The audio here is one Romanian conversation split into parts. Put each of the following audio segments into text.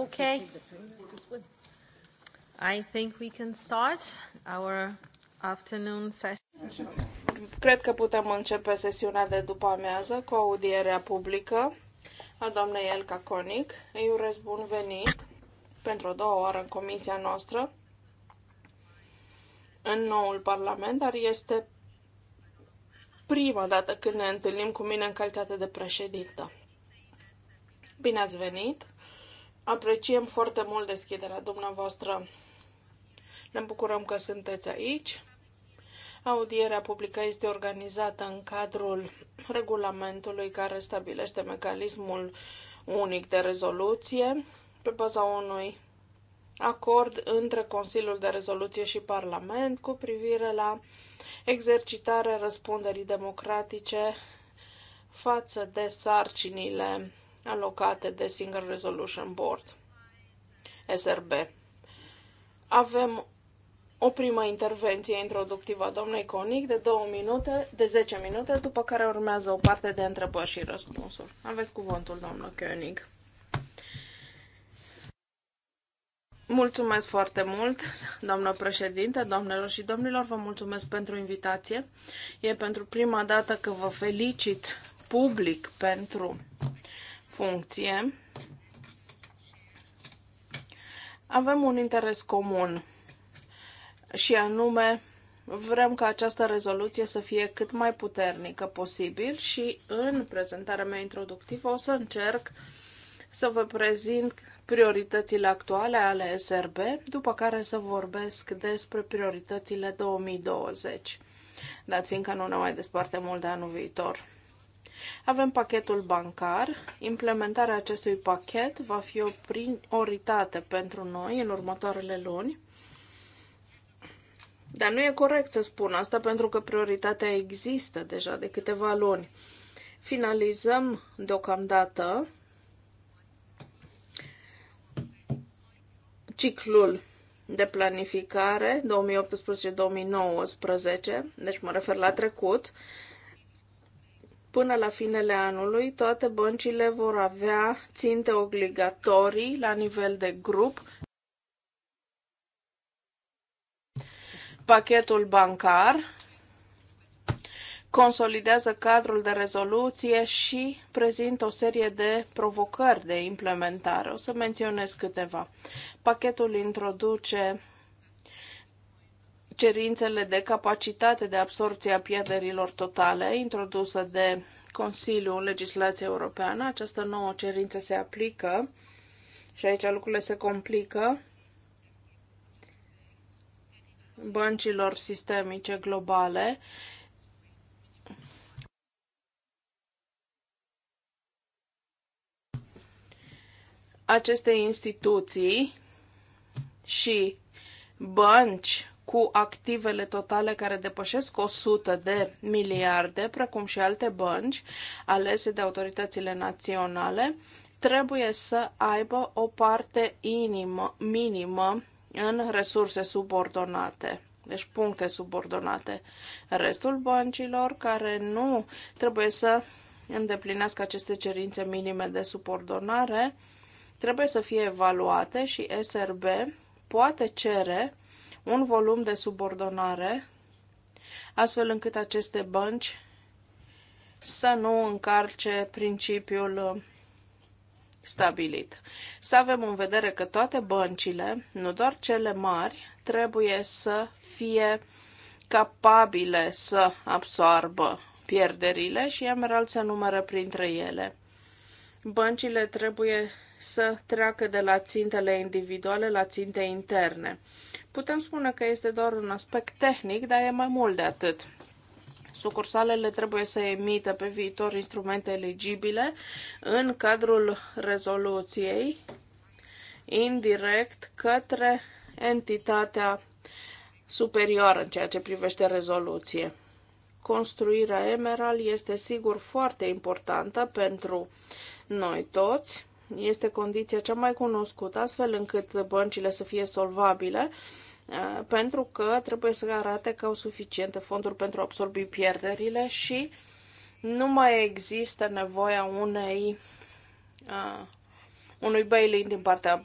Okay. I think we can start our afternoon session. Cred că putem începe sesiunea de după amiază cu audierea publică a doamnei Elca Conic. Îi urez bun venit pentru o două oră în comisia noastră în noul Parlament, dar este prima dată când ne întâlnim cu mine în calitate de președintă. Bine ați venit! Apreciem foarte mult deschiderea dumneavoastră. Ne bucurăm că sunteți aici. Audierea publică este organizată în cadrul regulamentului care stabilește mecanismul unic de rezoluție pe baza unui acord între Consiliul de Rezoluție și Parlament cu privire la exercitarea răspunderii democratice față de sarcinile alocate de Single Resolution Board, SRB. Avem o primă intervenție introductivă a domnului Conic de 2 minute, de 10 minute, după care urmează o parte de întrebări și răspunsuri. Aveți cuvântul, domnul Koenig. Mulțumesc foarte mult, doamnă președinte, doamnelor și domnilor, vă mulțumesc pentru invitație. E pentru prima dată că vă felicit public pentru funcție, avem un interes comun și anume vrem ca această rezoluție să fie cât mai puternică posibil și în prezentarea mea introductivă o să încerc să vă prezint prioritățile actuale ale SRB, după care să vorbesc despre prioritățile 2020, dat fiindcă nu ne mai desparte mult de anul viitor. Avem pachetul bancar. Implementarea acestui pachet va fi o prioritate pentru noi în următoarele luni. Dar nu e corect să spun asta pentru că prioritatea există deja de câteva luni. Finalizăm deocamdată ciclul de planificare 2018-2019, deci mă refer la trecut, Până la finele anului, toate băncile vor avea ținte obligatorii la nivel de grup. Pachetul bancar consolidează cadrul de rezoluție și prezintă o serie de provocări de implementare. O să menționez câteva. Pachetul introduce cerințele de capacitate de absorție a pierderilor totale introdusă de Consiliu în europeană. Această nouă cerință se aplică și aici lucrurile se complică băncilor sistemice globale aceste instituții și bănci cu activele totale care depășesc 100 de miliarde, precum și alte bănci alese de autoritățile naționale, trebuie să aibă o parte inimă, minimă în resurse subordonate deci puncte subordonate. Restul băncilor care nu trebuie să îndeplinească aceste cerințe minime de subordonare trebuie să fie evaluate și SRB poate cere un volum de subordonare, astfel încât aceste bănci să nu încarce principiul uh, stabilit. Să avem în vedere că toate băncile, nu doar cele mari, trebuie să fie capabile să absorbă pierderile și Emerald să numără printre ele. Băncile trebuie să treacă de la țintele individuale la ținte interne. Putem spune că este doar un aspect tehnic, dar e mai mult de atât. Sucursalele trebuie să emită pe viitor instrumente eligibile în cadrul rezoluției indirect către entitatea superioară în ceea ce privește rezoluție. Construirea Emerald este sigur foarte importantă pentru noi toți este condiția cea mai cunoscută, astfel încât băncile să fie solvabile, uh, pentru că trebuie să arate că au suficiente fonduri pentru a absorbi pierderile și nu mai există nevoia unei uh, unui bail-in din partea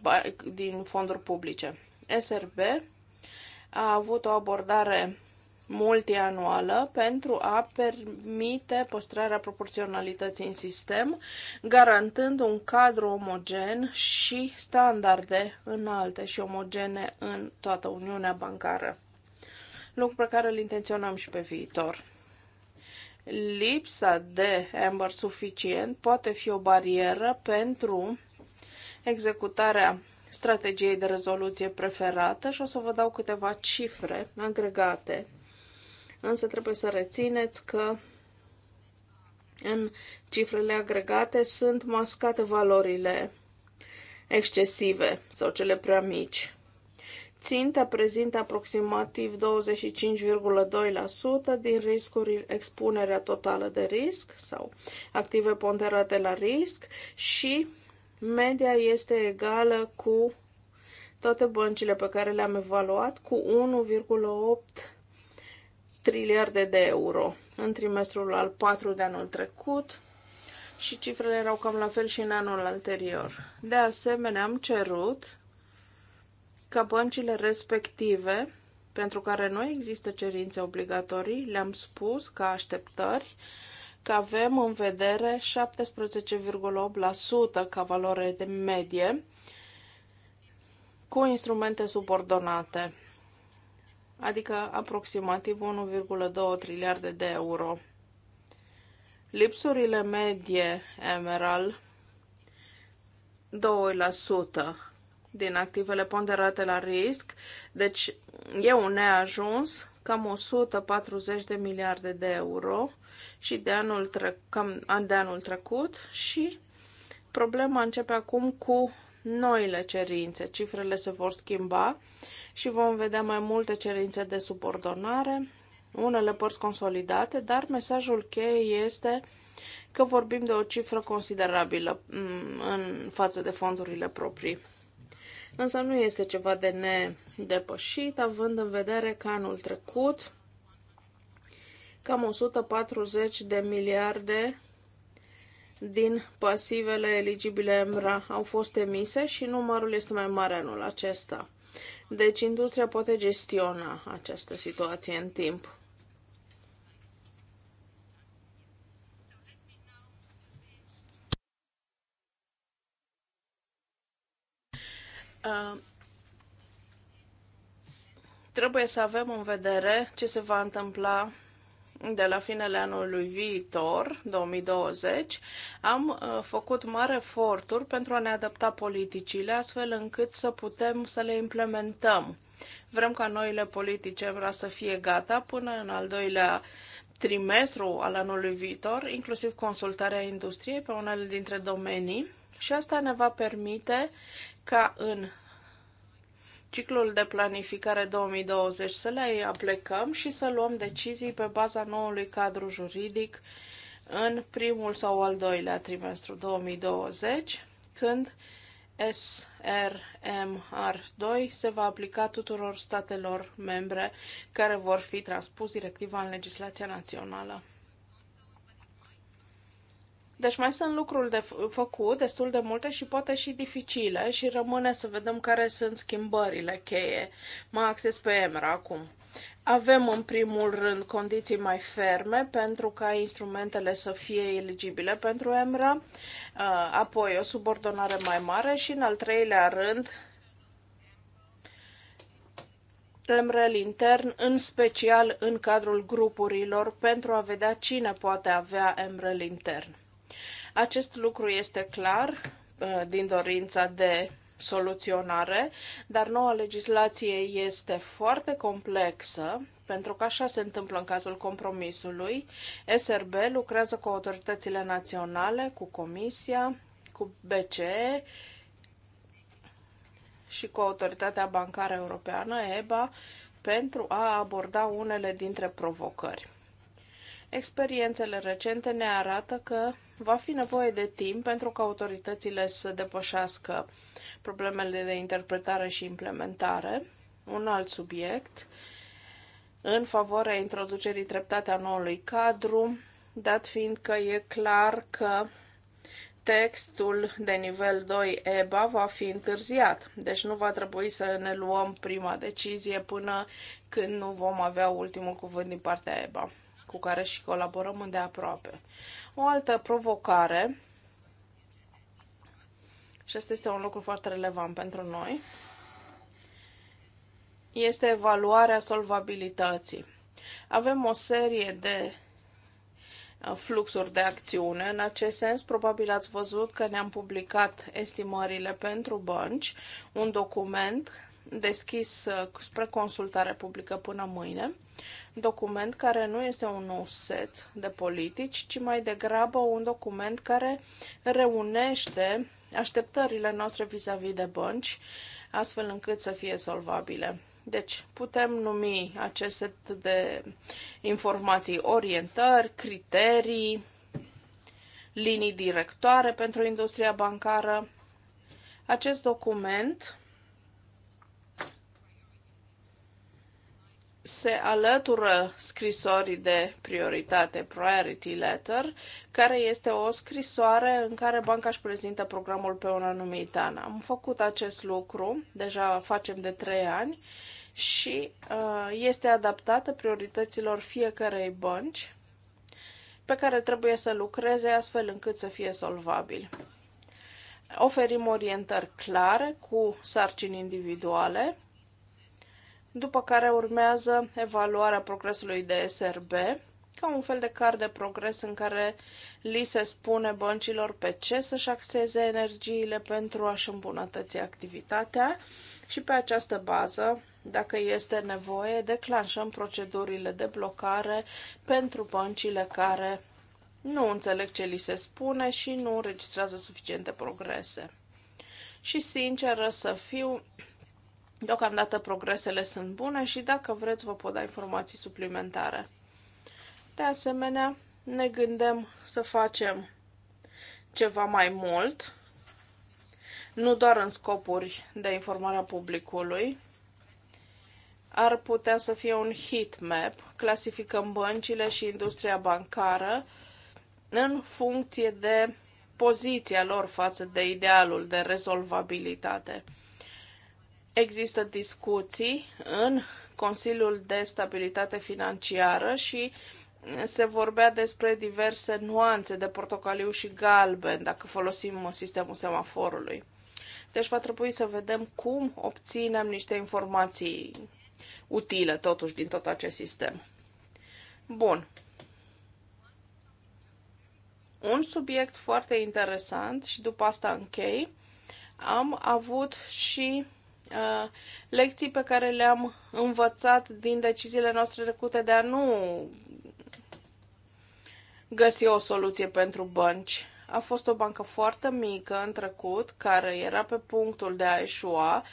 din fonduri publice. SRB a avut o abordare multianuală pentru a permite păstrarea proporționalității în sistem, garantând un cadru omogen și standarde înalte și omogene în toată Uniunea Bancară. Lucru pe care îl intenționăm și pe viitor. Lipsa de amber suficient poate fi o barieră pentru executarea strategiei de rezoluție preferată și o să vă dau câteva cifre agregate însă trebuie să rețineți că în cifrele agregate sunt mascate valorile excesive sau cele prea mici. Ținta prezintă aproximativ 25,2% din riscuri expunerea totală de risc sau active ponderate la risc și media este egală cu toate băncile pe care le-am evaluat cu 1,8 triliarde de euro în trimestrul al 4 de anul trecut și cifrele erau cam la fel și în anul anterior. De asemenea, am cerut ca băncile respective, pentru care nu există cerințe obligatorii, le-am spus ca așteptări că avem în vedere 17,8% ca valoare de medie cu instrumente subordonate adică aproximativ 1,2 triliarde de euro. Lipsurile medie Emerald 2% din activele ponderate la risc, deci e un neajuns, cam 140 de miliarde de euro și de anul, tre- cam de anul trecut și problema începe acum cu noile cerințe. Cifrele se vor schimba și vom vedea mai multe cerințe de subordonare, unele părți consolidate, dar mesajul cheie este că vorbim de o cifră considerabilă mm, în față de fondurile proprii. Însă nu este ceva de nedepășit, având în vedere că anul trecut cam 140 de miliarde din pasivele eligibile EMRA au fost emise și numărul este mai mare anul acesta. Deci industria poate gestiona această situație în timp. Uh, trebuie să avem în vedere ce se va întâmpla de la finele anului viitor, 2020, am uh, făcut mari eforturi pentru a ne adapta politicile astfel încât să putem să le implementăm. Vrem ca noile politice vrea să fie gata până în al doilea trimestru al anului viitor, inclusiv consultarea industriei pe unele dintre domenii și asta ne va permite ca în ciclul de planificare 2020 să le aplicăm și să luăm decizii pe baza noului cadru juridic în primul sau al doilea trimestru 2020, când SRMR2 se va aplica tuturor statelor membre care vor fi transpus directiva în legislația națională. Deci mai sunt lucruri de făcut, destul de multe și poate și dificile și rămâne să vedem care sunt schimbările cheie. Mă acces pe EMRA acum. Avem în primul rând condiții mai ferme pentru ca instrumentele să fie eligibile pentru EMRA, uh, apoi o subordonare mai mare și în al treilea rând MREL intern, în special în cadrul grupurilor, pentru a vedea cine poate avea MREL intern. Acest lucru este clar uh, din dorința de soluționare, dar noua legislație este foarte complexă, pentru că așa se întâmplă în cazul compromisului. SRB lucrează cu autoritățile naționale, cu Comisia, cu BCE și cu Autoritatea Bancară Europeană, EBA, pentru a aborda unele dintre provocări. Experiențele recente ne arată că va fi nevoie de timp pentru ca autoritățile să depășească problemele de interpretare și implementare. Un alt subiect în favoarea introducerii treptate a noului cadru, dat fiind că e clar că textul de nivel 2 EBA va fi întârziat, deci nu va trebui să ne luăm prima decizie până când nu vom avea ultimul cuvânt din partea EBA cu care și colaborăm îndeaproape. O altă provocare, și asta este un lucru foarte relevant pentru noi, este evaluarea solvabilității. Avem o serie de uh, fluxuri de acțiune. În acest sens, probabil ați văzut că ne-am publicat estimările pentru bănci, un document deschis uh, spre consultare publică până mâine, document care nu este un nou set de politici, ci mai degrabă un document care reunește așteptările noastre vis-a-vis -vis de bănci, astfel încât să fie solvabile. Deci putem numi acest set de informații orientări, criterii, linii directoare pentru industria bancară. Acest document se alătură scrisorii de prioritate, Priority Letter, care este o scrisoare în care banca își prezintă programul pe un anumit an. Am făcut acest lucru, deja facem de trei ani, și uh, este adaptată priorităților fiecarei bănci pe care trebuie să lucreze astfel încât să fie solvabil. Oferim orientări clare cu sarcini individuale după care urmează evaluarea progresului de SRB, ca un fel de card de progres în care li se spune băncilor pe ce să-și axeze energiile pentru a-și îmbunătăți activitatea și pe această bază, dacă este nevoie, declanșăm procedurile de blocare pentru băncile care nu înțeleg ce li se spune și nu înregistrează suficiente progrese. Și sinceră să fiu, Deocamdată progresele sunt bune și dacă vreți vă pot da informații suplimentare. De asemenea, ne gândim să facem ceva mai mult, nu doar în scopuri de informare a publicului, ar putea să fie un heat map. Clasificăm băncile și industria bancară în funcție de poziția lor față de idealul de rezolvabilitate. Există discuții în Consiliul de Stabilitate Financiară și se vorbea despre diverse nuanțe de portocaliu și galben dacă folosim sistemul semaforului. Deci va trebui să vedem cum obținem niște informații utile totuși din tot acest sistem. Bun. Un subiect foarte interesant și după asta închei. Am avut și Uh, lecții pe care le-am învățat din deciziile noastre trecute de a nu găsi o soluție pentru bănci. A fost o bancă foarte mică în trecut, care era pe punctul de a eșua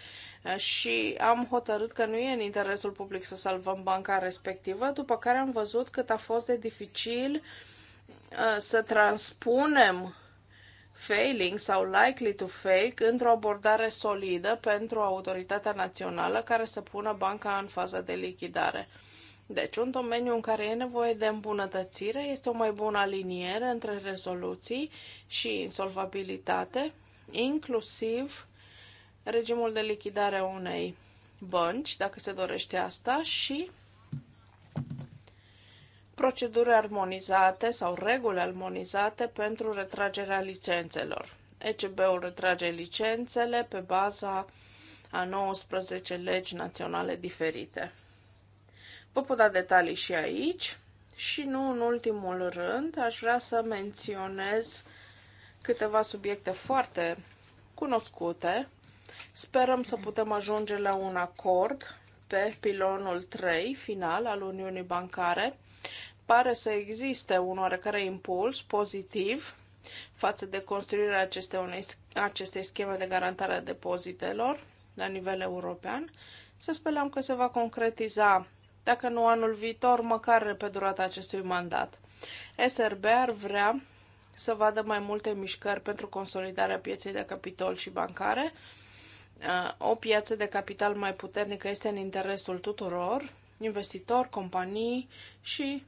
uh, și am hotărât că nu e în interesul public să salvăm banca respectivă, după care am văzut cât a fost de dificil uh, să transpunem failing sau likely to fail într-o abordare solidă pentru autoritatea națională care să pună banca în fază de lichidare. Deci, un domeniu în care e nevoie de îmbunătățire este o mai bună aliniere între rezoluții și insolvabilitate, inclusiv regimul de lichidare a unei bănci, dacă se dorește asta, și proceduri armonizate sau reguli armonizate pentru retragerea licențelor. ECB-ul retrage licențele pe baza a 19 legi naționale diferite. Vă pot da detalii și aici și nu în ultimul rând aș vrea să menționez câteva subiecte foarte cunoscute. Sperăm să putem ajunge la un acord pe pilonul 3 final al Uniunii Bancare pare să existe un oarecare impuls pozitiv față de construirea acestei, unei, acestei scheme de garantare a depozitelor la nivel european. Să sperăm că se va concretiza, dacă nu anul viitor, măcar pe durata acestui mandat. SRB ar vrea să vadă mai multe mișcări pentru consolidarea pieței de capital și bancare. O piață de capital mai puternică este în interesul tuturor, investitori, companii și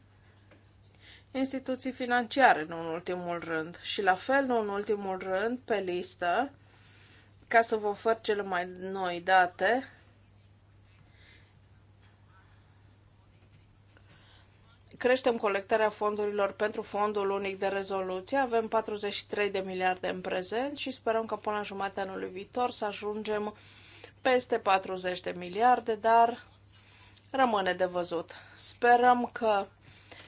instituții financiare, nu în ultimul rând. Și la fel, nu în ultimul rând, pe listă, ca să vă ofer cele mai noi date, creștem colectarea fondurilor pentru fondul unic de rezoluție. Avem 43 de miliarde în prezent și sperăm că până la jumătatea anului viitor să ajungem peste 40 de miliarde, dar rămâne de văzut. Sperăm că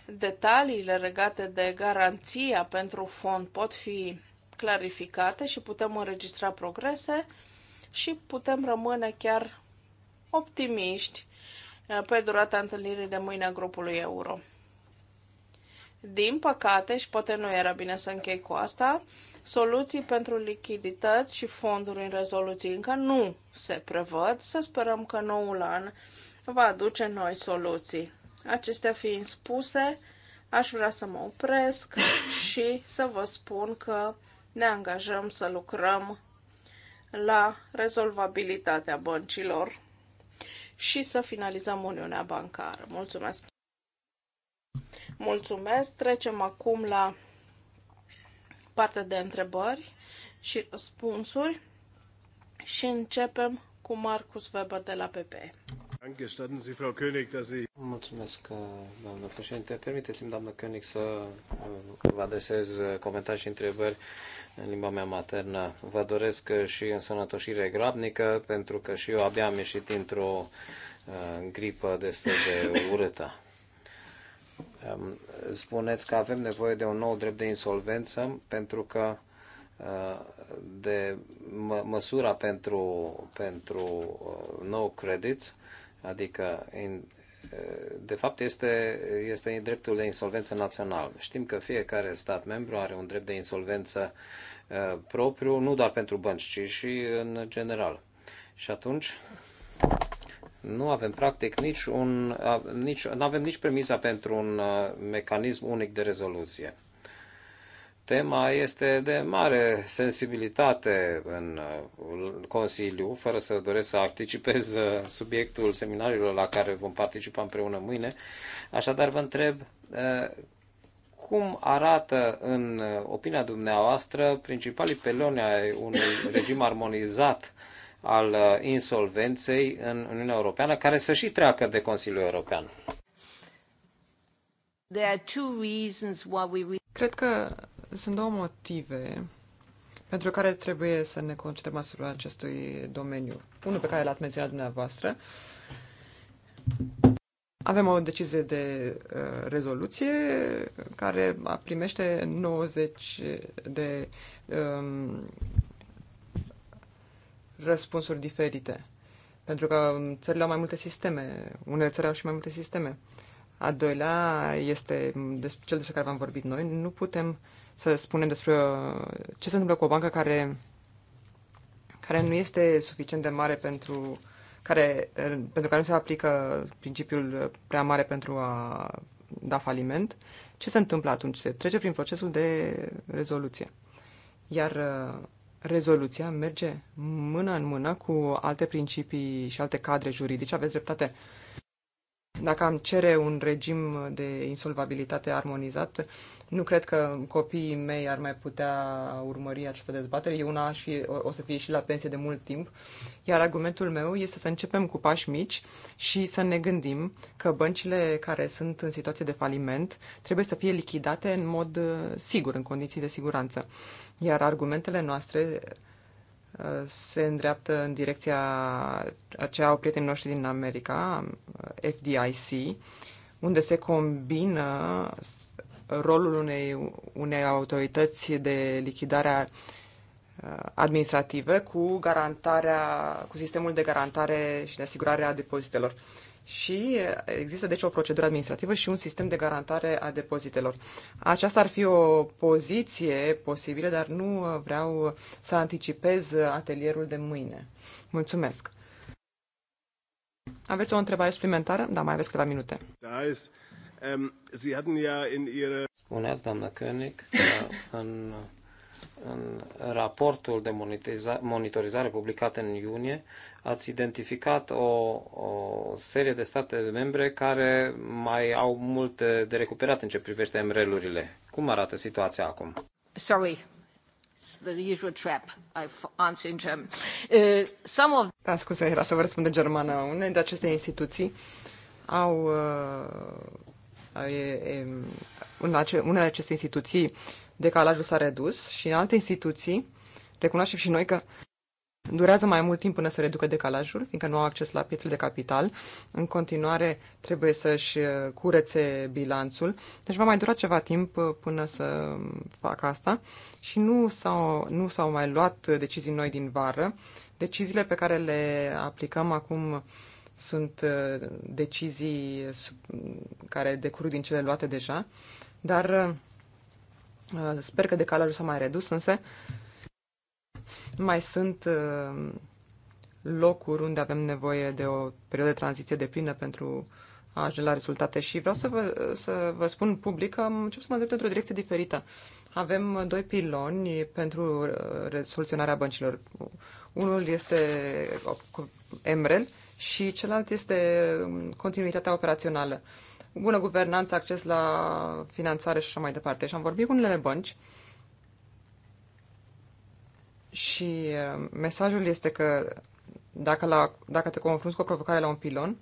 Detaliile legate de garanția pentru fond pot fi clarificate și putem înregistra progrese și putem rămâne chiar optimiști uh, pe durata întâlnirii de mâine a grupului euro. Din păcate, și poate nu era bine să închei cu asta, soluții pentru lichidități și fonduri în rezoluții încă nu se prevăd. Să sperăm că noul an va aduce noi soluții. Acestea fiind spuse, aș vrea să mă opresc și să vă spun că ne angajăm să lucrăm la rezolvabilitatea băncilor și să finalizăm Uniunea Bancară. Mulțumesc! Mulțumesc! Trecem acum la partea de întrebări și răspunsuri și începem cu Marcus Weber de la PPE. Mulțumesc, uh, doamnă președinte. Permiteți-mi, doamnă König, să uh, vă adresez uh, comentarii și întrebări în limba mea maternă. Vă doresc și însănătoșire grabnică, pentru că și eu abia am ieșit dintr-o gripă destul de urâtă. Um, spuneți că avem nevoie de un nou drept de insolvență, pentru că de măsura pentru, pentru nou credit. Adică, de fapt, este, este dreptul de insolvență național. Știm că fiecare stat membru are un drept de insolvență uh, propriu, nu doar pentru bănci, ci și în general. Și atunci, nu avem practic nici un, nici, nu avem nici premisa pentru un uh, mecanism unic de rezoluție. Tema este de mare sensibilitate în uh, Consiliu, fără să doresc să anticipez uh, subiectul seminarilor la care vom participa împreună mâine. Așadar, vă întreb uh, cum arată, în opinia dumneavoastră, principalii peloni ai unui regim armonizat al insolvenței în Uniunea Europeană, care să și treacă de Consiliul European? Cred că sunt două motive pentru care trebuie să ne concentrăm asupra acestui domeniu. Unul pe care l-ați menționat dumneavoastră. Avem o decizie de uh, rezoluție care primește 90 de um, răspunsuri diferite. Pentru că țările au mai multe sisteme, unele țări au și mai multe sisteme. A doilea este despre cel despre care v-am vorbit noi. Nu putem uh, să spunem despre uh, ce se întâmplă cu o bancă care, care nu este suficient de mare pentru care, uh, pentru care nu se aplică principiul uh, prea mare pentru a da faliment, ce se întâmplă atunci? Se trece prin procesul de rezoluție. Iar rezoluția merge mână în mână cu alte principii și alte cadre juridice. Aveți dreptate. Dacă am cere un regim de insolvabilitate armonizat, nu cred că copiii mei ar mai putea urmări această dezbatere. Eu una și o, o să fie și la pensie de mult timp. Iar argumentul meu este să începem cu pași mici și să ne gândim că băncile care sunt în situație de faliment trebuie să fie lichidate în mod uh, sigur, în condiții de siguranță. Iar argumentele noastre uh, se îndreaptă în direcția ce au prietenii noștri din America, uh, FDIC, unde se combină rolul unei, unei autorități de lichidare administrative cu garantarea, cu sistemul de garantare și de asigurare a depozitelor. Și există deci o procedură administrativă și un sistem de garantare a depozitelor. Aceasta ar fi o poziție posibilă, dar nu vreau să anticipez atelierul de mâine. Mulțumesc. Aveți o întrebare suplimentară? Da, mai aveți câteva minute. Da, Ähm, Spuneați, doamnă König, că în, în raportul de monitorizare, monitorizare publicat în iunie ați identificat o, o serie de state membre care mai au multe de recuperat în ce privește MRL-urile. Cum arată situația acum? Sorry, the usual trap. I've in German. Uh, some of... Da, scuze, era să vă răspund în germană. Unele de aceste instituții au uh, în unele aceste instituții decalajul s-a redus și în alte instituții recunoaștem și noi că durează mai mult timp până să reducă decalajul, fiindcă nu au acces la piețele de capital. În continuare trebuie să-și curețe bilanțul. Deci va mai dura ceva timp până să facă asta și nu s-au, nu s-au mai luat decizii noi din vară. Deciziile pe care le aplicăm acum sunt uh, decizii care decurg din cele luate deja, dar uh, uh, sper că decalajul s-a mai redus, însă mai sunt locuri unde avem nevoie de o perioadă de tranziție de plină pentru a ajunge la rezultate și vreau să vă, să vă spun public că am început să mă într-o direcție diferită. Avem doi piloni pentru soluționarea băncilor. Unul este MREL și celălalt este um, continuitatea operațională. Bună guvernanță, acces la finanțare și așa mai departe. Și am vorbit cu unele bănci și uh, mesajul este că dacă, la, dacă te confrunți cu o provocare la un pilon,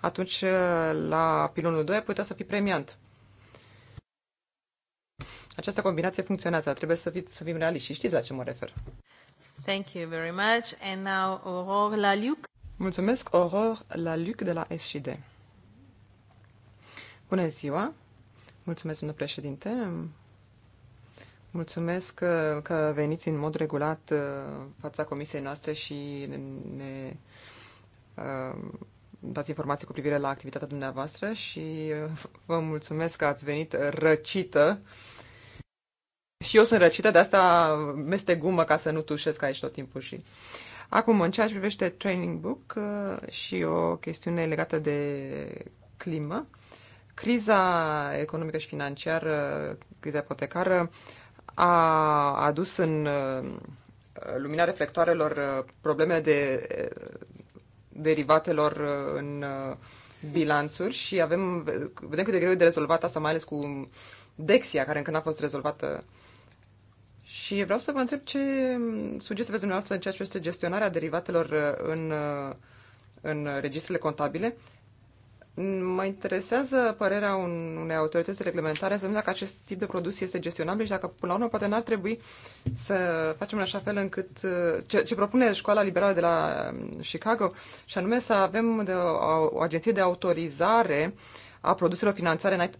atunci uh, la pilonul 2 putea să fii premiant. Această combinație funcționează, trebuie să, fi, să fim realiști și știți la ce mă refer. Thank you very much. And now Aurore Laliuc. Mulțumesc, Auror, la Luc de la SCD. Bună ziua! Mulțumesc, domnule președinte! Mulțumesc că, uh, că veniți în mod regulat uh, fața comisiei noastre și ne uh, dați informații cu privire la activitatea dumneavoastră și vă mulțumesc că ați venit răcită. Și eu sunt răcită, de asta meste gumă ca să nu tușesc aici tot timpul și... Uh, Acum, în ceea ce privește Training Book uh, și o chestiune legată de climă, criza economică și financiară, criza ipotecară, a adus în uh, lumina reflectoarelor uh, problemele de derivatelor în bilanțuri și avem, vedem cât de greu e de rezolvat asta, mai ales cu Dexia, care încă n-a fost rezolvată și vreau să vă întreb ce sugestii aveți dumneavoastră în ceea ce este gestionarea derivatelor uh, în, uh, în registrele contabile. Mă interesează părerea unei autorități reglementare să vedem dacă acest tip de produs este gestionabil și dacă, până la urmă, poate n-ar trebui să facem în așa fel încât uh, ce, ce propune Școala Liberală de la um, Chicago, și anume să avem de o, o agenție de autorizare uh, a produselor financiare,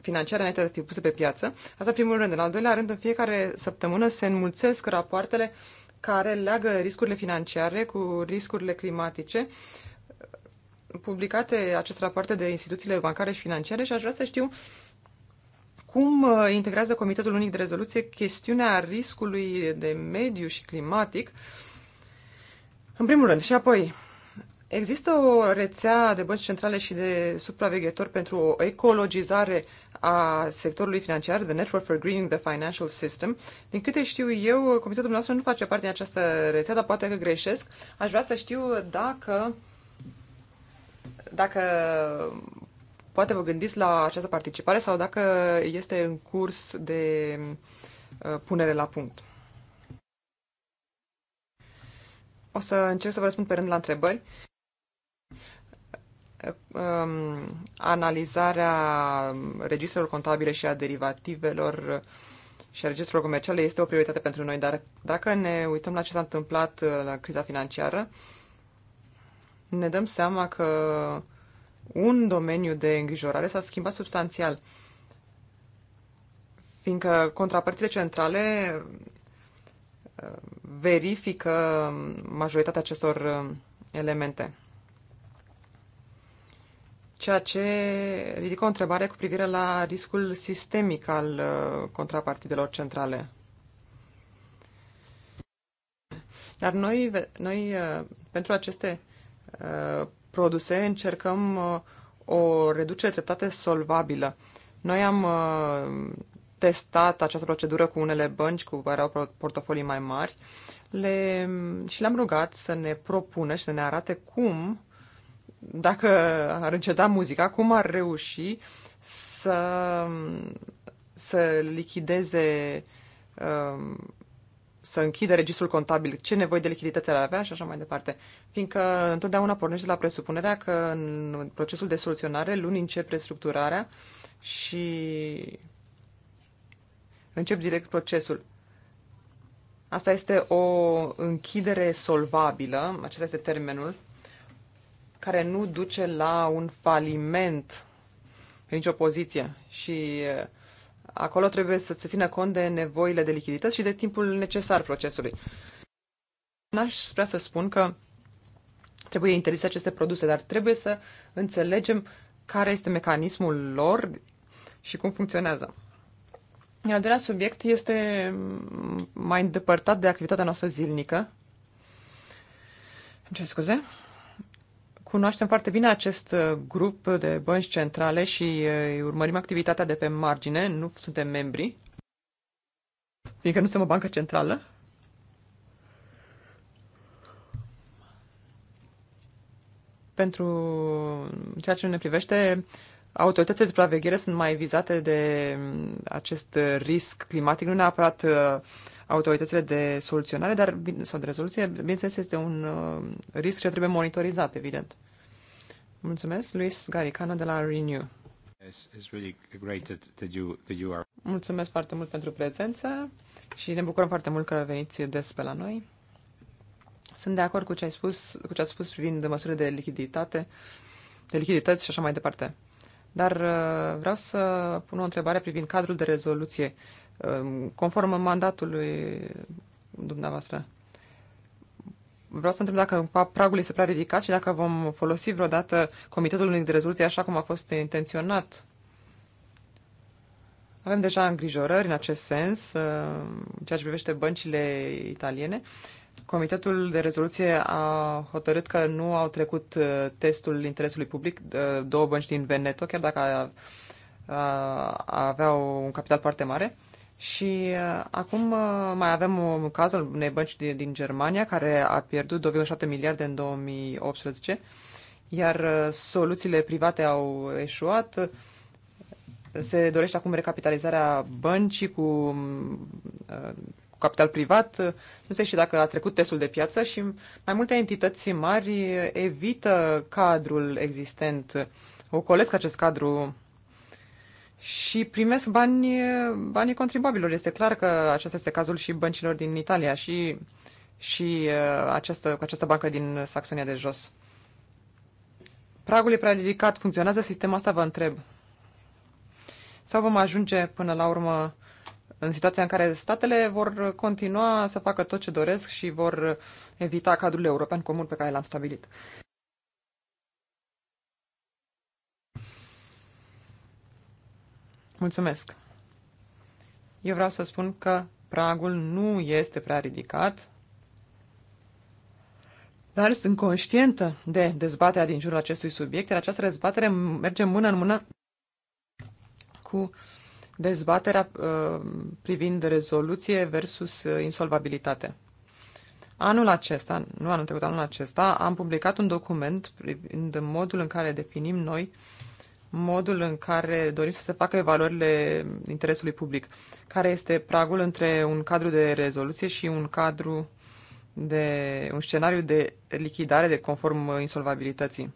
financiare înainte de a fi puse pe piață. Asta primul rând. În al doilea rând, în fiecare săptămână se înmulțesc rapoartele care leagă riscurile financiare cu riscurile climatice. Publicate aceste rapoarte de instituțiile bancare și financiare și aș vrea să știu cum uh, integrează Comitetul Unic de Rezoluție chestiunea riscului de mediu și climatic, în primul rând, și apoi Există o rețea de bănci centrale și de supraveghetori pentru o ecologizare a sectorului financiar, The Network for Greening the Financial System. Din câte știu eu, comitetul dumneavoastră nu face parte din această rețea, dar poate că greșesc. Aș vrea să știu dacă, dacă poate vă gândiți la această participare sau dacă este în curs de uh, punere la punct. O să încerc să vă răspund pe rând la întrebări. Ehm, analizarea registrelor contabile și a derivativelor și a registrelor comerciale este o prioritate pentru noi, dar dacă ne uităm la ce s-a întâmplat uh, la criza financiară, ne dăm seama că un domeniu de îngrijorare s-a schimbat substanțial, fiindcă contrapărțile centrale uh, verifică majoritatea acestor uh, elemente ceea ce ridică o întrebare cu privire la riscul sistemic al uh, contrapartidelor centrale. Dar noi, noi uh, pentru aceste uh, produse încercăm o reducere treptate solvabilă. Noi am testat această procedură cu unele bănci cu care au portofolii mai mari le, și le-am rugat să ne propună și să ne arate cum dacă ar înceta muzica, cum ar reuși să, să lichideze, um, să închide registrul contabil, ce nevoi de lichiditate ar avea și așa mai departe. Fiindcă întotdeauna pornește la presupunerea că în procesul de soluționare luni încep restructurarea și încep direct procesul. Asta este o închidere solvabilă, acesta este termenul, care nu duce la un faliment în nicio poziție și uh, acolo trebuie să se țină cont de nevoile de lichidități și de timpul necesar procesului. N-aș vrea să spun că trebuie interzise aceste produse, dar trebuie să înțelegem care este mecanismul lor și cum funcționează. Iar al doilea subiect este mai îndepărtat de activitatea noastră zilnică. Îmi cer scuze. Cunoaștem foarte bine acest uh, grup de bănci centrale și uh, urmărim activitatea de pe margine, nu suntem membri, fiindcă nu suntem o bancă centrală. Pentru ceea ce ne privește, autoritățile de supraveghere sunt mai vizate de mm, acest uh, risc climatic, nu neapărat autoritățile de soluționare dar, sau de rezoluție, bineînțeles, este un uh, risc ce trebuie monitorizat, evident. Mulțumesc, Luis Garicano de la Renew. Mulțumesc foarte mult pentru prezență și ne bucurăm foarte mult că veniți des pe la noi. Sunt de acord cu ce ai spus, cu ce ați spus privind măsurile de lichiditate, de lichidități și așa mai departe. Dar uh, vreau să pun o întrebare privind cadrul de rezoluție conform mandatului dumneavoastră. Vreau să întreb dacă pragul este prea ridicat și dacă vom folosi vreodată comitetul unic de rezoluție așa cum a fost intenționat. Avem deja îngrijorări în acest sens, uh, ceea ce privește băncile italiene. Comitetul de rezoluție a hotărât că nu au trecut uh, testul interesului public uh, două bănci din Veneto, chiar dacă aveau un capital foarte mare. Și uh, acum uh, mai avem un caz al unei bănci din, din Germania care a pierdut 2,7 miliarde în 2018, iar uh, soluțiile private au eșuat. Se dorește acum recapitalizarea băncii cu, mm, uh, cu capital privat. Nu se știe dacă a trecut testul de piață și mai multe entități mari evită cadrul existent. Ocolesc acest cadru și primesc bani, banii contribuabilor. Este clar că acesta este cazul și băncilor din Italia și, și uh, această, această bancă din Saxonia de jos. Pragul e prea ridicat. Funcționează sistemul asta? Vă întreb. Sau vom ajunge până la urmă în situația în care statele vor continua să facă tot ce doresc și vor evita cadrul european comun pe care l-am stabilit. Mulțumesc. Eu vreau să spun că pragul nu este prea ridicat, dar sunt conștientă de dezbaterea din jurul acestui subiect, iar această dezbatere merge mână în mână cu dezbaterea uh, privind rezoluție versus uh, insolvabilitate. Anul acesta, nu anul trecut, anul acesta, am publicat un document privind modul în care definim noi uh, modul în care dorim să se facă evaluările interesului public. Care este pragul între un cadru de rezoluție și un cadru de un scenariu de lichidare de conform insolvabilității.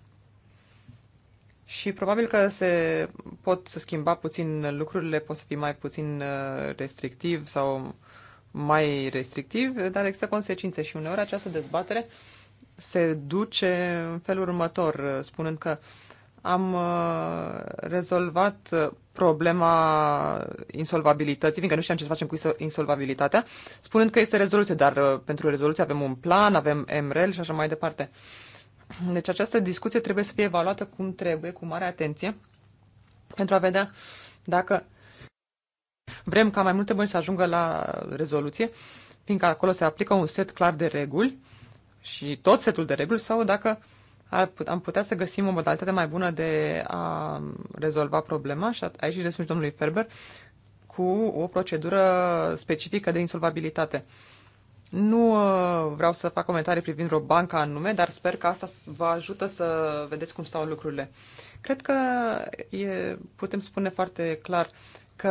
Și probabil că se pot să schimba puțin lucrurile, pot să fi mai puțin uh, restrictiv sau mai restrictiv, dar există consecințe și uneori această dezbatere se duce în felul următor, uh, spunând că uh, am uh, rezolvat uh, problema insolvabilității, fiindcă nu știam ce să facem cu insolvabilitatea, spunând că este rezoluție, dar uh, pentru rezoluție avem un plan, avem MREL și așa mai departe. Deci această discuție trebuie să fie evaluată cum trebuie, cu mare atenție, pentru a vedea dacă vrem ca mai multe bani să ajungă la rezoluție, fiindcă acolo se aplică un set clar de reguli și tot setul de reguli, sau dacă ar put, am putea să găsim o modalitate mai bună de a rezolva problema și aici răspunde domnului Ferber cu o procedură specifică de insolvabilitate. Nu uh, vreau să fac comentarii privind o bancă anume, dar sper că asta vă ajută să vedeți cum stau lucrurile. Cred că e, putem spune foarte clar că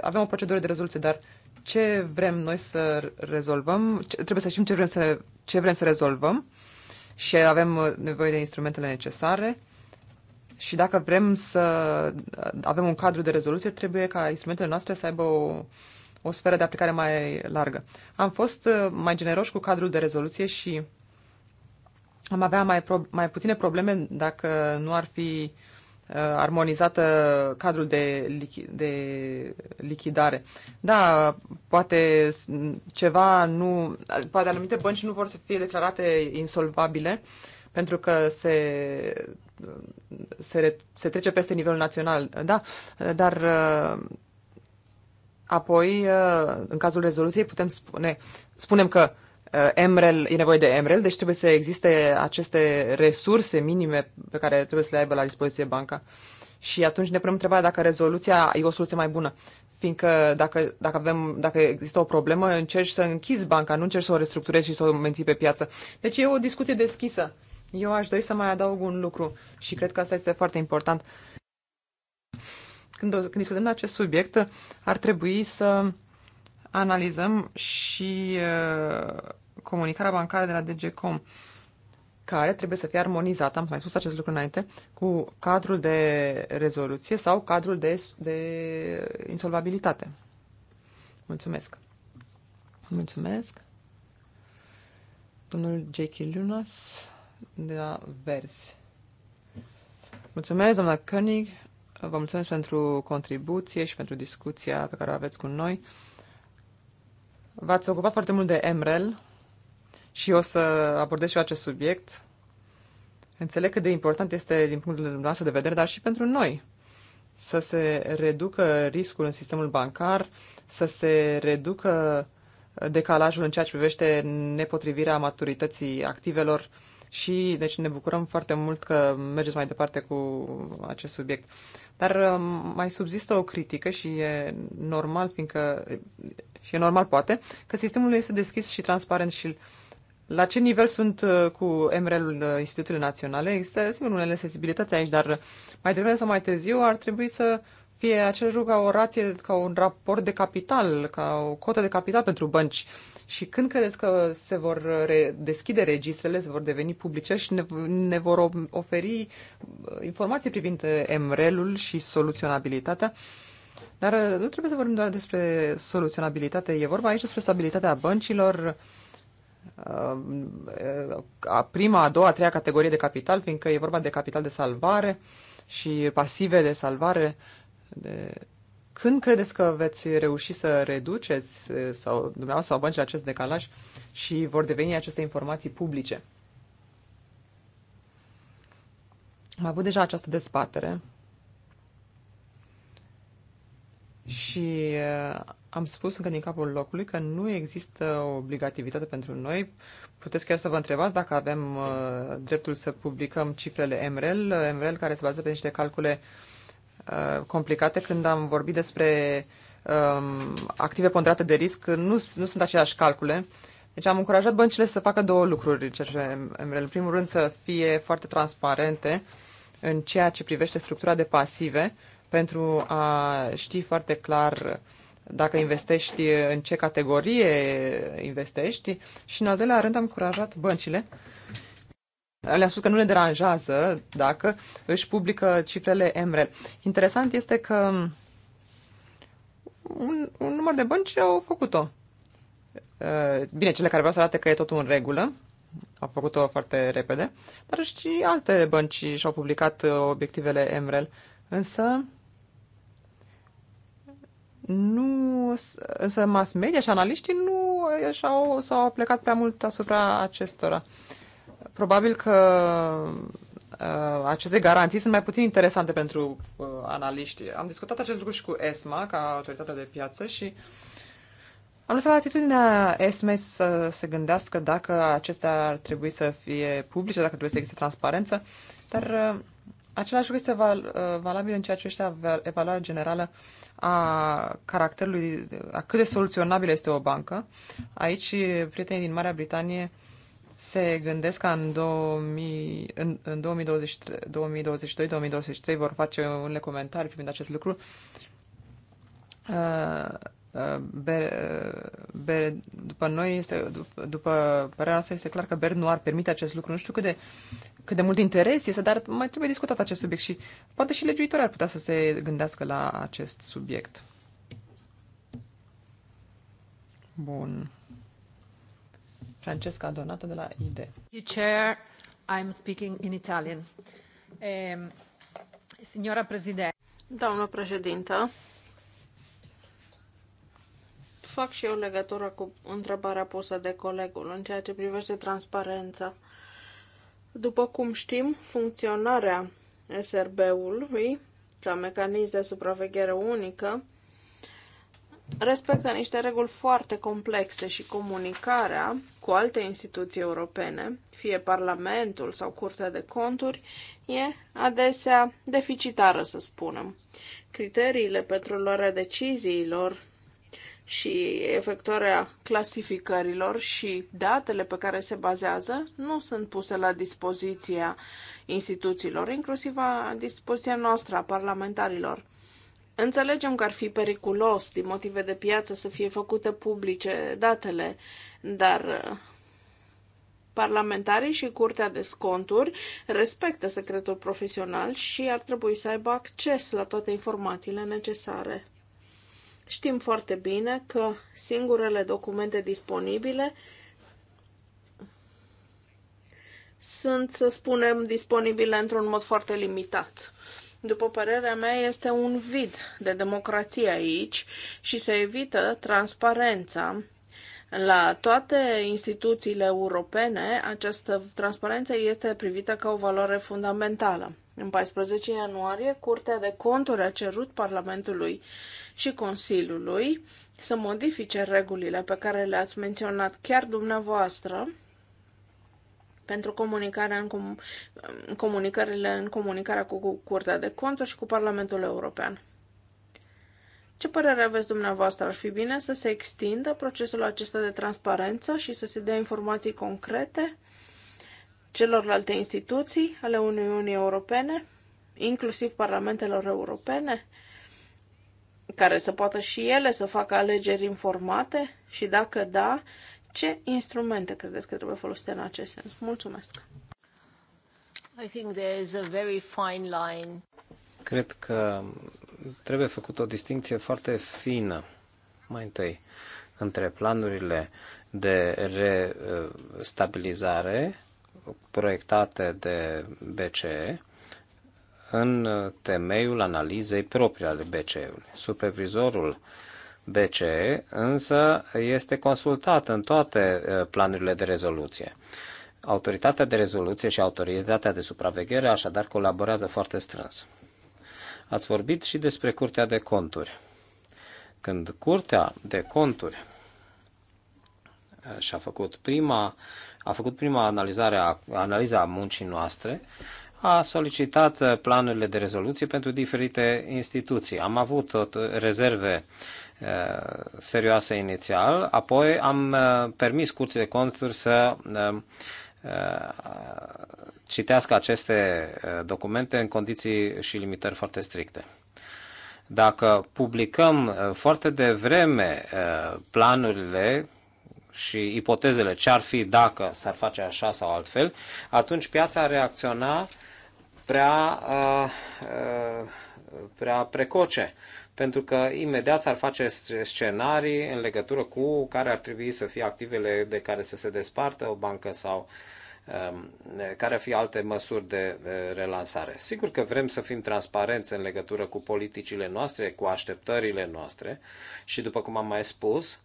avem o procedură de rezoluție, dar ce vrem noi să rezolvăm, ce, trebuie să știm ce vrem să, ce vrem să rezolvăm și avem uh, nevoie de instrumentele necesare. Și dacă vrem să uh, avem un cadru de rezoluție, trebuie ca instrumentele noastre să aibă o, o sferă de aplicare mai largă. Am fost uh, mai generoși cu cadrul de rezoluție și am avea mai, pro- mai puține probleme dacă nu ar fi Uh, armonizată cadrul de, lichi, de lichidare. Da, poate ceva nu, poate anumite bănci nu vor să fie declarate insolvabile pentru că se, se, se trece peste nivelul național. Da, dar uh, apoi, uh, în cazul rezoluției, putem spune, spunem că uh, Uh, MREL, e nevoie de MREL, deci trebuie să existe aceste resurse minime pe care trebuie să le aibă la dispoziție banca. Și atunci ne punem întrebarea dacă rezoluția e o soluție mai bună. Fiindcă dacă, dacă, avem, dacă există o problemă, încerci să închizi banca, nu încerci să o restructurezi și să o menții pe piață. Deci e o discuție deschisă. Eu aș dori să mai adaug un lucru și cred că asta este foarte important. Când, când discutăm de acest subiect, ar trebui să analizăm și uh, comunicarea bancară de la DGCOM, care trebuie să fie armonizată, am mai spus acest lucru înainte, cu cadrul de rezoluție sau cadrul de, de insolvabilitate. Mulțumesc. Mulțumesc. Domnul J.K. Lunas de la Verzi. Mulțumesc, doamna König, Vă mulțumesc pentru contribuție și pentru discuția pe care o aveți cu noi. V-ați ocupat foarte mult de MREL și o să abordez și eu acest subiect. Înțeleg cât de important este din punctul dumneavoastră de vedere, dar și pentru noi. Să se reducă riscul în sistemul bancar, să se reducă decalajul în ceea ce privește nepotrivirea maturității activelor și deci ne bucurăm foarte mult că mergeți mai departe cu acest subiect. Dar um, mai subzistă o critică și e normal, fiindcă și e normal poate, că sistemul este deschis și transparent și la ce nivel sunt uh, cu MRL-ul uh, Institutului Naționale. Există, sigur, unele sensibilități aici, dar uh, mai devreme sau mai târziu ar trebui să fie acel lucru ca o rație, ca un raport de capital, ca o cotă de capital pentru bănci. Și când credeți că se vor deschide registrele, se vor deveni publice și ne, ne vor oferi informații privind MREL-ul și soluționabilitatea? Dar nu trebuie să vorbim doar despre soluționabilitate, e vorba aici despre stabilitatea băncilor, uh, a prima, a doua, a treia categorie de capital, fiindcă e vorba de capital de salvare și pasive de salvare. Când credeți că veți reuși să reduceți eh, sau dumneavoastră sau băncile acest decalaj și vor deveni aceste informații publice? Am avut deja această dezbatere Și uh, am spus încă din capul locului că nu există obligativitate pentru noi. Puteți chiar să vă întrebați dacă avem uh, dreptul să publicăm cifrele MREL, uh, MREL care se bazează pe niște calcule uh, complicate. Când am vorbit despre uh, active ponderate de risc, nu, nu sunt aceleași calcule. Deci am încurajat băncile să facă două lucruri, MREL. În primul rând să fie foarte transparente în ceea ce privește structura de pasive pentru a ști foarte clar dacă investești, în ce categorie investești. Și, în al doilea rând, am încurajat băncile. Le-am spus că nu le deranjează dacă își publică cifrele MREL. Interesant este că un, un număr de bănci au făcut-o. Uh, bine, cele care vreau să arate că e totul în regulă, au făcut-o foarte repede, dar și alte bănci și-au publicat uh, obiectivele MREL. Însă, nu, însă mass media și analiștii nu și-au, au plecat prea mult asupra acestora. Probabil că uh, aceste garanții sunt mai puțin interesante pentru uh, analiști. Am discutat acest lucru și cu ESMA, ca autoritatea de piață, și am lăsat atitudinea ESMA să se gândească dacă acestea ar trebui să fie publice, dacă trebuie să existe transparență, dar uh, același lucru este val, uh, valabil în ceea ce este evaluarea generală a caracterului, a cât de soluționabilă este o bancă. Aici, prietenii din Marea Britanie se gândesc că în, 2000, în, în 2022-2023 vor face unele comentarii privind acest lucru. Uh, Ber, Ber, după noi, este, după, după părerea noastră, este clar că Ber nu ar permite acest lucru. Nu știu cât de, cât de mult interes este, dar mai trebuie discutat acest subiect și poate și legiuitorii ar putea să se gândească la acest subiect. Bun. Francesca Donato de la ID. Chair, I'm speaking in Italian. Um, signora Presidente. Doamnă președintă, fac și eu legătură cu întrebarea pusă de colegul în ceea ce privește transparența. După cum știm, funcționarea SRB-ului ca mecanism de supraveghere unică respectă niște reguli foarte complexe și comunicarea cu alte instituții europene, fie Parlamentul sau Curtea de Conturi, e adesea deficitară, să spunem. Criteriile pentru luarea deciziilor și efectuarea clasificărilor și datele pe care se bazează nu sunt puse la dispoziția instituțiilor, inclusiv a dispoziția noastră a parlamentarilor. Înțelegem că ar fi periculos din motive de piață să fie făcute publice datele, dar uh, parlamentarii și Curtea de Sconturi respectă secretul profesional și ar trebui să aibă acces la toate informațiile necesare. Știm foarte bine că singurele documente disponibile sunt, să spunem, disponibile într-un mod foarte limitat. După părerea mea, este un vid de democrație aici și se evită transparența. La toate instituțiile europene, această transparență este privită ca o valoare fundamentală. În 14 ianuarie, Curtea de Conturi a cerut Parlamentului și Consiliului să modifice regulile pe care le-ați menționat chiar dumneavoastră pentru comunicarea în com- comunicările în comunicarea cu Curtea de Conturi și cu Parlamentul European. Ce părere aveți dumneavoastră? Ar fi bine să se extindă procesul acesta de transparență și să se dea informații concrete celorlalte instituții ale Uniunii Europene, inclusiv parlamentelor europene, care să poată și ele să facă alegeri informate și dacă da, ce instrumente credeți că trebuie folosite în acest sens? Mulțumesc! I think there is a very fine line. Cred că trebuie făcută o distinție foarte fină, mai întâi, între planurile de restabilizare proiectate de BCE în temeiul analizei proprii ale BCE-ului. Supervizorul BCE însă este consultat în toate planurile de rezoluție. Autoritatea de rezoluție și autoritatea de supraveghere așadar colaborează foarte strâns. Ați vorbit și despre Curtea de Conturi. Când Curtea de Conturi și-a făcut prima a făcut prima analizare a, analiza a muncii noastre, a solicitat uh, planurile de rezoluție pentru diferite instituții. Am avut tot rezerve uh, serioase inițial, apoi am uh, permis curții de conturi să citească aceste documente în condiții și limitări foarte stricte. Dacă publicăm foarte devreme planurile și ipotezele ce ar fi dacă s-ar face așa sau altfel, atunci piața reacționa prea, uh, prea precoce, pentru că imediat s-ar face scenarii în legătură cu care ar trebui să fie activele de care să se despartă o bancă sau um, care ar fi alte măsuri de relansare. Sigur că vrem să fim transparenți în legătură cu politicile noastre, cu așteptările noastre și, după cum am mai spus,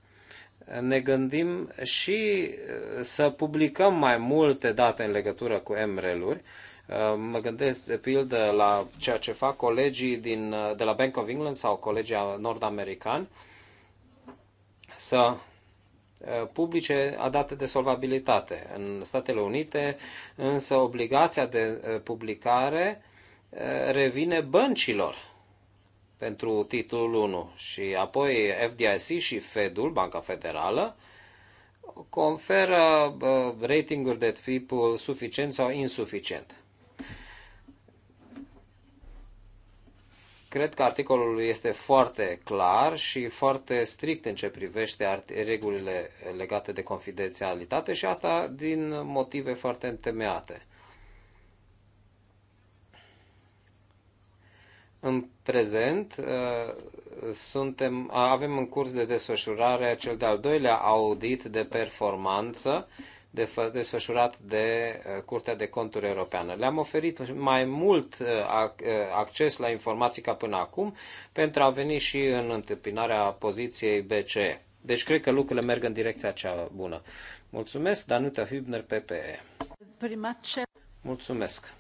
ne gândim și uh, să publicăm mai multe date în legătură cu MREL-uri. Uh, mă gândesc, de pildă, la ceea ce fac colegii din, uh, de la Bank of England sau colegii nord-americani, să publice a date de solvabilitate. În Statele Unite, însă, obligația de publicare revine băncilor pentru titlul 1 și apoi FDIC și Fedul, Banca Federală, conferă ratinguri de tipul suficient sau insuficient. Cred că articolul este foarte clar și foarte strict în ce privește regulile legate de confidențialitate și asta din motive foarte întemeiate. În prezent uh, suntem, avem în curs de desfășurare cel de-al doilea audit de performanță desfășurat de uh, Curtea de Conturi Europeană. Le-am oferit mai mult uh, acces la informații ca până acum pentru a veni și în întâmpinarea poziției BCE. Deci cred că lucrurile merg în direcția cea bună. Mulțumesc, Danuta Hübner, PPE. Mulțumesc.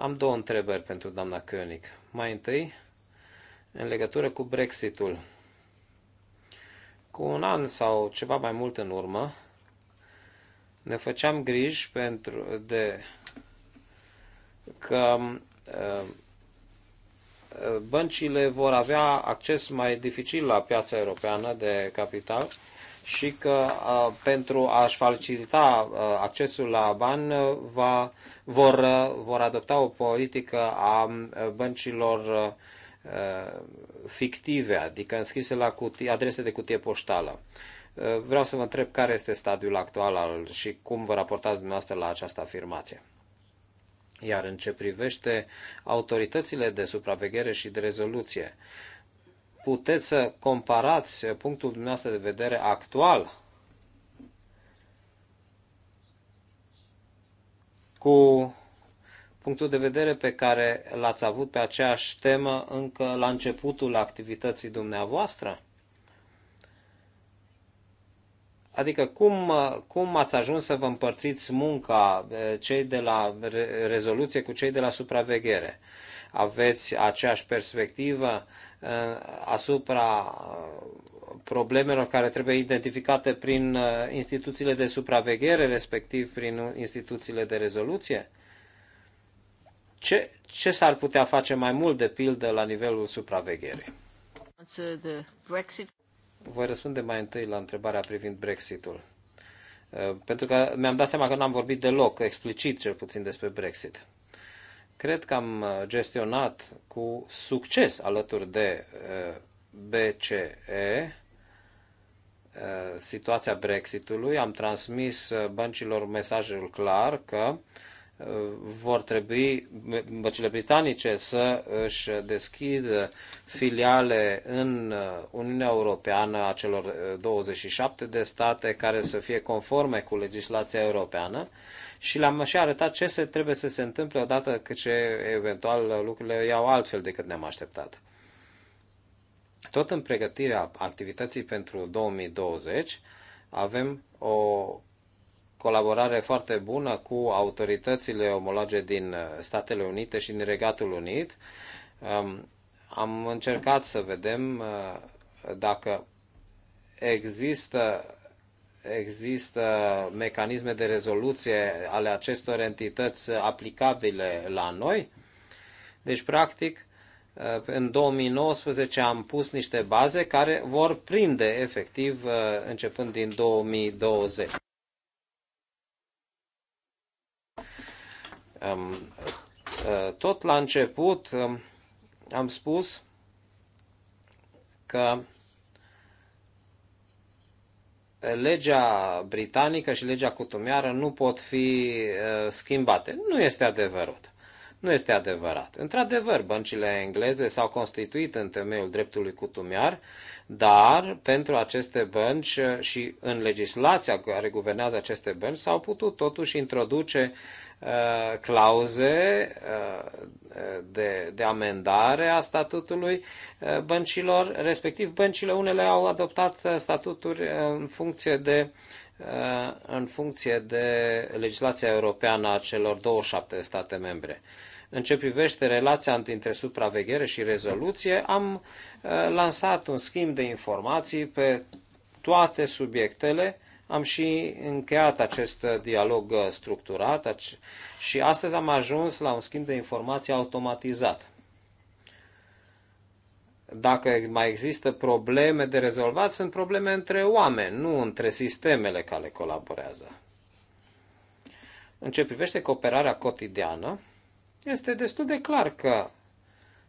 Am două întrebări pentru doamna König. Mai întâi, în legătură cu Brexitul. Cu un an sau ceva mai mult în urmă, ne făceam griji pentru de că uh, uh, băncile vor avea acces mai dificil la piața europeană de capital și că pentru a-și facilita accesul la bani va, vor, vor adopta o politică a băncilor fictive, adică înscrise la cutie, adrese de cutie poștală. Vreau să vă întreb care este stadiul actual al, și cum vă raportați dumneavoastră la această afirmație. Iar în ce privește autoritățile de supraveghere și de rezoluție, uh, puteți să comparați punctul dumneavoastră de vedere actual cu punctul de vedere pe care l-ați avut pe aceeași temă încă la începutul activității dumneavoastră? Adică cum, cum ați ajuns să vă împărțiți munca, eh, cei de la rezoluție cu cei de la supraveghere? Aveți aceeași perspectivă? Uh, asupra uh, problemelor care trebuie identificate prin uh, instituțiile de supraveghere, respectiv prin instituțiile de rezoluție? Ce, ce s-ar putea face mai mult, de pildă, la nivelul supravegherii? Voi răspunde mai întâi la întrebarea privind Brexitul. Pentru că mi-am dat seama că n-am vorbit deloc, explicit cel puțin, despre Brexit. Cred că am uh, gestionat cu succes alături de uh, BCE uh, situația Brexitului. Am transmis băncilor mesajul clar că vor trebui băncile britanice să își deschidă filiale în Uniunea Europeană a celor 27 de state care să fie conforme cu legislația europeană și le-am și arătat ce se, trebuie să se întâmple odată cât ce eventual lucrurile iau altfel decât ne-am așteptat. Tot în pregătirea activității pentru 2020 avem o colaborare foarte bună cu autoritățile omologe din Statele Unite și din Regatul Unit. Am încercat să vedem uh, dacă există există mecanisme de rezoluție ale acestor entități aplicabile la noi. Deci, practic, în 2019 am pus niște baze care vor prinde efectiv începând din 2020. Tot la început am spus că legea britanică și legea cutumiară nu pot fi schimbate. Nu este adevărat. Nu este adevărat. Într-adevăr, băncile engleze s-au constituit în temeiul dreptului cutumiar, dar pentru aceste bănci și în legislația care guvernează aceste bănci s-au putut totuși introduce Uh, clauze uh, de, de amendare a statutului uh, băncilor, respectiv băncile unele au adoptat statuturi în funcție de în funcție de legislația europeană a celor 27 de state membre. În ce privește relația dintre supraveghere și rezoluție, am lansat un schimb de informații pe toate subiectele am și încheiat acest dialog structurat și astăzi am ajuns la un schimb de informații automatizat. Dacă mai există probleme de rezolvat, sunt probleme între oameni, nu între sistemele care colaborează. În ce privește cooperarea cotidiană, este destul de clar că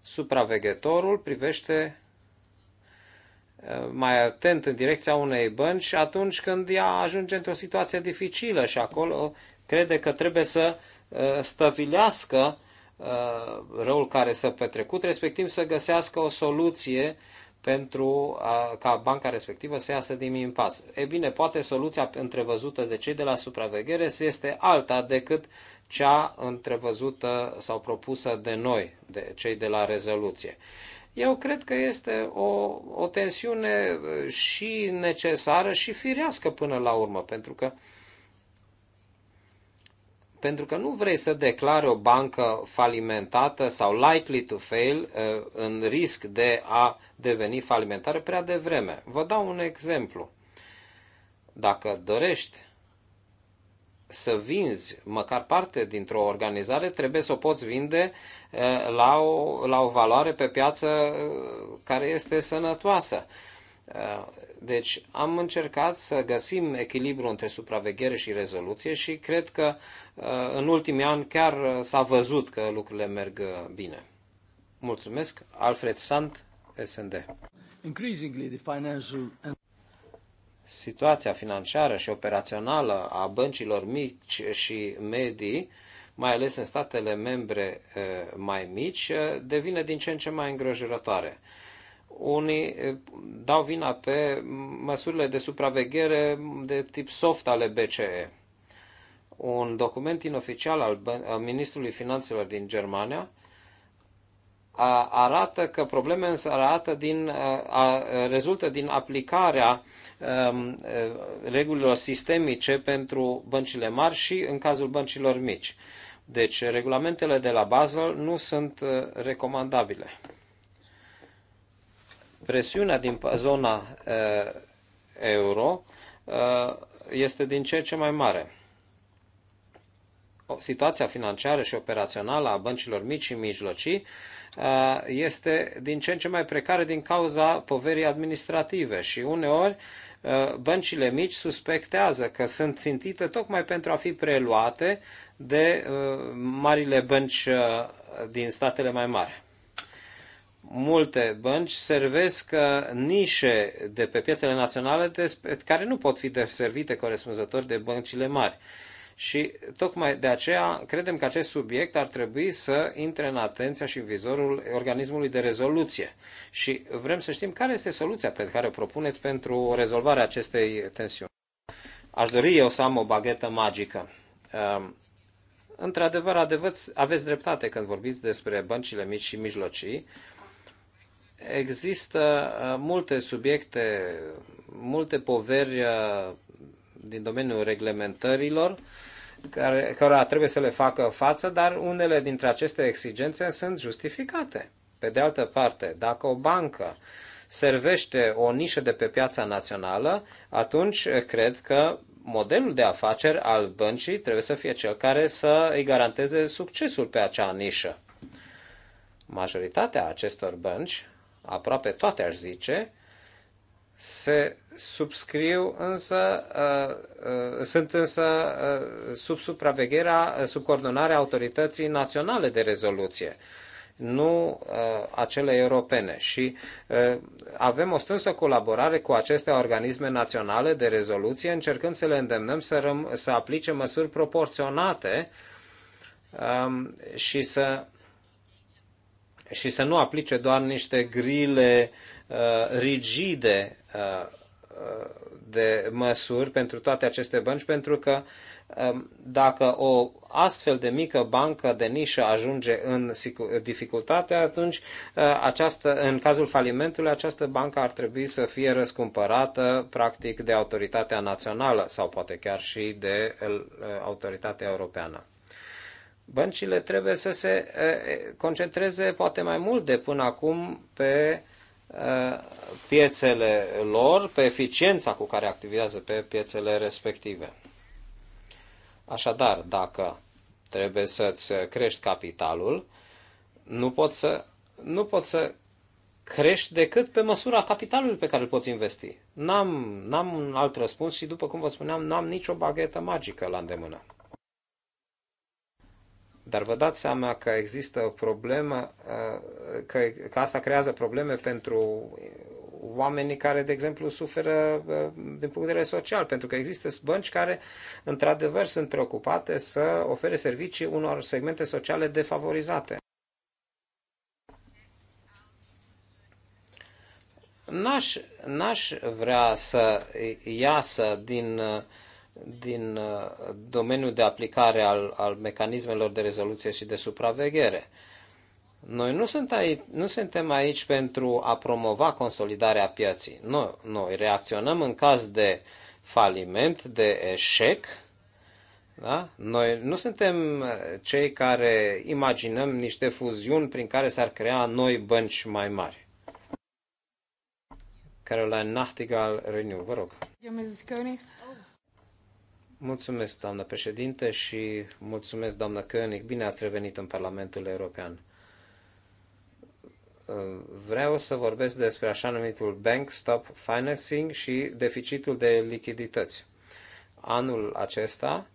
supraveghetorul privește mai atent în direcția unei bănci atunci când ea ajunge într-o situație dificilă și acolo crede că trebuie să uh, stăvilească uh, răul care s-a petrecut, respectiv să găsească o soluție pentru a, uh, ca banca respectivă să iasă din impas. E bine, poate soluția întrevăzută de cei de la supraveghere este alta decât cea întrevăzută sau propusă de noi, de cei de la rezoluție. Eu cred că este o, o tensiune uh, și necesară și firească până la urmă, pentru că pentru că nu vrei să declare o bancă falimentată sau likely to fail uh, în risc de a deveni falimentară prea devreme. Vă dau un exemplu. Dacă dorești să vinzi măcar parte dintr-o organizare, trebuie să o poți vinde uh, la o, la o valoare pe piață uh, care este sănătoasă. Uh, deci am încercat să găsim echilibru între supraveghere și rezoluție și cred că în ultimii ani chiar s-a văzut că lucrurile merg bine. Mulțumesc, Alfred Sant, SND. Increasingly the financial and situația financiară și operațională a băncilor mici și medii, mai ales în statele membre eh, mai mici, eh, devine din ce în ce mai îngrijorătoare. Unii eh, dau vina pe măsurile de supraveghere de tip soft ale BCE. Un document inoficial al Ministrului Finanțelor din Germania arată că probleme însă arată din, a, rezultă din aplicarea Um, uh, regulilor sistemice pentru băncile mari și în cazul băncilor mici. Deci, regulamentele de la Basel nu sunt uh, recomandabile. Presiunea din zona uh, euro este din ce ce mai mare. Situația financiară și operațională a băncilor mici și mijlocii este din ce în ce mai precară din cauza poverii administrative și uneori băncile mici suspectează că sunt țintite tocmai pentru a fi preluate de uh, marile bănci uh, din statele mai mari. Multe bănci servesc uh, nișe de pe piețele naționale care nu pot fi deservite corespunzător de băncile mari. Și tocmai de aceea credem că acest subiect ar trebui să intre în atenția și în vizorul organismului de rezoluție. Și vrem să știm care este soluția pe care o propuneți pentru rezolvarea acestei tensiuni. Aș dori eu să am o baghetă magică. Um, într-adevăr, aveți dreptate când vorbiți despre băncile mici și mijlocii. Există uh, multe subiecte, multe poveri uh, din domeniul reglementărilor care, care trebuie să le facă față, dar unele dintre aceste exigențe sunt justificate. Pe de altă parte, dacă o bancă servește o nișă de pe piața națională, atunci cred că modelul de afaceri al băncii trebuie să fie cel care să îi garanteze succesul pe acea nișă. Majoritatea acestor bănci, aproape toate aș zice, se subscriu însă, sunt însă sub supravegherea, sub coordonarea autorității naționale de rezoluție nu uh, acele europene. Și uh, avem o strânsă colaborare cu aceste organisme naționale de rezoluție, încercând să le îndemnăm să, răm- să aplice măsuri proporționate um, și să și să nu aplice doar niște grile uh, rigide uh, de măsuri pentru toate aceste bănci, pentru că um, dacă o astfel de mică bancă de nișă ajunge în dificultate, atunci uh, această, în cazul falimentului această bancă ar trebui să fie răscumpărată practic de autoritatea națională sau poate chiar și de uh, autoritatea europeană băncile trebuie să se uh, concentreze poate mai mult de până acum pe piețele lor, pe eficiența cu care activează pe piețele respective. Așadar, dacă trebuie să-ți crești capitalul, nu poți să, nu poți să crești decât pe măsura capitalului pe care îl poți investi. N-am, n-am un alt răspuns și, după cum vă spuneam, n-am nicio baghetă magică la îndemână. Dar vă dați seama că există o problemă, uh, că, că asta creează probleme pentru oamenii care, de exemplu, suferă uh, din punct de vedere social, pentru că există bănci care, într-adevăr, sunt preocupate să ofere servicii unor segmente sociale defavorizate. N-aș, n-aș vrea să iasă din uh, din uh, domeniul de aplicare al, al mecanismelor de rezoluție și de supraveghere. Noi nu, sunt aici, nu suntem aici pentru a promova consolidarea piații. Noi, noi reacționăm în caz de faliment, de eșec. Da? Noi nu suntem cei care imaginăm niște fuziuni prin care s-ar crea noi bănci mai mari. Caroline Nachtigal, Renew, vă rog. Eu, Mrs. Coney. Mulțumesc, doamnă președinte, și mulțumesc, doamnă König. Bine ați revenit în Parlamentul European. Vreau să vorbesc despre așa numitul Bank Stop Financing și deficitul de lichidități. Anul acesta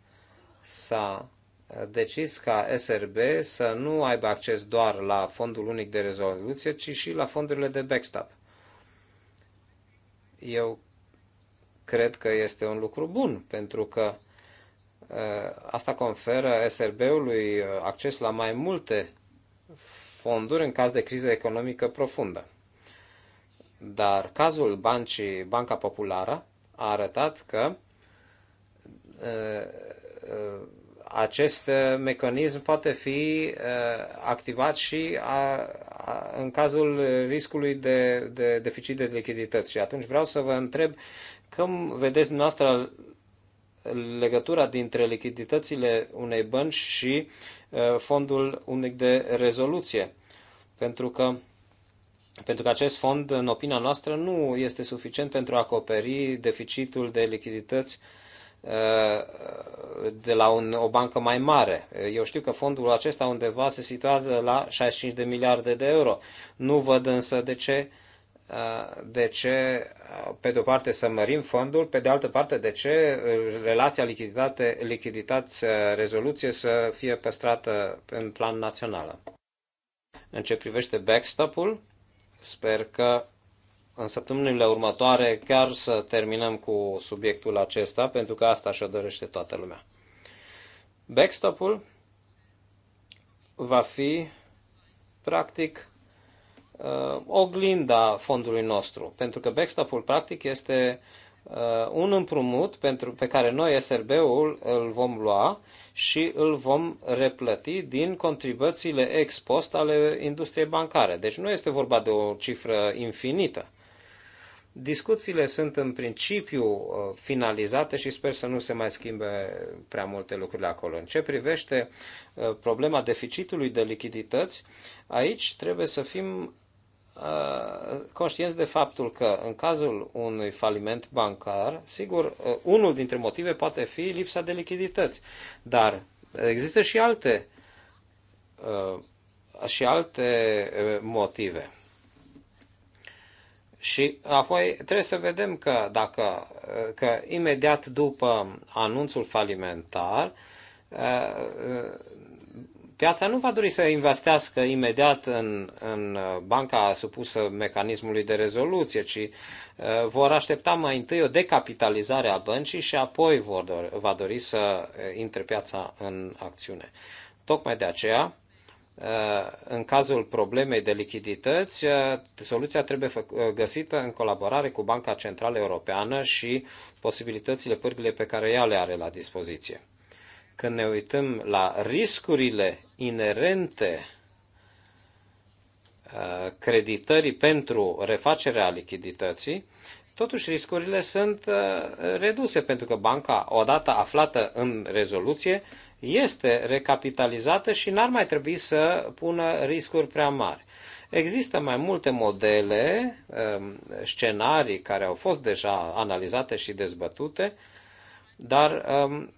s-a decis ca SRB să nu aibă acces doar la fondul unic de rezoluție, ci și la fondurile de backstop. Eu cred că este un lucru bun, pentru că uh, asta conferă SRB-ului uh, acces la mai multe fonduri în caz de criză economică profundă. Dar cazul Bancii, Banca Populară a arătat că uh, acest mecanism poate fi activat și a, a, în cazul riscului de, de deficit de lichidități. Și atunci vreau să vă întreb cum vedeți dumneavoastră legătura dintre lichiditățile unei bănci și uh, fondul unic de rezoluție? Pentru că pentru că acest fond, în opinia noastră, nu este suficient pentru a acoperi deficitul de lichidități uh, de la un, o bancă mai mare. Eu știu că fondul acesta undeva se situează la 65 de miliarde de euro. Nu văd însă de ce uh, Uh, de ce, uh, pe de o parte, să mărim fondul, pe de altă parte, de ce uh, relația lichiditate-rezoluție să fie păstrată în plan național. În ce privește backstop-ul, sper că în săptămânile următoare chiar să terminăm cu subiectul acesta, pentru că asta și-o dorește toată lumea. Backstop-ul va fi, practic, uh, oglinda fondului nostru, pentru că backstop-ul practic este uh, un împrumut pentru, pe care noi, SRB-ul, îl vom lua și îl vom replăti din contribuțiile ex post ale industriei bancare. Deci nu este vorba de o cifră infinită. Discuțiile sunt în principiu uh, finalizate și sper să nu se mai schimbe prea multe lucruri acolo. În ce privește uh, problema deficitului de lichidități, aici trebuie să fim Uh, conștienți de faptul că în cazul unui faliment bancar, sigur, uh, unul dintre motive poate fi lipsa de lichidități, dar există și alte uh, și alte motive. Și apoi trebuie să vedem că dacă că imediat după anunțul falimentar piața nu va dori să investească imediat în, în uh, banca supusă mecanismului de rezoluție, ci uh, vor aștepta mai întâi o decapitalizare a băncii și apoi vor dori, va dori să uh, intre piața în acțiune. Tocmai de aceea, în cazul problemei de lichidități, soluția trebuie găsită în colaborare cu Banca Centrală Europeană și posibilitățile pârghile pe care ea le are la dispoziție când ne uităm la riscurile inerente uh, creditării pentru refacerea lichidității, totuși riscurile sunt uh, reduse pentru că banca, odată aflată în rezoluție, este recapitalizată și n-ar mai trebui să pună riscuri prea mari. Există mai multe modele, um, scenarii care au fost deja analizate și dezbătute, dar um,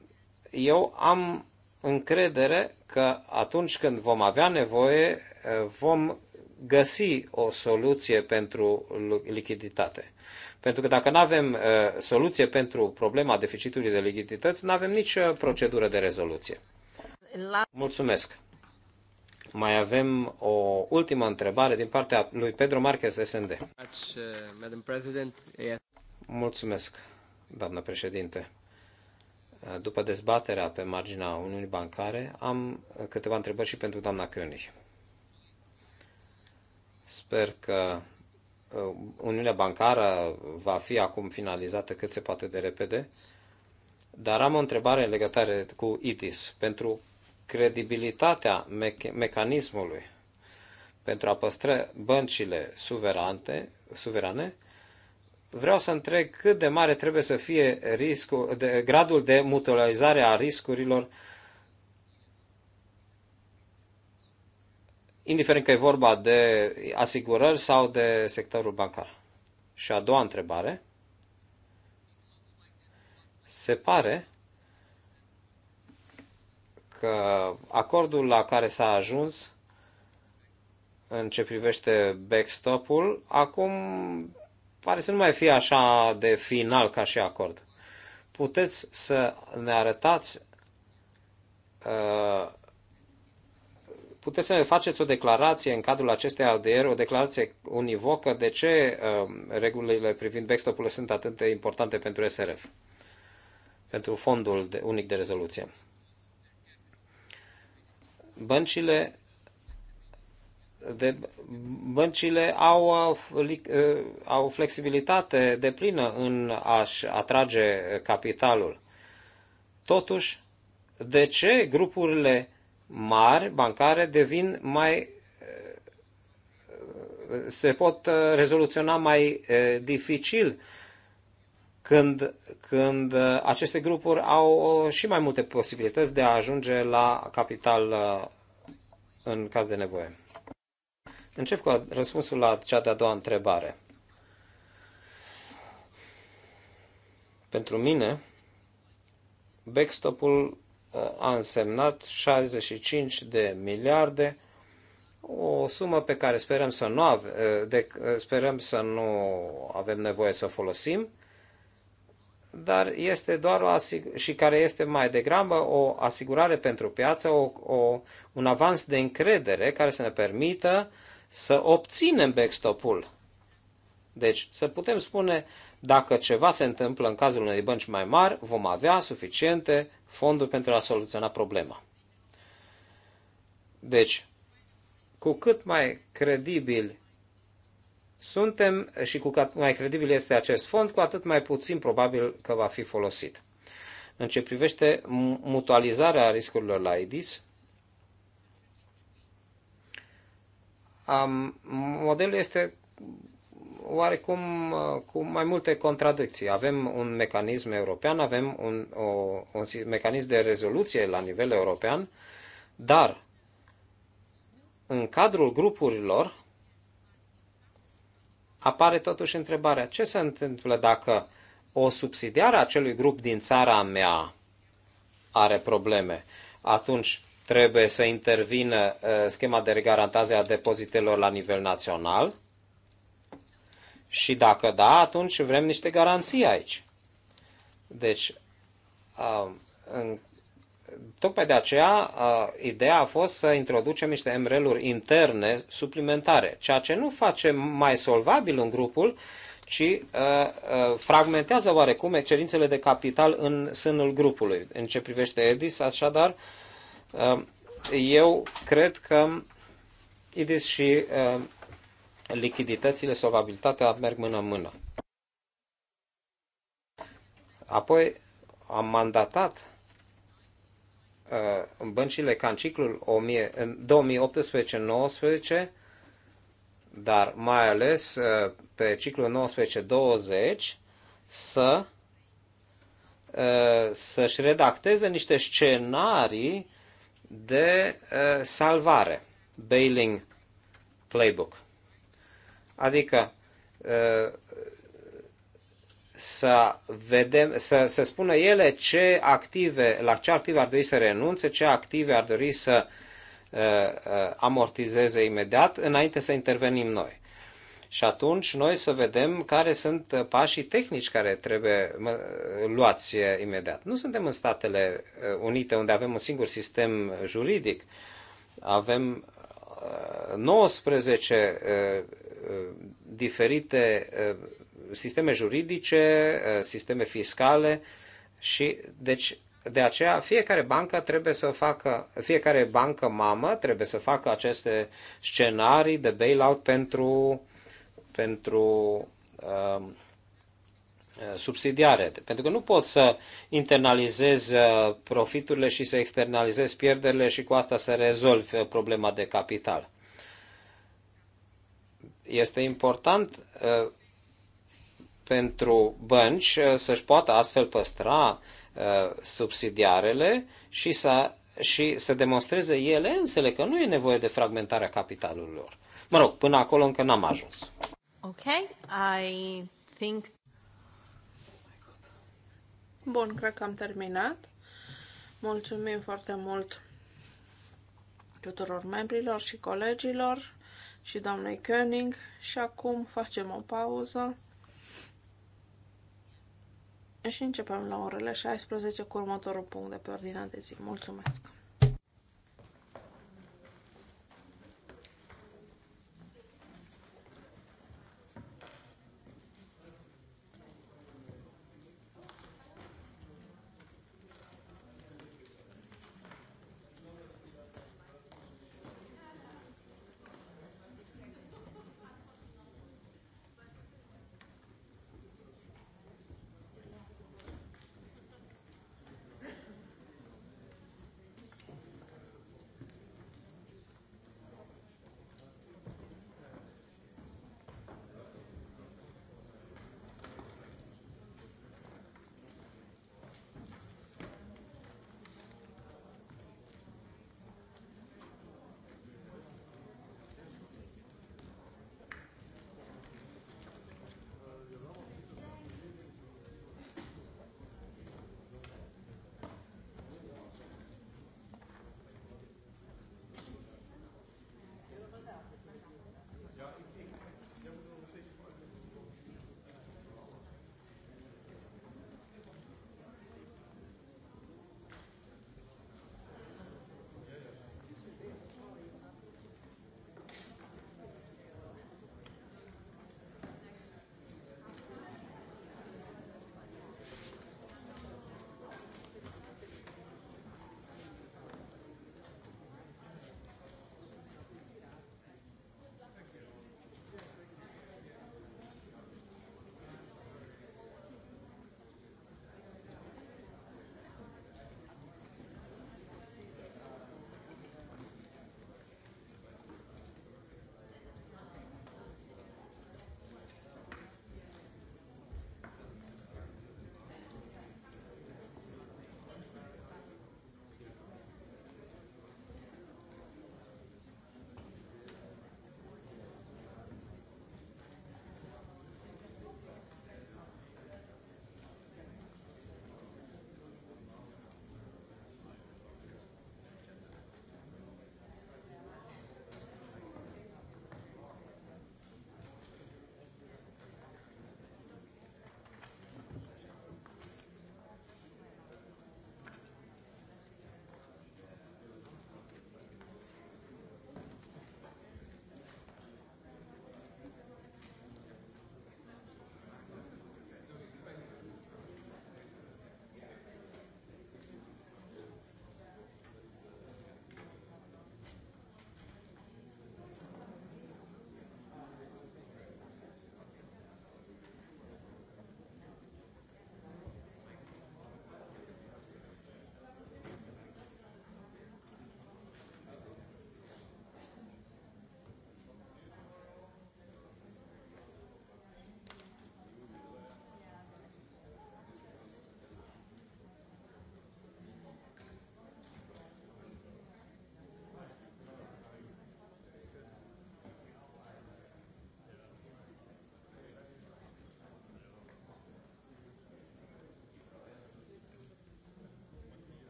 eu am încredere că atunci când vom avea nevoie, vom găsi o soluție pentru lichiditate. Pentru că dacă nu avem uh, soluție pentru problema deficitului de lichidități, nu avem nicio procedură de rezoluție. Mulțumesc! Mai avem o ultimă întrebare din partea lui Pedro Marquez, SND. Uh, Mulțumesc, doamnă președinte după dezbaterea pe marginea Uniunii Bancare, am câteva întrebări și pentru doamna König. Sper că uh, Uniunea Bancară va fi acum finalizată cât se poate de repede, dar am o întrebare în legătare cu ITIS pentru credibilitatea meca- mecanismului pentru a păstra băncile suverante, suverane vreau să întreb cât de mare trebuie să fie riscul, de, gradul de mutualizare a riscurilor, indiferent că e vorba de asigurări sau de sectorul bancar. Și a doua întrebare. Se pare că acordul la care s-a ajuns în ce privește backstop-ul, acum pare să nu mai fie așa de final ca și acord. Puteți să ne arătați, uh, puteți să ne faceți o declarație în cadrul acestei audieri, o declarație univocă de ce uh, regulile privind backstop-urile sunt atât de importante pentru SRF, pentru fondul unic de rezoluție. Băncile de, băncile au, uh, uh, au flexibilitate de plină în a-și atrage capitalul. Totuși, de ce grupurile mari bancare devin mai uh, se pot rezoluționa mai dificil când, când aceste grupuri au și mai multe posibilități de a ajunge la capital în caz de nevoie. Încep cu răspunsul la cea de-a doua întrebare. Pentru mine, backstop-ul uh, a însemnat 65 de miliarde, o sumă pe care sperăm să nu, ave, uh, de, uh, sperăm să nu avem nevoie să folosim, dar este doar o și care este mai degrabă o asigurare pentru piață, o, o, un avans de încredere care să ne permită să obținem backstop-ul. Deci, să putem spune, dacă ceva se întâmplă în cazul unei bănci mai mari, vom avea suficiente fonduri pentru a soluționa problema. Deci, cu cât mai credibil suntem și cu cât mai credibil este acest fond, cu atât mai puțin probabil că va fi folosit. În ce privește mutualizarea riscurilor la IDIS, modelul este oarecum uh, cu mai multe contradicții. Avem un mecanism european, avem un, o, un mecanism de rezoluție la nivel european, dar în cadrul grupurilor apare totuși întrebarea ce se întâmplă dacă o subsidiară a acelui grup din țara mea are probleme. Atunci, Trebuie să intervină uh, schema de regarantare a depozitelor la nivel național. Și dacă da, atunci vrem niște garanții aici. Deci, uh, în, tocmai de aceea, uh, ideea a fost să introducem niște MRL-uri interne suplimentare, ceea ce nu face mai solvabil în grupul, ci fragmentează oarecum cerințele de capital în sânul grupului. În ce privește EDIS, așadar, Um, eu cred că IDIS și um, lichiditățile, solvabilitatea merg mână în mână. Apoi am mandatat uh, băncile ca în ciclul 2018-19, dar mai ales uh, pe ciclul 19-20, să uh, să-și redacteze niște scenarii de uh, salvare, bailing playbook. Adică uh, să, vedem, să, să spună ele ce active, la ce active ar dori să renunțe, ce active ar dori să uh, uh amortizeze imediat înainte să intervenim noi. Și atunci noi să vedem care sunt uh, pașii tehnici care trebuie uh, luați uh, imediat. Nu suntem în Statele Unite unde avem un singur sistem juridic. Avem 19 diferite sisteme juridice, sisteme fiscale și deci de aceea fiecare bancă trebuie să facă, fiecare bancă mamă trebuie să facă aceste scenarii de bailout pentru pentru um, subsidiare. Pentru că nu poți să internalizez uh, profiturile și să externalizez pierderile și cu asta să rezolv uh, problema de capital. Este important uh, pentru bănci să-și poată astfel păstra subsidiarele și să, și să demonstreze ele însele că nu e nevoie de fragmentarea capitalului lor. Mă rog, până acolo încă n-am ajuns. Okay, I think... Bun, cred că am terminat. Mulțumim foarte mult tuturor membrilor și colegilor și doamnei König și acum facem o pauză și începem la orele 16 cu următorul punct de pe ordinea de zi. Mulțumesc!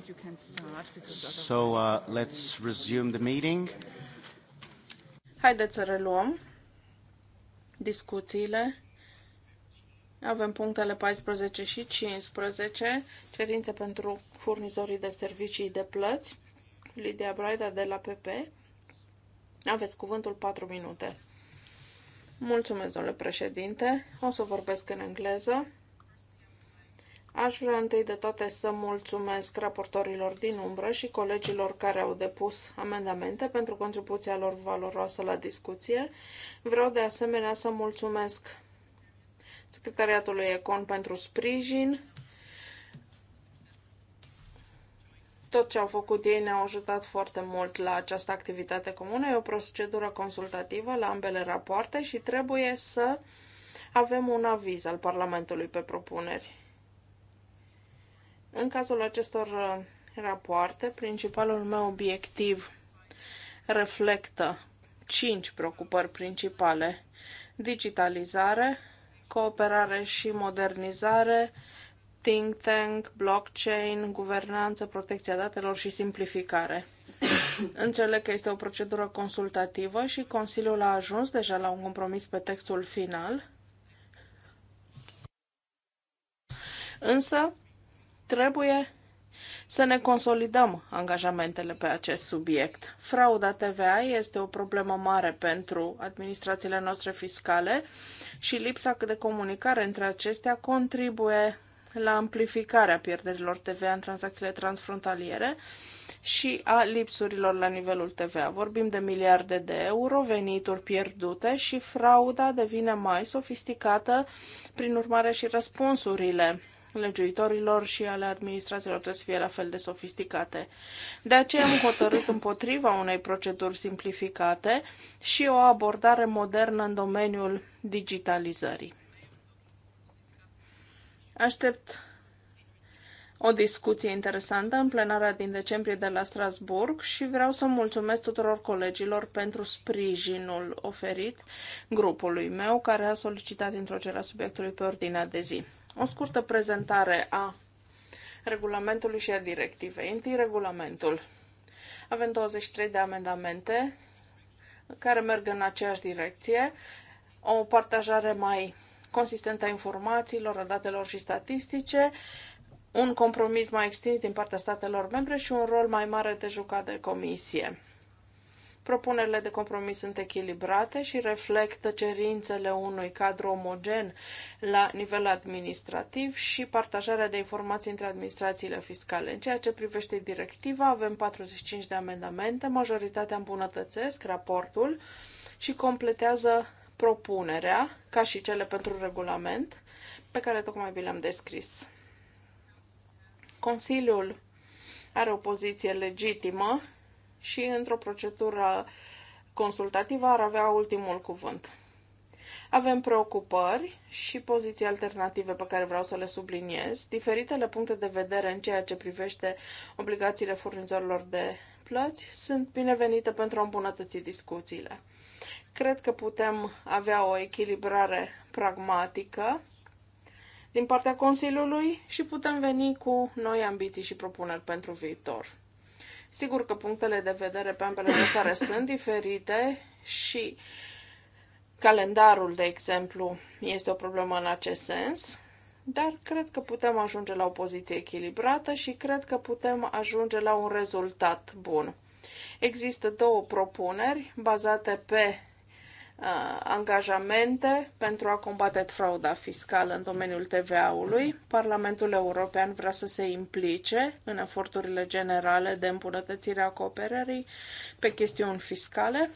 think you can start So, uh, let's resume the meeting. Haideți să reluăm discuțiile. Avem punctele 14 și 15, cerințe pentru furnizorii de servicii de plăți. Lidia Braida de la PP. Aveți cuvântul 4 minute. Mulțumesc, domnule președinte. O să vorbesc în engleză. Aș vrea întâi de toate să mulțumesc raportorilor din umbră și colegilor care au depus amendamente pentru contribuția lor valoroasă la discuție. Vreau de asemenea să mulțumesc Secretariatului Econ pentru sprijin. Tot ce au făcut ei ne-au ajutat foarte mult la această activitate comună. E o procedură consultativă la ambele rapoarte și trebuie să avem un aviz al Parlamentului pe propuneri. În cazul acestor uh, rapoarte, principalul meu obiectiv reflectă cinci preocupări principale. Digitalizare, cooperare și modernizare, think tank, blockchain, guvernanță, protecția datelor și simplificare. Înțeleg că este o procedură consultativă și Consiliul a ajuns deja la un compromis pe textul final. Însă, Trebuie să ne consolidăm angajamentele pe acest subiect. Frauda TVA este o problemă mare pentru administrațiile noastre fiscale și lipsa de comunicare între acestea contribuie la amplificarea pierderilor TVA în tranzacțiile transfrontaliere și a lipsurilor la nivelul TVA. Vorbim de miliarde de euro, venituri pierdute și frauda devine mai sofisticată, prin urmare și răspunsurile legiuitorilor și ale administrațiilor trebuie să fie la fel de sofisticate. De aceea am hotărât împotriva unei proceduri simplificate și o abordare modernă în domeniul digitalizării. Aștept o discuție interesantă în plenarea din decembrie de la Strasburg și vreau să mulțumesc tuturor colegilor pentru sprijinul oferit grupului meu care a solicitat introducerea subiectului pe ordinea de zi. O scurtă prezentare a regulamentului și a directivei. Întâi regulamentul. Avem 23 de amendamente care merg în aceeași direcție, o partajare mai consistentă a informațiilor, a datelor și statistice, un compromis mai extins din partea statelor membre și un rol mai mare de jucat de comisie. Propunerile de compromis sunt echilibrate și reflectă cerințele unui cadru omogen la nivel administrativ și partajarea de informații între administrațiile fiscale. În ceea ce privește directiva, avem 45 de amendamente, majoritatea îmbunătățesc raportul și completează propunerea, ca și cele pentru regulament, pe care tocmai vi le-am descris. Consiliul are o poziție legitimă și într-o procedură consultativă ar avea ultimul cuvânt. Avem preocupări și poziții alternative pe care vreau să le subliniez, diferitele puncte de vedere în ceea ce privește obligațiile furnizorilor de plăți sunt binevenite pentru a îmbunătăți discuțiile. Cred că putem avea o echilibrare pragmatică din partea Consiliului și putem veni cu noi ambiții și propuneri pentru viitor. Sigur că punctele de vedere pe ambele dosare sunt diferite și calendarul, de exemplu, este o problemă în acest sens, dar cred că putem ajunge la o poziție echilibrată și cred că putem ajunge la un rezultat bun. Există două propuneri bazate pe Uh, angajamente pentru a combate frauda fiscală în domeniul TVA-ului. Parlamentul European vrea să se implice în eforturile generale de îmbunătățire a cooperării pe chestiuni fiscale.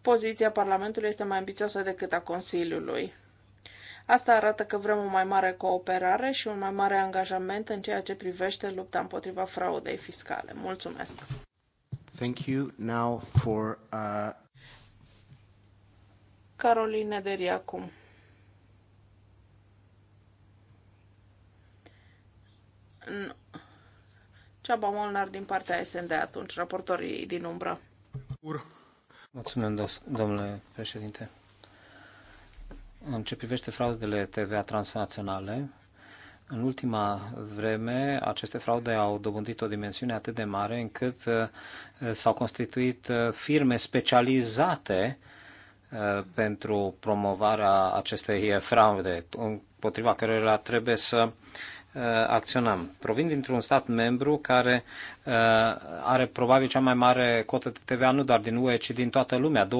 Poziția Parlamentului este mai ambițioasă decât a Consiliului. Asta arată că vrem o mai mare cooperare și un mai mare angajament în ceea ce privește lupta împotriva fraudei fiscale. Mulțumesc! Thank you. Now for... Uh... Caroline Deri acum. Ceaba Molnar din partea SND atunci, raportorii din umbră. Ur. Mulțumim, domnule președinte. În ce privește fraudele TVA transnaționale, în ultima vreme, aceste fraude au dobândit o dimensiune atât de mare încât uh, s-au constituit uh, firme specializate uh, pentru promovarea acestei fraude, împotriva cărora trebuie să acționăm. Provin dintr-un stat membru care are probabil cea mai mare cotă de TVA, nu doar din UE, ci din toată lumea, 27%.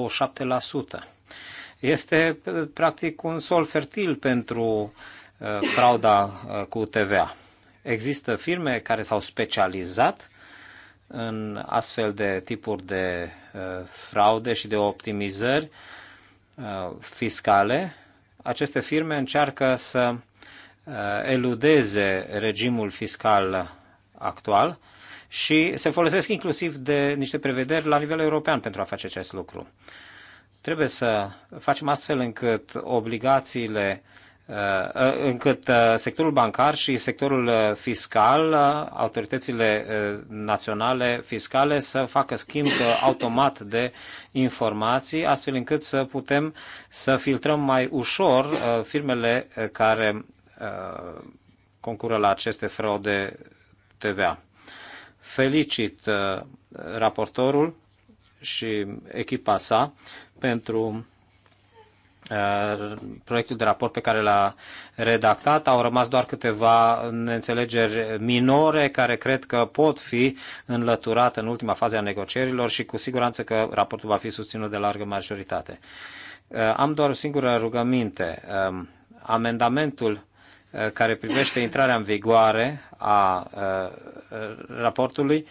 Este practic un sol fertil pentru uh, Uh, frauda uh, cu TVA. Există firme care s-au specializat în astfel de tipuri de uh, fraude și de optimizări fiscale. Aceste firme încearcă să eludeze regimul fiscal actual și se folosesc inclusiv de niște prevederi la nivel european pentru a face acest lucru. Trebuie să facem astfel încât obligațiile Uh, uh, încât uh, sectorul bancar și sectorul fiscal, autoritățile naționale fiscale să facă schimb automat de informații, astfel încât să putem să filtrăm mai ușor firmele care concură la aceste fraude TVA. Felicit raportorul și echipa sa pentru proiectul de raport pe care l-a redactat. Au rămas doar câteva neînțelegeri minore care cred că pot fi înlăturate în ultima fază a negocierilor și cu siguranță că raportul va fi susținut de largă majoritate. Uh, am doar o singură rugăminte. Um, amendamentul uh, care privește intrarea în vigoare a uh, raportului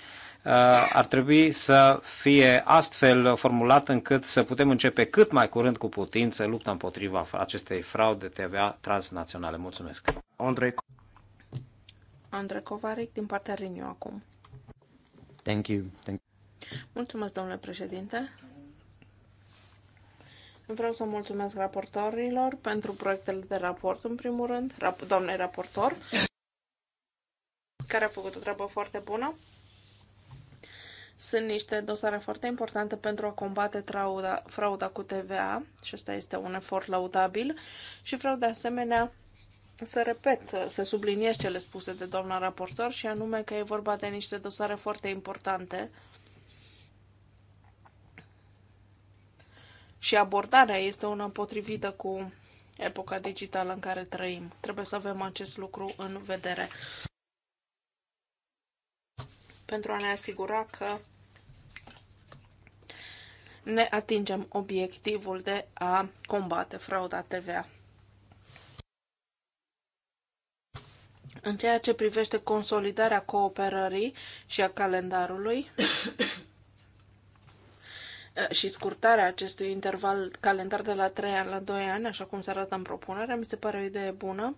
Uh, ar trebui să fie astfel formulat încât să putem începe cât mai curând cu putință lupta împotriva acestei fraude TVA transnaționale. Mulțumesc! Andrei, Andrei Covaric din partea Riniu acum. Thank you. Thank you. Mulțumesc, domnule președinte. Vreau să mulțumesc raportorilor pentru proiectele de raport, în primul rând, rap- doamnei raportor, care a făcut o treabă foarte bună. Sunt niște dosare foarte importante pentru a combate trauda, frauda cu TVA și asta este un efort laudabil și vreau de asemenea să repet, să subliniez cele spuse de doamna raportor și anume că e vorba de niște dosare foarte importante și abordarea este una potrivită cu epoca digitală în care trăim. Trebuie să avem acest lucru în vedere pentru a ne asigura că ne atingem obiectivul de a combate frauda TVA. În ceea ce privește consolidarea cooperării și a calendarului și scurtarea acestui interval calendar de la 3 ani la 2 ani, așa cum se arată în propunere, mi se pare o idee bună.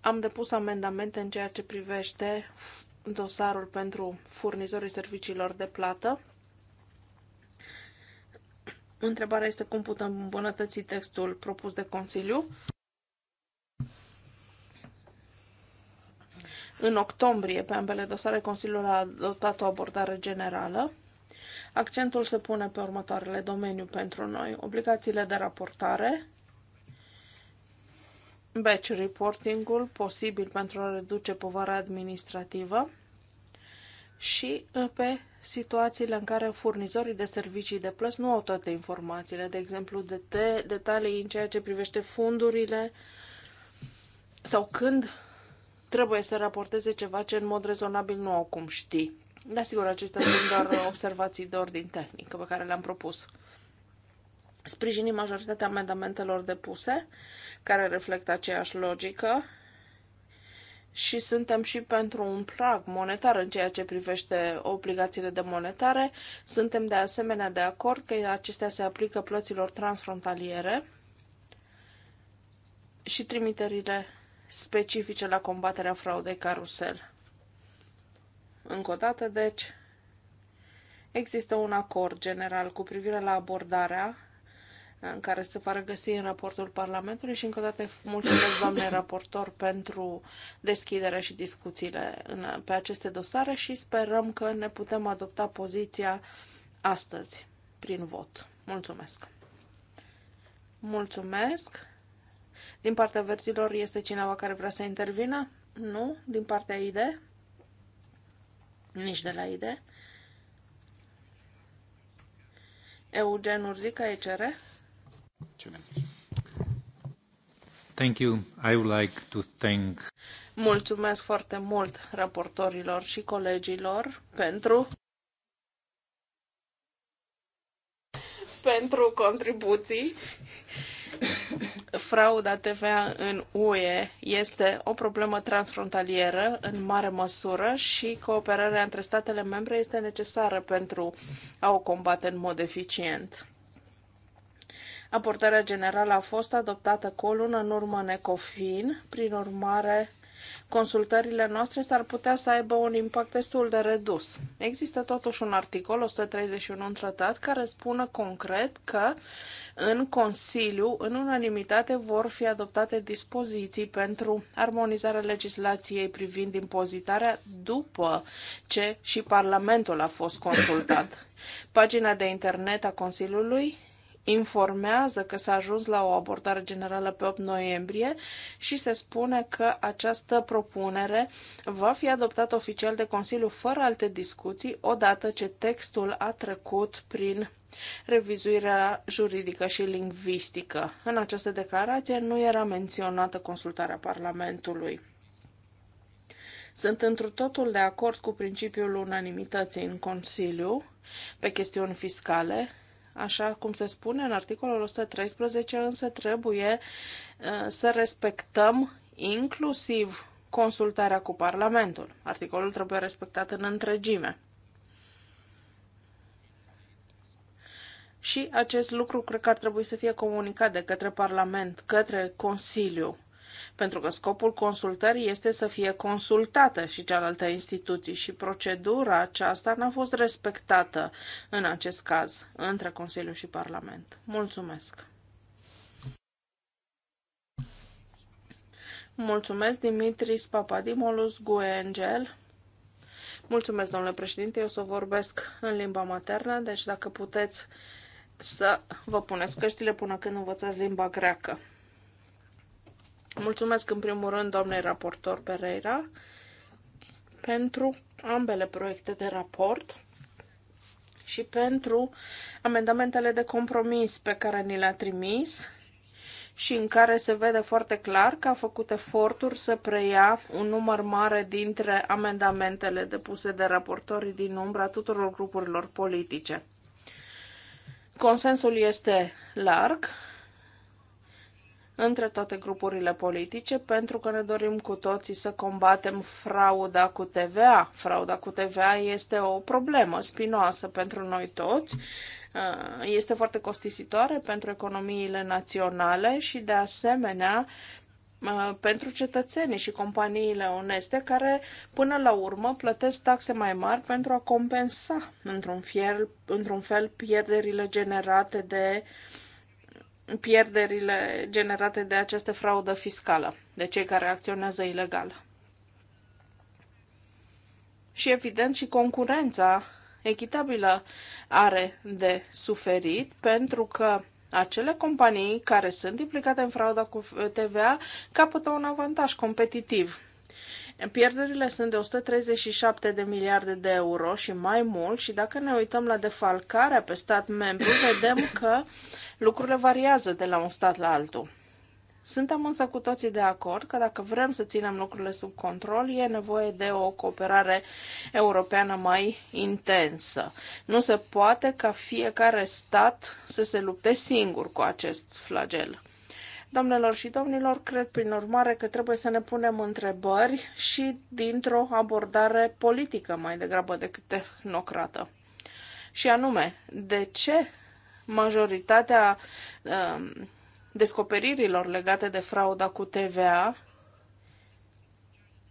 Am depus amendamente în ceea ce privește dosarul pentru furnizorii serviciilor de plată. Întrebarea este cum putem îmbunătăți textul propus de Consiliu. În octombrie, pe ambele dosare, Consiliul a adoptat o abordare generală. Accentul se pune pe următoarele domenii pentru noi. Obligațiile de raportare, batch reporting-ul, posibil pentru a reduce povara administrativă, și uh, pe situațiile în care furnizorii de servicii de plăți nu au toate informațiile, de exemplu de, te, detalii în ceea ce privește fundurile sau când trebuie să raporteze ceva ce în mod rezonabil nu au cum ști. Da, sigur, acestea sunt doar uh, observații de ordin tehnică pe care le-am propus. Sprijinim majoritatea amendamentelor depuse, care reflectă aceeași logică și suntem și pentru un prag monetar în ceea ce privește obligațiile de monetare. Suntem de asemenea de acord că acestea se aplică plăților transfrontaliere și trimiterile specifice la combaterea fraudei carusel. Încă o dată, deci, există un acord general cu privire la abordarea în care se va regăsi în raportul Parlamentului și încă o dată mulțumesc doamne raportor pentru deschiderea și discuțiile în, pe aceste dosare și sperăm că ne putem adopta poziția astăzi prin vot. Mulțumesc! Mulțumesc! Din partea verzilor este cineva care vrea să intervină? Nu? Din partea IDE? Nici de la IDE. Eugen Urzica, ECR? Thank you. I would like to thank... Mulțumesc foarte mult raportorilor și colegilor pentru pentru contribuții. Frauda TVA în UE este o problemă transfrontalieră în mare măsură și cooperarea între statele membre este necesară pentru a o combate în mod eficient. Abordarea generală a fost adoptată cu o lună în urmă în ECOFIN, prin urmare consultările noastre s-ar putea să aibă un impact destul de redus. Există totuși un articol 131 în tratat care spune concret că în Consiliu, în unanimitate, vor fi adoptate dispoziții pentru armonizarea legislației privind impozitarea după ce și Parlamentul a fost consultat. Pagina de internet a Consiliului informează că s-a ajuns la o abordare generală pe 8 noiembrie și se spune că această propunere va fi adoptată oficial de Consiliu fără alte discuții odată ce textul a trecut prin revizuirea juridică și lingvistică. În această declarație nu era menționată consultarea Parlamentului. Sunt într totul de acord cu principiul unanimității în Consiliu pe chestiuni fiscale Așa cum se spune în articolul 113, însă trebuie uh, să respectăm inclusiv consultarea cu Parlamentul. Articolul trebuie respectat în întregime. Și acest lucru cred că ar trebui să fie comunicat de către Parlament, către Consiliu pentru că scopul consultării este să fie consultată și cealaltă instituții și procedura aceasta n-a fost respectată în acest caz între Consiliu și Parlament. Mulțumesc! Mulțumesc, Dimitris Papadimolus Guengel. Mulțumesc, domnule președinte. Eu să vorbesc în limba maternă, deci dacă puteți să vă puneți căștile până când învățați limba greacă. Mulțumesc în primul rând doamnei raportor Pereira pentru ambele proiecte de raport și pentru amendamentele de compromis pe care ni le-a trimis și în care se vede foarte clar că a făcut eforturi să preia un număr mare dintre amendamentele depuse de raportorii din umbra tuturor grupurilor politice. Consensul este larg între toate grupurile politice, pentru că ne dorim cu toții să combatem frauda cu TVA. Frauda cu TVA este o problemă spinoasă pentru noi toți, uh, este foarte costisitoare pentru economiile naționale și, de asemenea, uh, pentru cetățenii și companiile oneste care, până la urmă, plătesc taxe mai mari pentru a compensa, într-un, într-un fel, pierderile generate de uh, pierderile generate de această fraudă fiscală, de cei care acționează ilegal. Și evident și concurența echitabilă are de suferit pentru că acele companii care sunt implicate în frauda cu TVA capătă un avantaj competitiv Pierderile sunt de 137 de miliarde de euro și mai mult și dacă ne uităm la defalcarea pe stat membru, vedem că lucrurile variază de la un stat la altul. Suntem însă cu toții de acord că dacă vrem să ținem lucrurile sub control, e nevoie de o cooperare europeană mai intensă. Nu se poate ca fiecare stat să se lupte singur cu acest flagel. Doamnelor și domnilor, cred prin urmare că trebuie să ne punem întrebări și dintr-o abordare politică mai degrabă decât tehnocrată. Și anume, de ce majoritatea um, descoperirilor legate de frauda cu TVA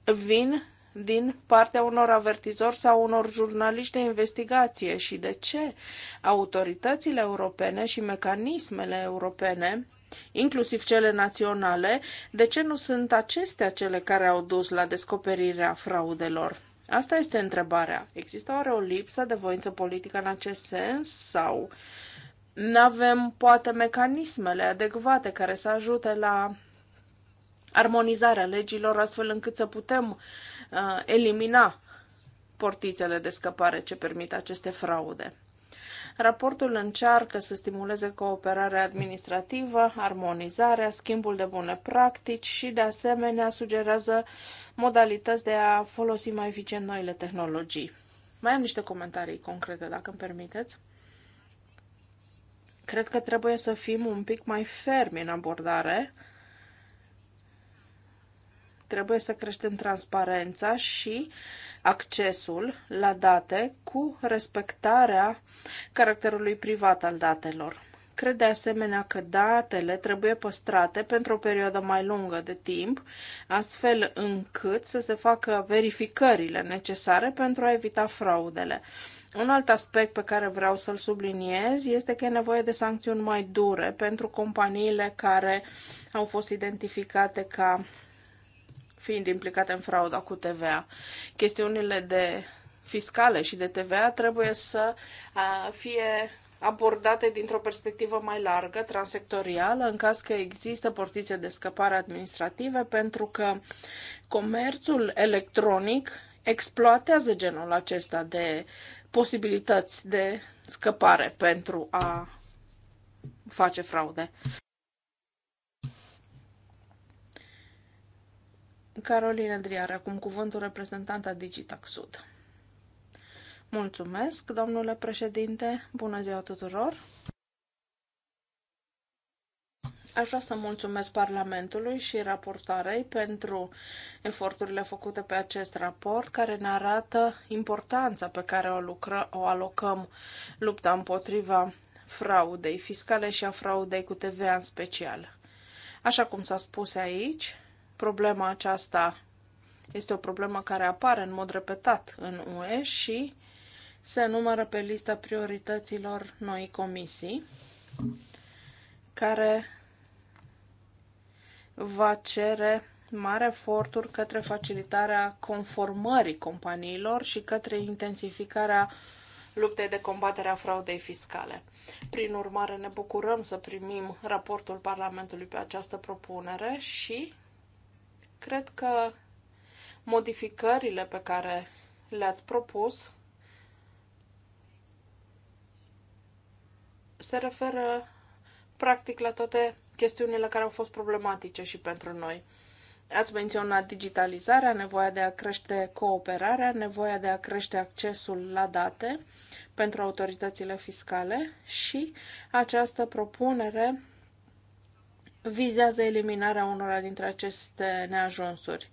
vin din partea unor avertizori sau unor jurnaliști de investigație și de ce autoritățile europene și mecanismele europene inclusiv cele naționale, de ce nu sunt acestea cele care au dus la descoperirea fraudelor? Asta este întrebarea. Există oare o lipsă de voință politică în acest sens sau nu avem poate mecanismele adecvate care să ajute la armonizarea legilor astfel încât să putem uh, elimina portițele de scăpare ce permit aceste fraude. Raportul încearcă să stimuleze cooperarea administrativă, armonizarea, schimbul de bune practici și, de asemenea, sugerează modalități de a folosi mai eficient noile tehnologii. Mai am niște comentarii concrete, dacă îmi permiteți. Cred că trebuie să fim un pic mai fermi în abordare Trebuie să creștem transparența și accesul la date cu respectarea caracterului privat al datelor. Cred de asemenea că datele trebuie păstrate pentru o perioadă mai lungă de timp, astfel încât să se facă verificările necesare pentru a evita fraudele. Un alt aspect pe care vreau să-l subliniez este că e nevoie de sancțiuni mai dure pentru companiile care au fost identificate ca fiind implicate în frauda cu TVA. Chestiunile de fiscale și de TVA trebuie să fie abordate dintr-o perspectivă mai largă, transectorială, în caz că există portițe de scăpare administrative, pentru că comerțul electronic exploatează genul acesta de posibilități de scăpare pentru a face fraude. Caroline Driar, acum cuvântul reprezentanta Digitax Sud. Mulțumesc, domnule președinte, bună ziua tuturor! Aș vrea să mulțumesc Parlamentului și raportarei pentru eforturile făcute pe acest raport, care ne arată importanța pe care o, lucră, o alocăm lupta împotriva fraudei fiscale și a fraudei cu TVA în special. Așa cum s-a spus aici, Problema aceasta este o problemă care apare în mod repetat în UE și se numără pe lista priorităților noi comisii, care va cere mare eforturi către facilitarea conformării companiilor și către intensificarea luptei de combatere a fraudei fiscale. Prin urmare, ne bucurăm să primim raportul Parlamentului pe această propunere și Cred că modificările pe care le-ați propus se referă practic la toate chestiunile care au fost problematice și pentru noi. Ați menționat digitalizarea, nevoia de a crește cooperarea, nevoia de a crește accesul la date pentru autoritățile fiscale și această propunere vizează eliminarea unora dintre aceste neajunsuri.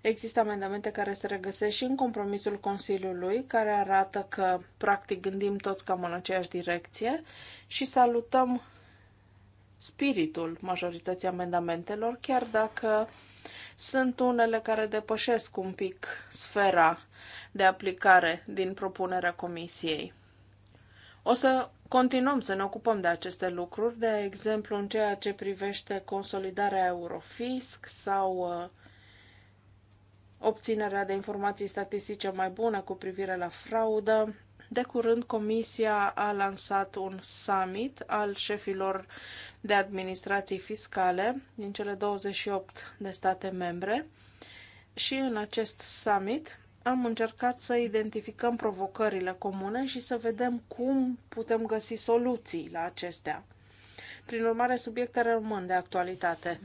Există amendamente care se regăsesc și în compromisul Consiliului, care arată că, practic, gândim toți cam în aceeași direcție și salutăm spiritul majorității amendamentelor, chiar dacă sunt unele care depășesc un pic sfera de aplicare din propunerea Comisiei. O să Continuăm să ne ocupăm de aceste lucruri, de exemplu în ceea ce privește consolidarea Eurofisc sau uh, obținerea de informații statistice mai bune cu privire la fraudă. De curând, Comisia a lansat un summit al șefilor de administrații fiscale din cele 28 de state membre și în acest summit am încercat să identificăm provocările comune și să vedem cum putem găsi soluții la acestea. Prin urmare, subiecte rămân de actualitate.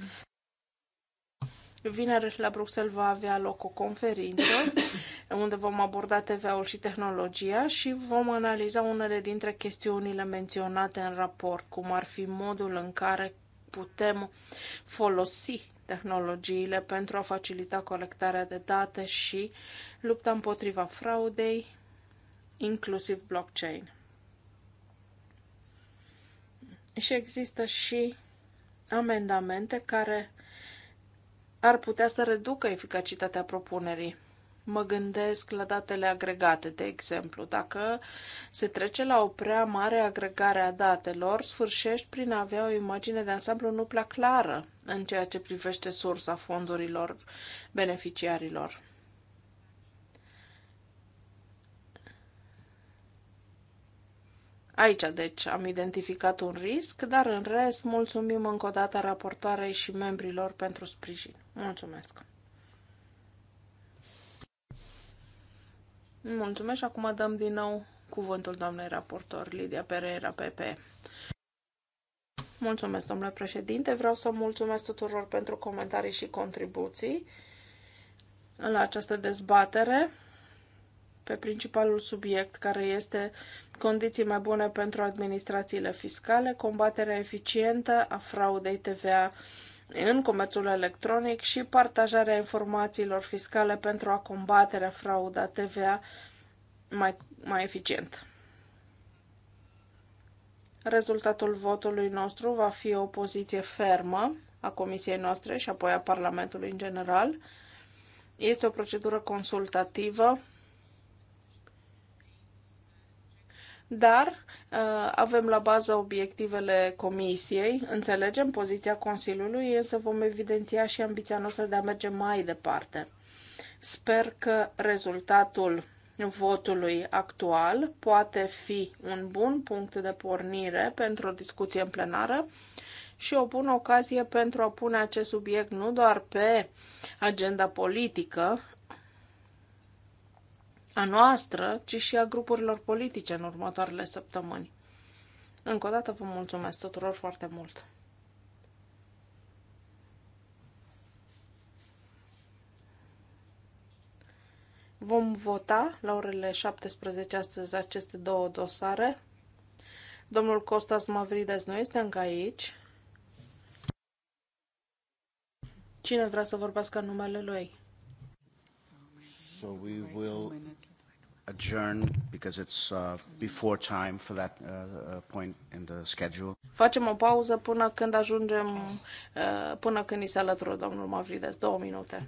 Vineri la Bruxelles va avea loc o conferință unde vom aborda TVA-ul și tehnologia și vom analiza unele dintre chestiunile menționate în raport, cum ar fi modul în care putem folosi tehnologiile pentru a facilita colectarea de date și lupta împotriva fraudei, inclusiv blockchain. Și există și amendamente care ar putea să reducă eficacitatea propunerii mă gândesc la datele agregate, de exemplu. Dacă se trece la o prea mare agregare a datelor, sfârșești prin a avea o imagine de ansamblu nu prea clară în ceea ce privește sursa fondurilor beneficiarilor. Aici, deci, am identificat un risc, dar în rest mulțumim încă o dată raportoarei și membrilor pentru sprijin. Mulțumesc! Mulțumesc și acum dăm din nou cuvântul doamnei raportor Lidia Pereira PP. Mulțumesc, domnule președinte. Vreau să mulțumesc tuturor pentru comentarii și contribuții la această dezbatere pe principalul subiect, care este condiții mai bune pentru administrațiile fiscale, combaterea eficientă a fraudei TVA în comerțul electronic și partajarea informațiilor fiscale pentru a combaterea frauda TVA mai, mai eficient. Rezultatul votului nostru va fi o poziție fermă a Comisiei noastre și apoi a Parlamentului în general. Este o procedură consultativă dar uh, avem la bază obiectivele Comisiei, înțelegem poziția Consiliului, însă vom evidenția și ambiția noastră de a merge mai departe. Sper că rezultatul votului actual poate fi un bun punct de pornire pentru o discuție în plenară și o bună ocazie pentru a pune acest subiect nu doar pe agenda politică, a noastră, ci și a grupurilor politice în următoarele săptămâni. Încă o dată vă mulțumesc tuturor foarte mult! Vom vota la orele 17 astăzi aceste două dosare. Domnul Costas Mavrides nu este încă aici. Cine vrea să vorbească în numele lui? so we will adjourn because it's uh, before time for that uh, uh, point in the schedule. Facem o pauză până când ajungem, uh, până când ni se alătură domnul Mavrides. Două minute.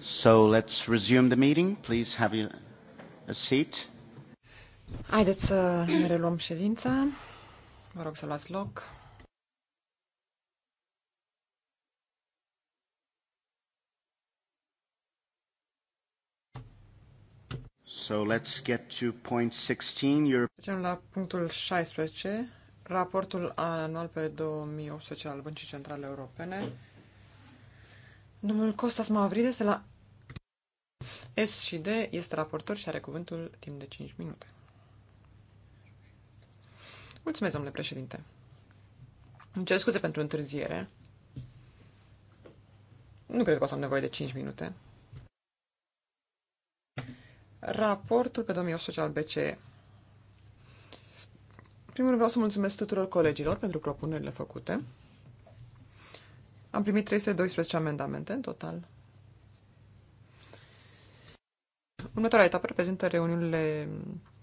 So let's resume the meeting. Please have a seat. Haideți să ne reluăm ședința. Vă rog să luați loc. So let's get to point 16. Your... la punctul 16, raportul anual pe 2018 al Băncii Centrale Europene Domnul Costas Mavrides de la S și D este raportor și are cuvântul timp de 5 minute. Mulțumesc, domnule președinte. Îmi cer scuze pentru întârziere. Nu cred că o să am nevoie de 5 minute. Raportul pe 2018 al BCE. Primul vreau să mulțumesc tuturor colegilor pentru propunerile făcute. Am primit 312 amendamente în total. Următoarea etapă reprezintă reuniunile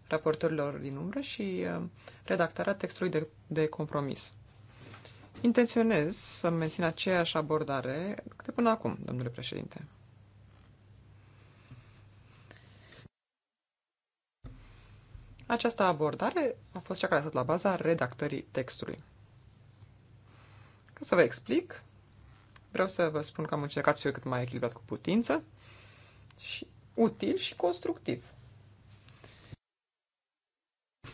raportorilor din umbră și uh, redactarea textului de, de compromis. Intenționez să mențin aceeași abordare de până acum, domnule președinte. Această abordare a fost cea care a stat la baza redactării textului. Ca să vă explic, Vreau să vă spun că am încercat să fiu cât mai echilibrat cu putință și util și constructiv.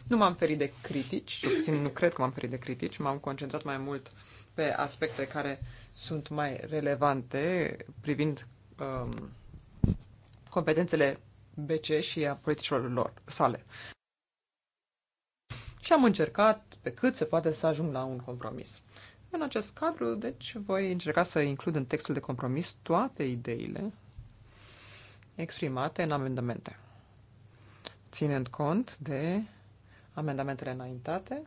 Nu m-am ferit de critici, cel puțin nu cred că m-am ferit de critici, m-am concentrat mai mult pe aspecte care sunt mai relevante privind um, competențele BC și a politicilor lor, sale. Și am încercat pe cât se poate să ajung la un compromis. În acest cadru, deci, voi încerca să includ în textul de compromis toate ideile exprimate în amendamente, ținând cont de amendamentele înaintate,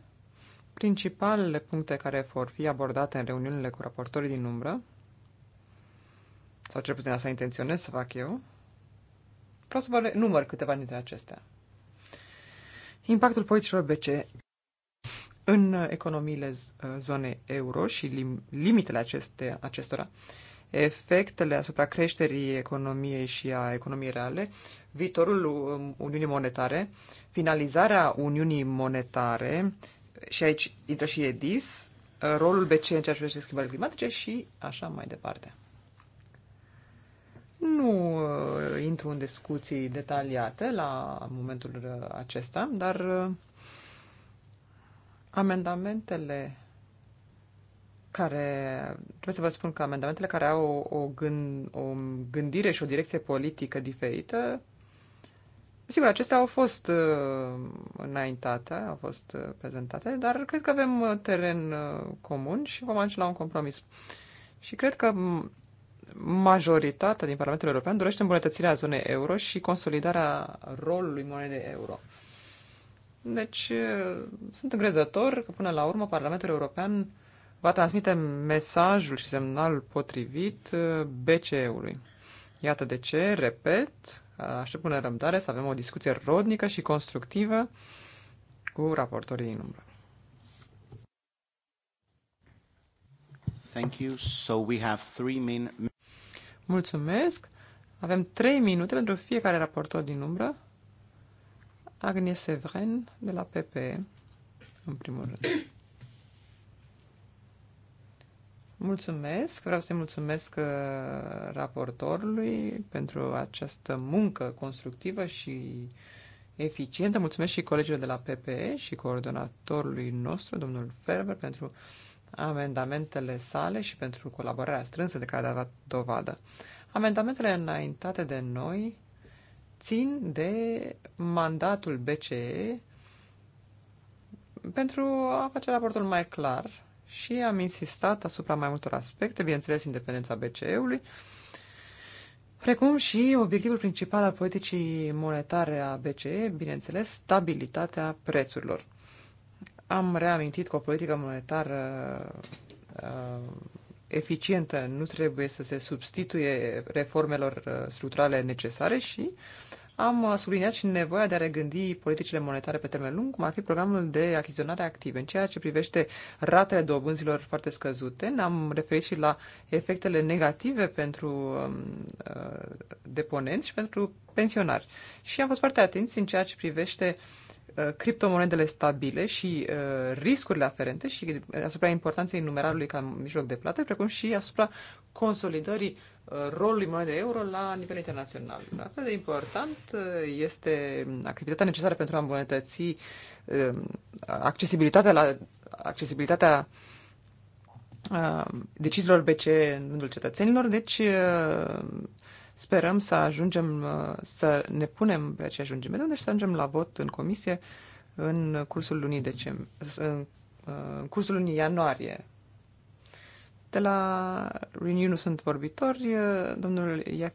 principalele puncte care vor fi abordate în reuniunile cu raportorii din umbră, sau cel puțin asta intenționez să fac eu, vreau să vă număr câteva dintre acestea. Impactul politicilor BC în uh, economiile uh, zonei euro și lim limitele aceste, acestora, efectele asupra creșterii economiei și a economiei reale, viitorul um, Uniunii Monetare, finalizarea Uniunii Monetare, și aici intră și EDIS, uh, rolul BC în ceea ce privește schimbările climatice și așa mai departe. Nu intru în discuții detaliate la momentul acesta, dar Amendamentele care, trebuie să vă spun că amendamentele care au o, o, gând, o gândire și o direcție politică diferită, sigur, acestea au fost uh, înaintate, au fost uh, prezentate, dar cred că avem uh, teren uh, comun și vom ajunge la un compromis. Și cred că majoritatea din Parlamentul European dorește îmbunătățirea zonei euro și consolidarea rolului monedei euro. Deci sunt îngrezător că până la urmă Parlamentul European va transmite mesajul și semnalul potrivit BCE-ului. Iată de ce, repet, aștept până răbdare să avem o discuție rodnică și constructivă cu raportorii în umbră. Thank you. So we have three min- Mulțumesc. Avem trei minute pentru fiecare raportor din umbră. Agnes Severin de la PPE, în primul rând. Mulțumesc, vreau să-i mulțumesc uh, raportorului pentru această muncă constructivă și eficientă. Mulțumesc și colegilor de la PPE și coordonatorului nostru, domnul Ferber, pentru amendamentele sale și pentru colaborarea strânsă de care a dat dovadă. Amendamentele înaintate de noi țin de mandatul BCE pentru a face raportul mai clar și am insistat asupra mai multor aspecte, bineînțeles independența BCE-ului, precum și obiectivul principal al politicii monetare a BCE, bineînțeles, stabilitatea prețurilor. Am reamintit că o politică monetară uh, eficientă nu trebuie să se substituie reformelor uh, structurale necesare și uh, am uh, subliniat și nevoia de a regândi politicile monetare pe termen lung, cum ar fi programul de achiziționare active. În ceea ce privește ratele dobânzilor foarte scăzute, ne-am referit și la efectele negative pentru um, uh, deponenți și pentru pensionari. Și am fost foarte atenți în ceea ce privește uh, criptomonedele stabile și uh, riscurile aferente și asupra importanței numerarului ca mijloc de plată, precum și asupra consolidării uh, rolului monedei euro la nivel internațional. La fel de important uh, este activitatea necesară pentru a îmbunătăți um, accesibilitatea la accesibilitatea uh, deciziilor BC în rândul cetățenilor, deci uh, sperăm să ajungem să ne punem pe aceeași lungime de unde și să ajungem la vot în comisie în cursul lunii decembrie, în cursul lunii ianuarie de la Renew nu sunt vorbitori. Domnul, iac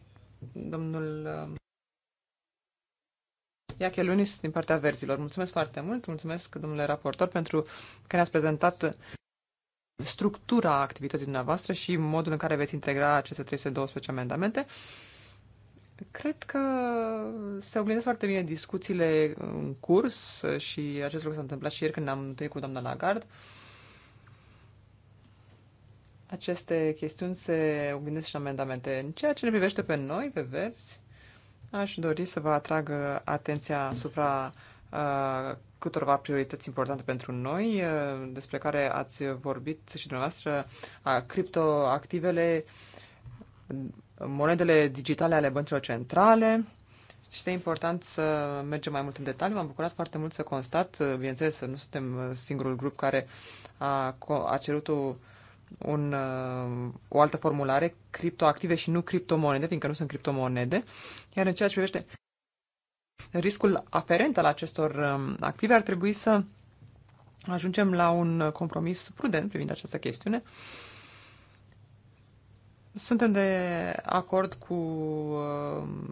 domnul um, Lunis din partea verzilor. Mulțumesc foarte mult, mulțumesc domnule raportor pentru că ne-ați prezentat structura activității dumneavoastră și modul în care veți integra aceste 312 amendamente. Cred că se oglindesc foarte bine discuțiile în curs și acest lucru s-a întâmplat și ieri când am întâlnit cu doamna Lagarde aceste chestiuni se oglindesc și în amendamente. În ceea ce ne privește pe noi, pe verzi, aș dori să vă atrag atenția asupra uh, câtorva priorități importante pentru noi, uh, despre care ați vorbit și dumneavoastră, a criptoactivele, monedele digitale ale băncilor centrale, și este important să mergem mai mult în detaliu. M-am bucurat foarte mult să constat, uh, bineînțeles, nu suntem singurul grup care a, a cerut o un, uh, o altă formulare, criptoactive și nu criptomonede, fiindcă nu sunt criptomonede. Iar în ceea ce privește riscul aferent al acestor um, active, ar trebui să ajungem la un compromis prudent privind această chestiune. Suntem de acord cu um,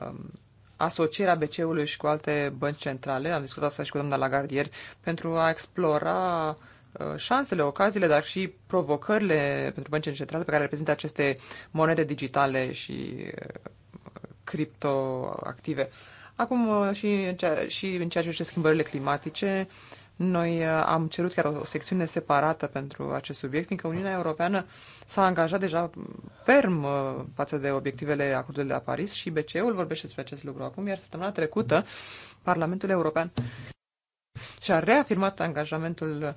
um asocierea bc ului și cu alte bănci centrale, am discutat asta și cu doamna Lagardier, pentru a explora uh, Uh, șansele, ocaziile, dar și provocările pentru băncile centrale pe care le reprezintă aceste monede digitale și uh, criptoactive. Acum uh, și în ceea, și în ceea ce privește schimbările climatice, noi am cerut chiar o secțiune separată pentru acest subiect, fiindcă Uniunea Europeană s-a angajat deja ferm față de obiectivele acordului de la Paris și BCE-ul vorbește despre acest lucru acum, iar săptămâna trecută Parlamentul European și-a reafirmat angajamentul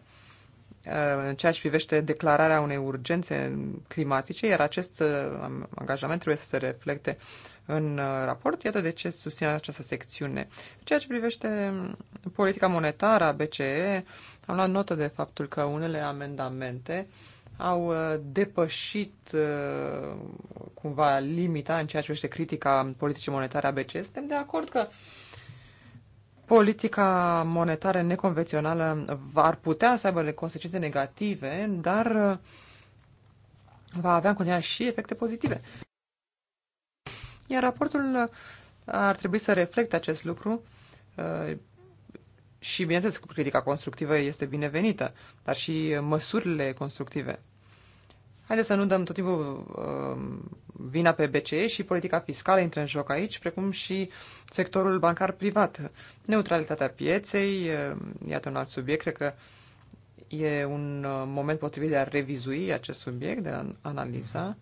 în ceea ce privește declararea unei urgențe climatice, iar acest uh, angajament trebuie să se reflecte în uh, raport. Iată de ce susțin această secțiune. În ceea ce privește mm, politica monetară a BCE, am luat notă de faptul că unele amendamente au uh, depășit cumva limita în ceea ce privește critica politicii monetare a BCE. Suntem de acord că uh, politica monetară neconvențională ar putea să aibă consecințe negative, dar uh, va avea în continuare și efecte pozitive. Iar raportul uh, ar trebui să reflecte acest lucru uh, și, bineînțeles, critica constructivă este binevenită, dar și măsurile constructive. Haideți să nu dăm tot timpul uh, vina pe BCE și politica fiscală intră în joc aici, precum și sectorul bancar privat. Neutralitatea pieței, uh, iată un alt subiect, cred că e un uh, moment potrivit de a revizui acest subiect, de a analiza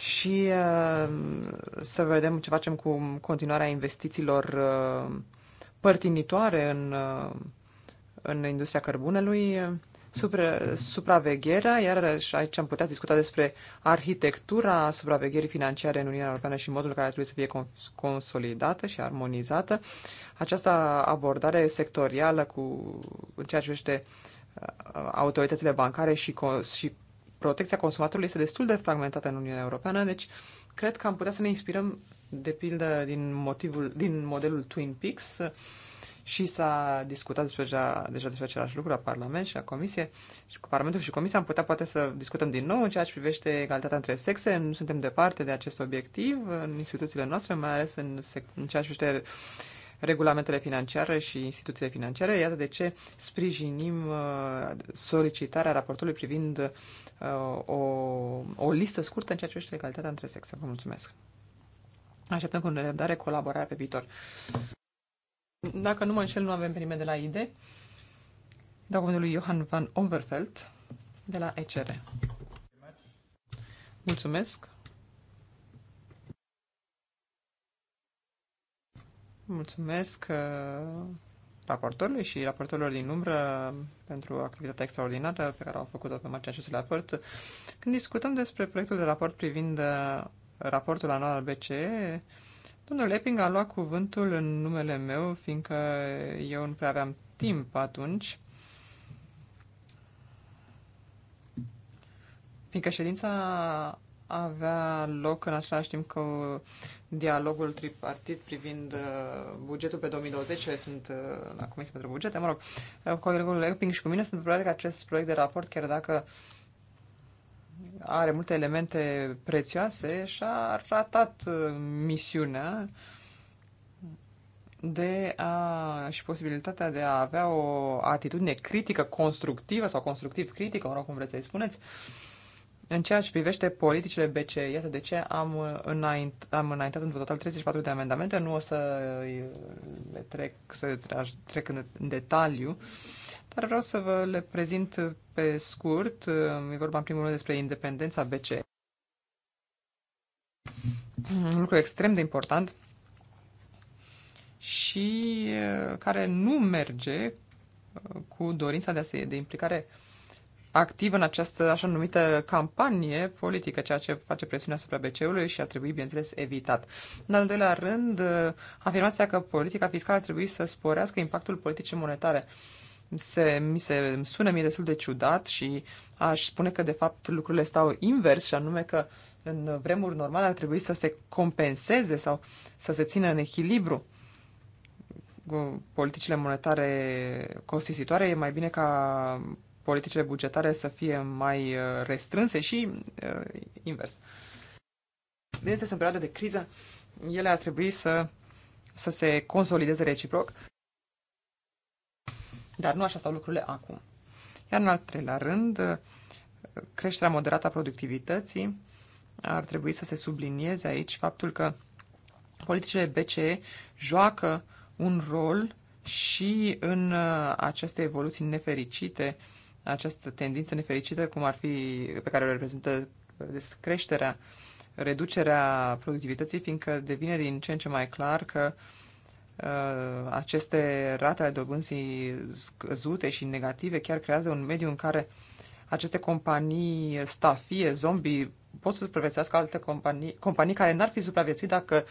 și uh, să vedem ce facem cu continuarea investițiilor uh, părtinitoare în, uh, în industria cărbunelui supra, supravegherea, iar aici am putea discuta despre arhitectura supravegherii financiare în Uniunea Europeană și modul în care trebuie să fie consolidată și armonizată. Această abordare sectorială cu, în ceea ce privește uh, autoritățile bancare și, și protecția consumatorului este destul de fragmentată în Uniunea Europeană, deci cred că am putea să ne inspirăm de pildă din motivul din modelul Twin Peaks și s-a discutat despre deja, deja despre același lucru la Parlament și la Comisie și cu Parlamentul și Comisia am putea poate să discutăm din nou în ceea ce privește egalitatea între sexe. Nu suntem departe de acest obiectiv în instituțiile noastre, mai ales în, în ceea ce privește regulamentele financiare și instituțiile financiare. Iată de ce sprijinim uh, solicitarea raportului privind uh, o, o listă scurtă în ceea ce privește egalitatea între sexe. Vă mulțumesc! Așteptăm cu nerăbdare colaborarea pe viitor. Dacă nu mă înșel, nu avem prime de la IDE. Dau lui Johan van Overveld de la ECR. Mulțumesc. Mulțumesc uh, raportorului și raportorilor din umbră pentru activitatea extraordinară pe care au făcut-o pe marginea acestui raport. Când discutăm despre proiectul de raport privind uh, raportul anual al BCE, Domnul Epping a luat cuvântul în numele meu, fiindcă eu nu prea aveam timp atunci. Fiindcă ședința avea loc în același timp că dialogul tripartit privind uh, bugetul pe 2020, ce sunt uh, la Comisia pentru Bugete, mă rog, colegul Epping și cu mine sunt probabil că acest proiect de raport, chiar dacă uh, are multe elemente prețioase și a ratat uh, misiunea de a, și posibilitatea de a avea o atitudine critică, constructivă sau constructiv critică, mă rog cum vreți să-i spuneți, în ceea ce privește politicile BCE. Iată de ce am, uh, înainte, am înaintat în total 34 de amendamente, nu o să uh, le trec, să trec în detaliu, uh, dar vreau să vă le prezint pe scurt. E vorba în primul rând despre independența BCE. Un lucru extrem de important și care nu merge cu dorința de, a se, de implicare activ în această așa numită campanie politică, ceea ce face presiunea asupra BCE-ului și a trebuit, bineînțeles, evitat. În al doilea rând, afirmația că politica fiscală ar trebui să sporească impactul politicii monetare. Uh, se, mi se sună mie destul de ciudat și aș spune că de fapt lucrurile stau invers și anume că în vremuri normale ar trebui să se compenseze sau să se țină în echilibru cu politicile monetare costisitoare. E mai bine ca politicile bugetare să fie mai uh, restrânse și uh, invers. Bineînțeles, în perioada de criză, ele ar trebui să, să se consolideze reciproc dar nu așa stau lucrurile acum. Iar în al treilea rând, creșterea moderată a productivității ar trebui să se sublinieze aici faptul că politicile BCE joacă un rol și în uh, aceste evoluții nefericite, această tendință nefericită, cum ar fi pe care o reprezintă uh, creșterea, reducerea productivității, fiindcă devine din ce în ce mai clar că uh, Uh, aceste rate ale dobânzii scăzute și negative chiar creează un mediu în care aceste companii stafie, zombie, pot să supraviețuiască alte companii, companii care n-ar fi supraviețuit dacă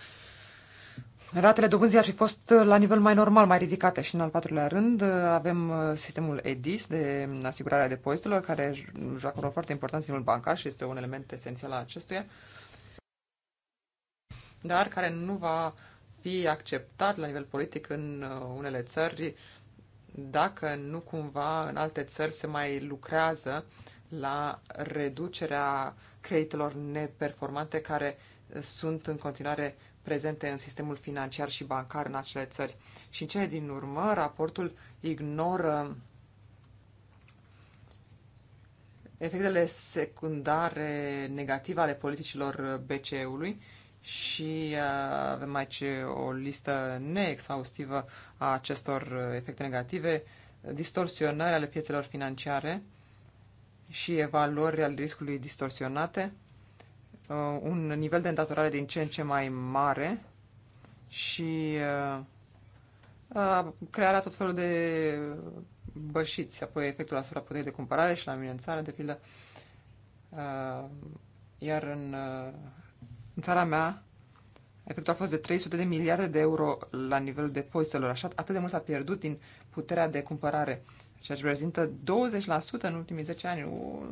ratele dobânzii ar fi fost la nivel mai normal, mai ridicate. Și în al patrulea rând uh, avem uh, sistemul EDIS de asigurare a depozitelor, care joacă un rol foarte important în sistemul bancar și este un element esențial al acestuia, dar care nu va fi acceptat la nivel politic în uh, unele țări dacă nu cumva în alte țări se mai lucrează la reducerea creditelor neperformante care sunt în continuare prezente în sistemul financiar și bancar în acele țări. Și în cele din urmă, raportul ignoră efectele secundare negative ale politicilor BCE-ului și uh, avem aici o listă neexhaustivă a acestor uh, efecte negative, distorsionare ale piețelor financiare și evaluări al riscului distorsionate, uh, un nivel de îndatorare din ce în ce mai mare și crearea tot felul de bășiți, apoi efectul asupra puterii de cumpărare și la mine în țară, de pildă. Iar în în țara mea, efectul a fost de 300 de miliarde de euro la nivel de depozitelor. Așa, atât de mult s-a pierdut din puterea de cumpărare, ceea ce reprezintă 20% în ultimii 10 ani, o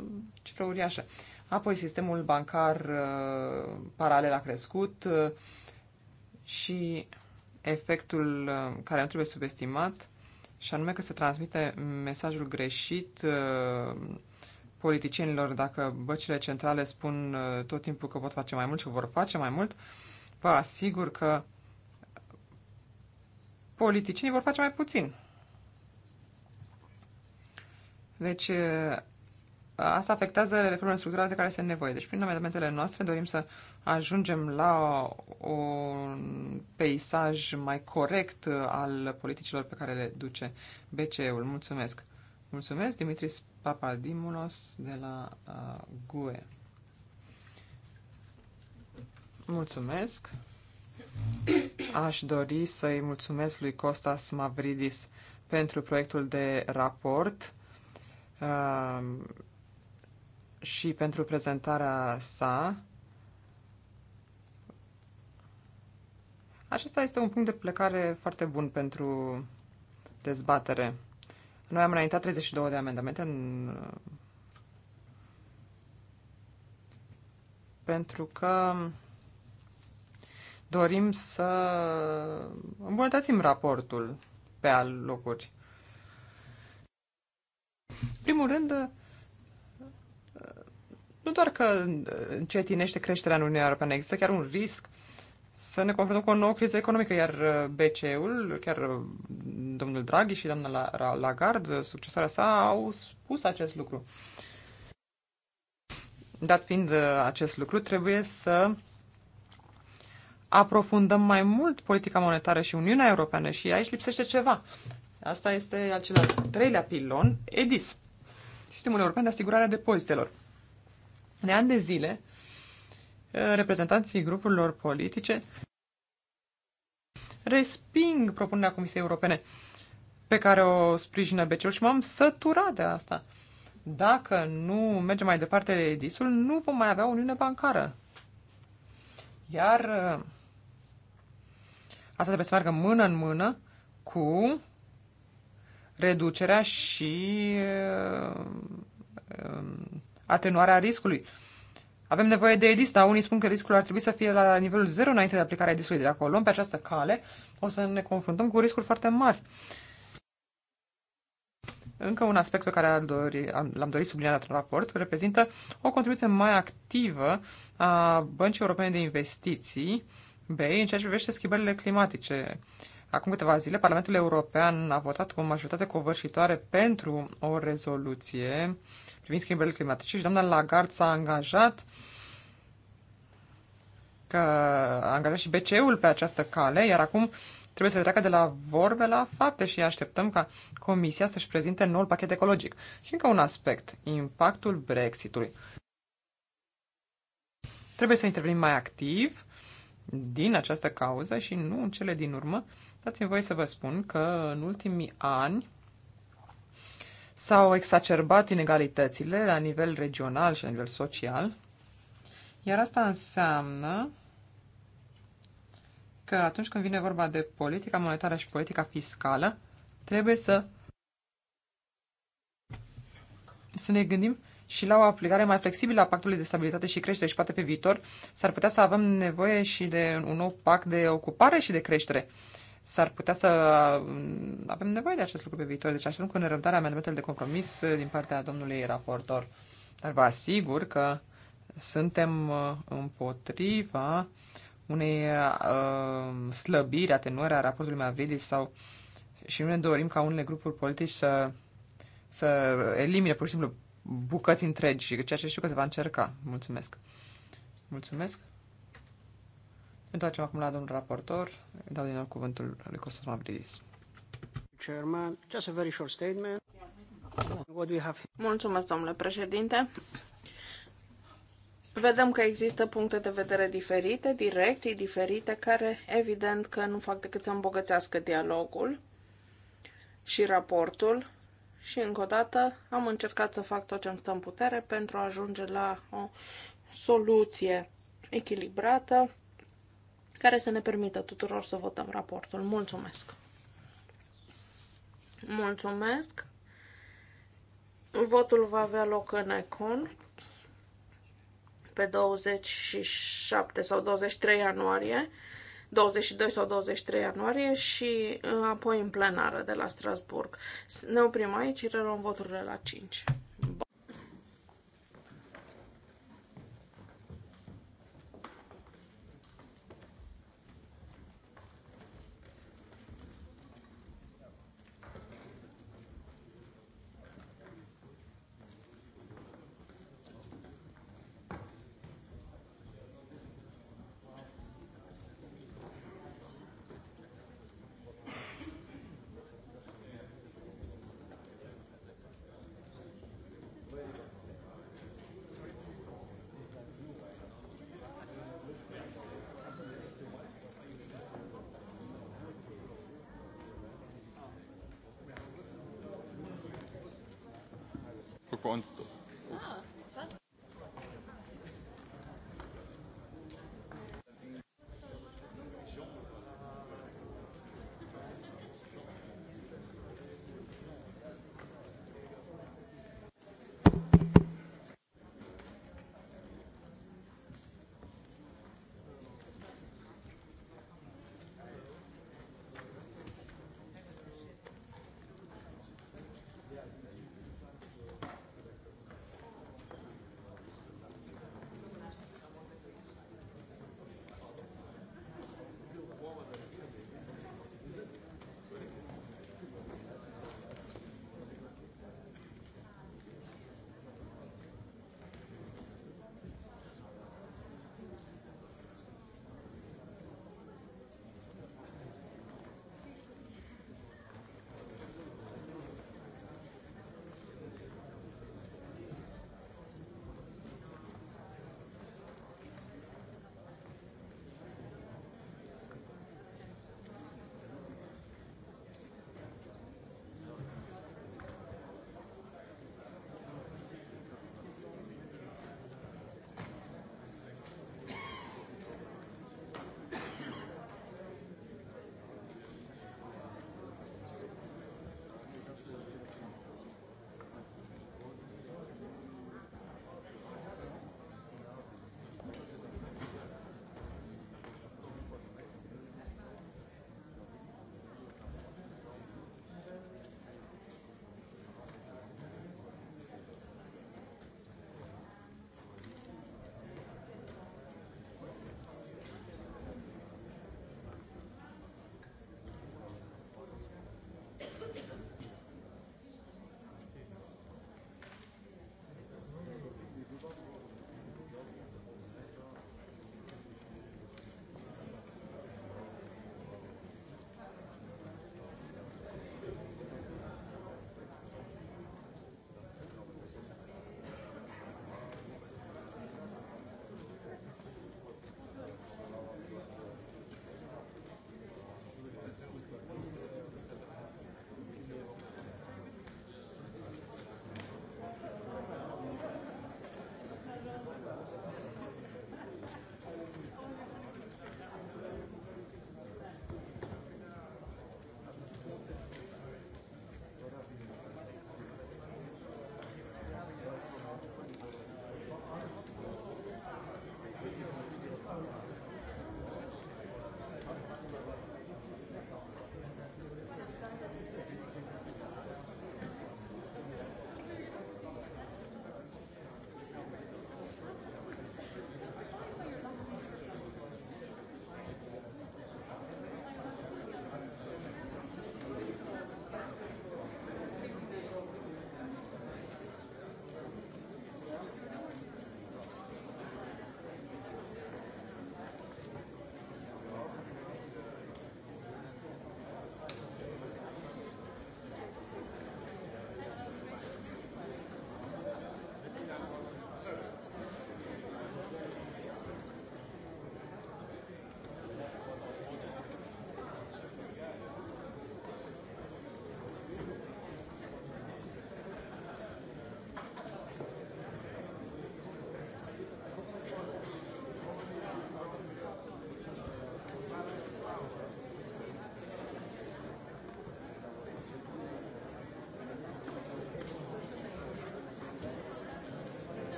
cifră uriașă. Apoi, sistemul bancar uh, paralel a crescut uh, și efectul uh, care nu trebuie subestimat, și anume că se transmite mesajul greșit uh, politicienilor, dacă băcile centrale spun uh, tot timpul că pot face mai mult și vor face mai mult, vă asigur că politicienii vor face mai puțin. Deci, uh, asta afectează reformele structurale de care este nevoie. Deci, prin amendamentele noastre, dorim să ajungem la un peisaj mai corect uh, al politicilor pe care le duce BCE-ul. Mulțumesc! Mulțumesc, Dimitris Papadimulos de la uh, GUE. Mulțumesc. Aș dori să-i mulțumesc lui Costas Mavridis pentru proiectul de raport uh, și pentru prezentarea sa. Acesta este un punct de plecare foarte bun pentru dezbatere. Noi am înaintat 32 de amendamente în... pentru că dorim să îmbunătățim raportul pe al locuri. Primul rând, nu doar că încetinește creșterea în Uniunea Europeană, există chiar un risc să ne confruntăm cu o nouă criză economică, iar uh, BCE-ul, chiar uh, domnul Draghi și doamna Lagarde, succesarea sa, au spus acest lucru. Dat fiind uh, acest lucru, trebuie să aprofundăm mai mult politica monetară și Uniunea Europeană și aici lipsește ceva. Asta este acel treilea pilon, EDIS, Sistemul European de Asigurare a Depozitelor. De ani de zile, reprezentanții grupurilor politice resping propunerea Comisiei Europene pe care o sprijină bc și m-am săturat de asta. Dacă nu mergem mai departe de edisul, nu vom mai avea Uniune Bancară. Iar uh, asta trebuie să meargă mână în mână cu reducerea și uh, um, atenuarea riscului. Avem nevoie de EDISTA. Unii spun că riscul ar trebui să fie la nivelul 0 înainte de aplicarea EDIS-ului. Dacă o pe această cale, o să ne confruntăm cu riscuri foarte mari. Încă un aspect pe care l-am dorit, dorit subliniat în raport reprezintă o contribuție mai activă a Băncii Europene de Investiții, BEI, în ceea ce privește schimbările climatice. Acum câteva zile, Parlamentul European a votat cu o majoritate covârșitoare pentru o rezoluție uh, privind schimbările climatice și doamna Lagarde s-a angajat că a angajat și BCE-ul pe această cale, iar acum trebuie să treacă de la vorbe la fapte și așteptăm ca Comisia să-și prezinte noul pachet ecologic. Și încă un aspect, impactul Brexitului. Trebuie să intervenim mai activ din această cauză și nu în cele din urmă. Dați-mi voie să vă spun că în ultimii ani S-au exacerbat inegalitățile la nivel regional și la nivel social, iar asta înseamnă că atunci când vine vorba de politica monetară și politica fiscală, trebuie să să ne gândim și la o aplicare mai flexibilă a pactului de stabilitate și creștere și poate pe viitor s-ar putea să avem nevoie și de un nou pact de ocupare și de creștere s-ar putea să mm, avem nevoie de acest lucru pe viitor. Deci așteptăm cu nerăbdare amendamentele de compromis eh, din partea domnului raportor. Dar vă asigur că suntem eh, împotriva unei uh, slăbiri, atenuări a raportului Mavridis sau și nu ne dorim ca unele grupuri politici să, să elimine pur și simplu bucăți întregi, ceea ce știu că se va încerca. Mulțumesc. Mulțumesc. Întoarcem acum la domnul raportor. Dau din nou cuvântul lui Costas Mavridis. Chairman, just a very short statement. What we have... Mulțumesc, domnule președinte. Vedem că există puncte de vedere diferite, direcții diferite, care evident că nu fac decât să îmbogățească dialogul și raportul. Și încă o dată am încercat să fac tot ce îmi stă în putere pentru a ajunge la o soluție echilibrată care să ne permită tuturor să votăm raportul. Mulțumesc! Mulțumesc! Votul va avea loc în Econ pe 27 sau 23 ianuarie, 22 sau 23 ianuarie și uh, apoi în plenară de la Strasburg. Ne oprim aici, reluăm voturile la 5.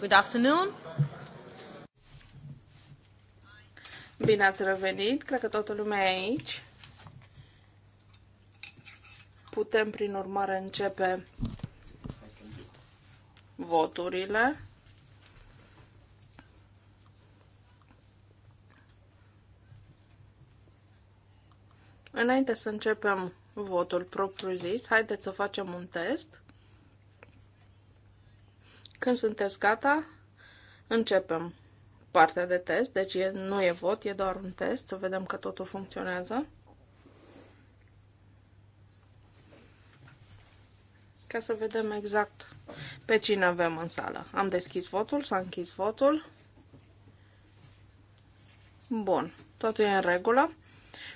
Good afternoon. Bine ați revenit. Cred că toată lumea e aici. Putem, prin urmare, începe voturile. Înainte să începem votul propriu-zis. Haideți să facem un test. Când sunteți gata, începem partea de test. Deci e, nu e vot, e doar un test, să vedem că totul funcționează. Ca să vedem exact pe cine avem în sală. Am deschis votul, s-a închis votul. Bun, totul e în regulă.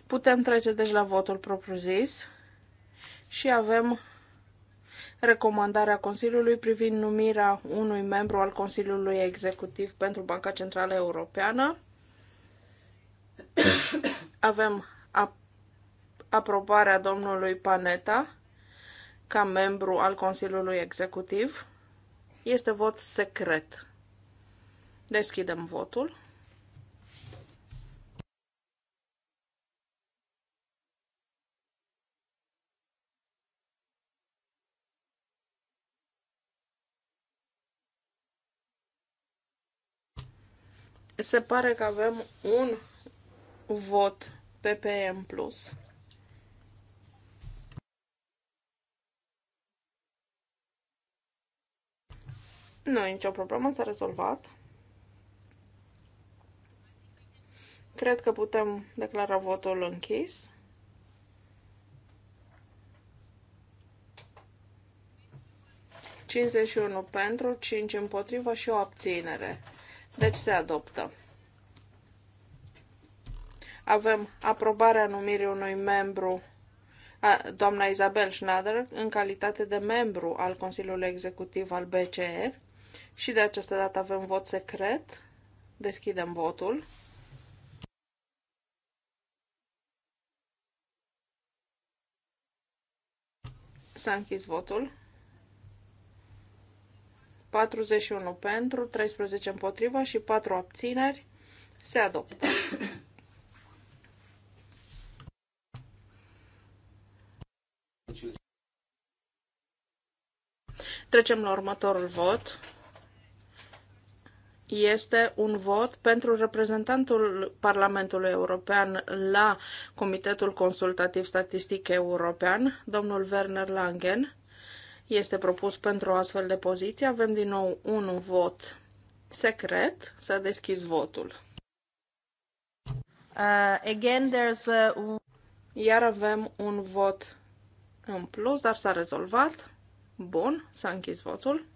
Putem trece deci la votul propriu-zis și avem recomandarea Consiliului privind numirea unui membru al Consiliului Executiv pentru Banca Centrală Europeană. avem aprobarea domnului Paneta ca membru al Consiliului Executiv. Este vot secret. Deschidem votul. se pare că avem un vot PPM+. Nu e nicio problemă, s-a rezolvat. Cred că putem declara votul închis. ...51 pentru, 5 împotriva și o abținere. Deci se adoptă. Avem aprobarea numirii unui membru, a, doamna Isabel Schneider, în calitate de membru al Consiliului Executiv al BCE. Și de această dată avem vot secret. Deschidem votul. S-a închis votul. 41 pentru, 13 împotriva și 4 abțineri. Se adoptă. Trecem la următorul vot. Este un vot pentru reprezentantul Parlamentului European la Comitetul Consultativ Statistic European, domnul Werner Langen este propus pentru o astfel de poziție. Avem din nou un vot secret. S-a deschis votul. Uh, again, there's a... Iar avem un vot în plus, dar s-a rezolvat. Bun, s-a închis votul.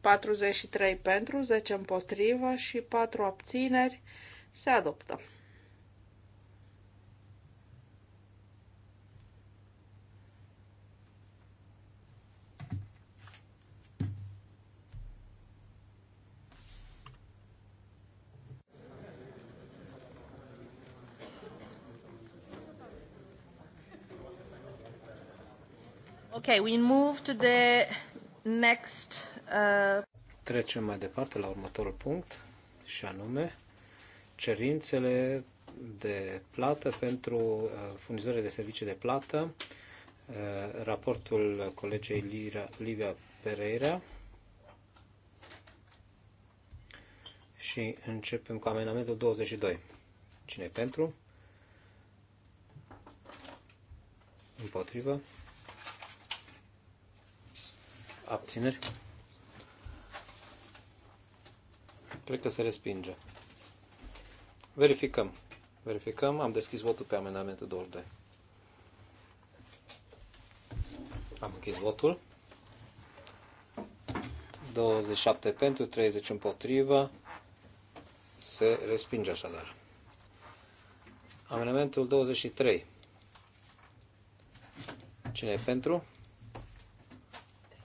43 pentru, 10 împotrivă și 4 abțineri. Se adoptă. Ok, we move to the next... Uh... Trecem mai departe la următorul punct, și anume cerințele de plată pentru uh, furnizare de servicii de plată, uh, raportul colegei Lira, Livia Pereira. Și începem cu amendamentul 22. Cine pentru? Împotrivă? Abțineri? Cred că se respinge. Verificăm. Verificăm. Am deschis votul pe amendamentul 22. Am închis votul. 27 pentru, 30 împotrivă. Se respinge așadar. Amendamentul 23. Cine e pentru?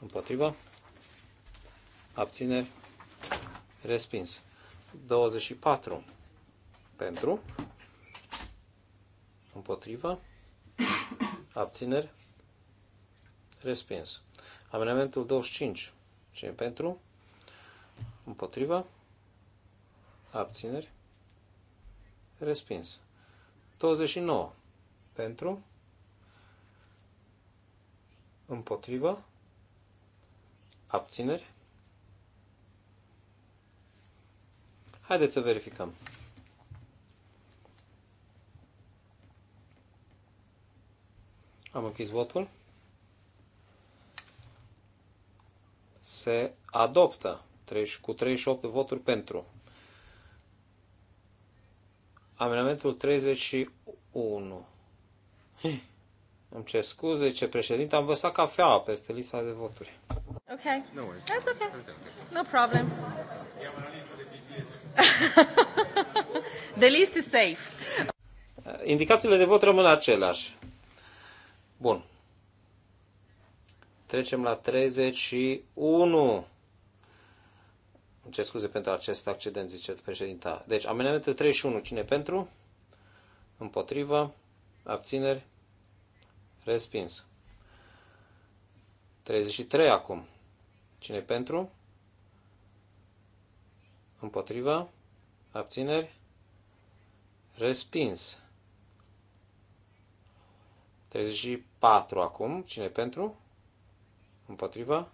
Împotrivă. Abțineri. Respins. 24 pentru. Împotrivă. Abțineri. Respins. Amendamentul 25. Cine pentru? Împotrivă. Abțineri? Respins. 29. Pentru? Împotrivă. Abțineri? Haideți să verificăm. Am închis votul. Se adoptă cu 38 voturi pentru. Amendamentul 31. Îmi cer scuze, ce președinte, am văzut cafea peste lista de voturi. Okay. No worries. That's okay. No problem. The list is safe. Indicațiile de vot rămân aceleași. Bun. Trecem la 31. Îmi cer scuze pentru acest accident, zice președinta. Deci, amendamentul 31. Cine pentru? Împotrivă? Abțineri? Respins. 33 acum. Cine pentru? Împotriva? Abțineri? Respins. 34 acum. Cine pentru? Împotriva?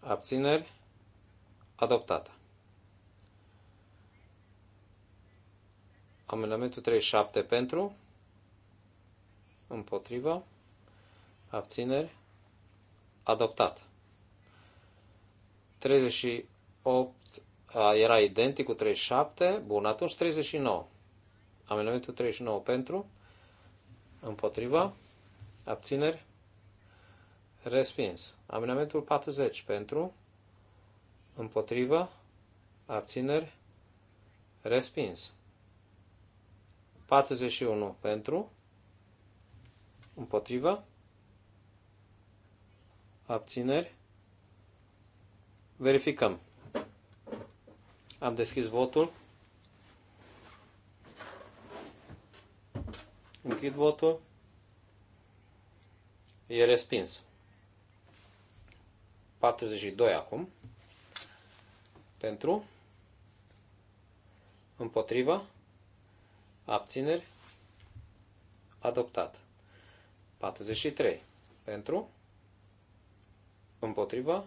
Abțineri? Adoptată. Amendamentul 37 pentru? Împotriva? Abțineri? Adoptată. 38 era identic cu 37. Bun, atunci 39. Amendamentul 39 pentru. Împotriva. Abțineri. Respins. Amendamentul 40 pentru. Împotriva. Abțineri. Respins. 41 pentru. Împotriva. Abțineri. Verificăm. Am deschis votul. Închid votul. E respins. 42 acum. Pentru. Împotriva. Abțineri. Adoptat. 43. Pentru. Împotriva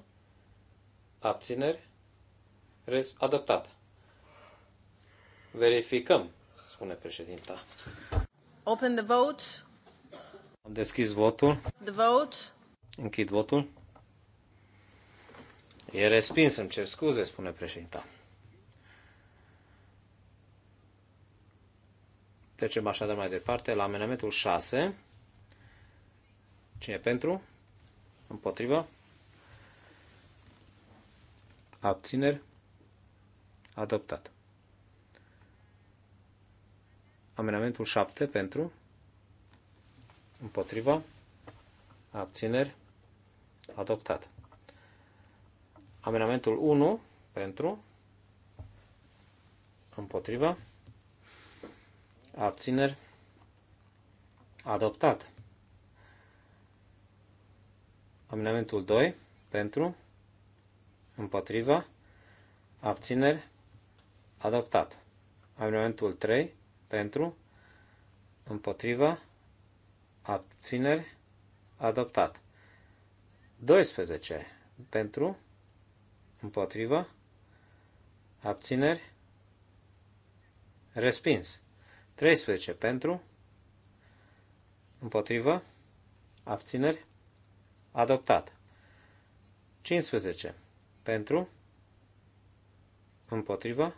abțineri, adoptat. Verificăm, spune președinta. Open the vote. Am deschis votul. The vote. Închid votul. E respins, îmi cer scuze, spune președinta. Trecem de mai departe la amendamentul 6. Cine pentru? Împotrivă? abțineri, adoptat. Amenamentul 7 pentru, împotriva, abțineri, adoptat. Amenamentul 1 pentru, împotriva, abțineri, adoptat. Amenamentul 2 pentru, împotriva, abțineri, adoptat. Amendamentul 3 pentru, împotriva, abțineri, adoptat. 12 pentru, împotriva, abțineri, respins. 13 pentru, împotriva, abțineri, adoptat. 15 pentru, împotrivă,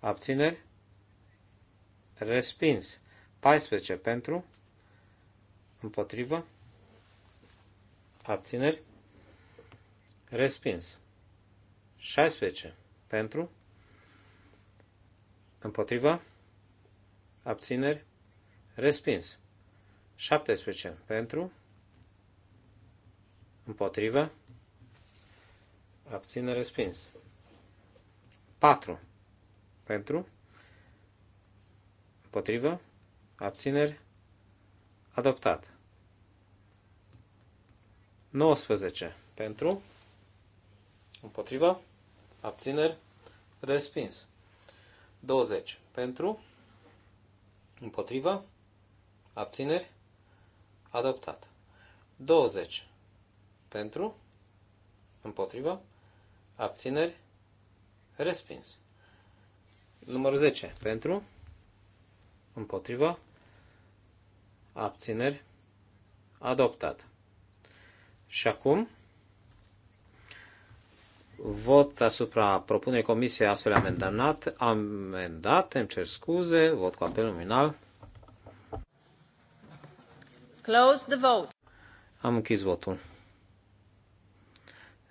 abțineri, respins. 14 pentru, împotrivă, abțineri, respins. 16 pentru, împotrivă, abțineri, respins. 17 pentru, împotrivă, abține respins. 4 pentru, împotrivă, abțineri, adoptat. 19 pentru, împotrivă, abțineri, respins. 20 pentru, împotrivă, abțineri, adoptat. 20 pentru, împotrivă, abțineri, respins. Numărul 10, pentru, împotriva, abțineri, adoptat. Și acum, vot asupra propunerii comisiei astfel amendat, amendat, îmi cer scuze, vot cu apel nominal. Close the vote. Am închis votul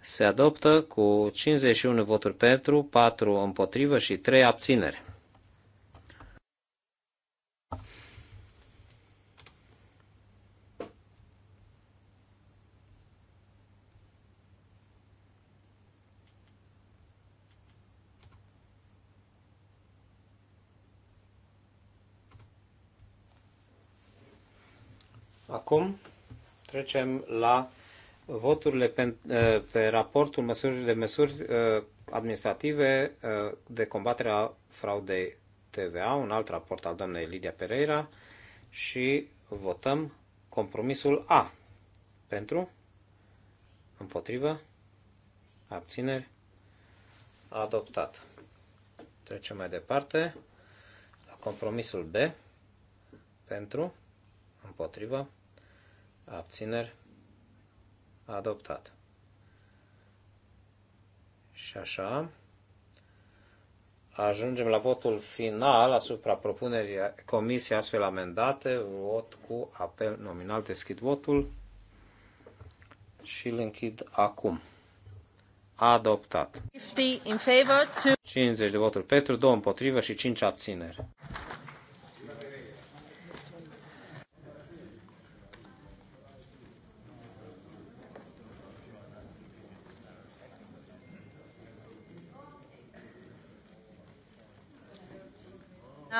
se adoptă cu 51 voturi pentru, 4 împotrivă și 3 abțineri. Acum trecem la voturile pe, eh, pe raportul măsurilor de măsuri eh, administrative eh, de combatere a fraudei TVA, un alt raport al doamnei Lidia Pereira și votăm compromisul A. Pentru? Împotrivă? Abțineri? Adoptat. Trecem mai departe la compromisul B. Pentru? Împotrivă? Abțineri? adoptat. Și așa, ajungem la votul final asupra propunerii comisiei astfel amendate, vot cu apel nominal, deschid votul și îl închid acum. Adoptat. 50, de voturi pentru, 2 împotrivă și 5 abțineri.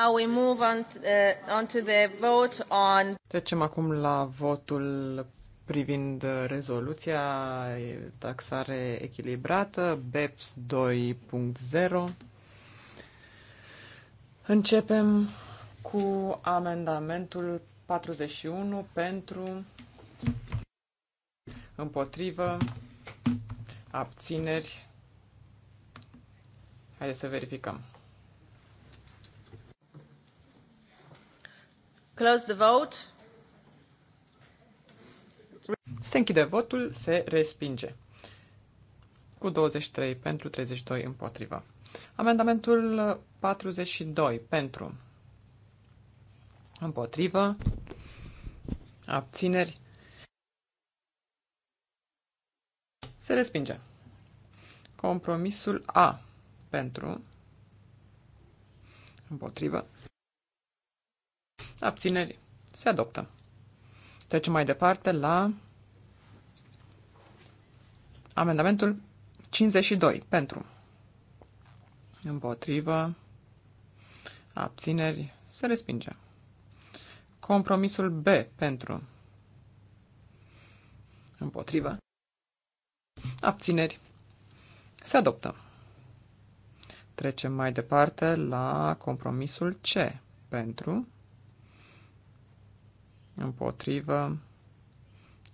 Now we move on, uh, on to the vote on... Trecem acum la votul privind rezoluția taxare echilibrată BEPS 2.0. Începem cu amendamentul 41 pentru împotrivă abțineri. Haideți să verificăm. Close the vote. Se închide votul, se respinge. Cu 23 pentru, 32 împotriva. Amendamentul 42 pentru, împotrivă, abțineri, se respinge. Compromisul A pentru, împotrivă, abțineri, se adoptă. Trecem mai departe la amendamentul 52 pentru împotrivă abțineri se respinge. Compromisul B pentru împotrivă abțineri se adoptă. Trecem mai departe la compromisul C pentru împotrivă,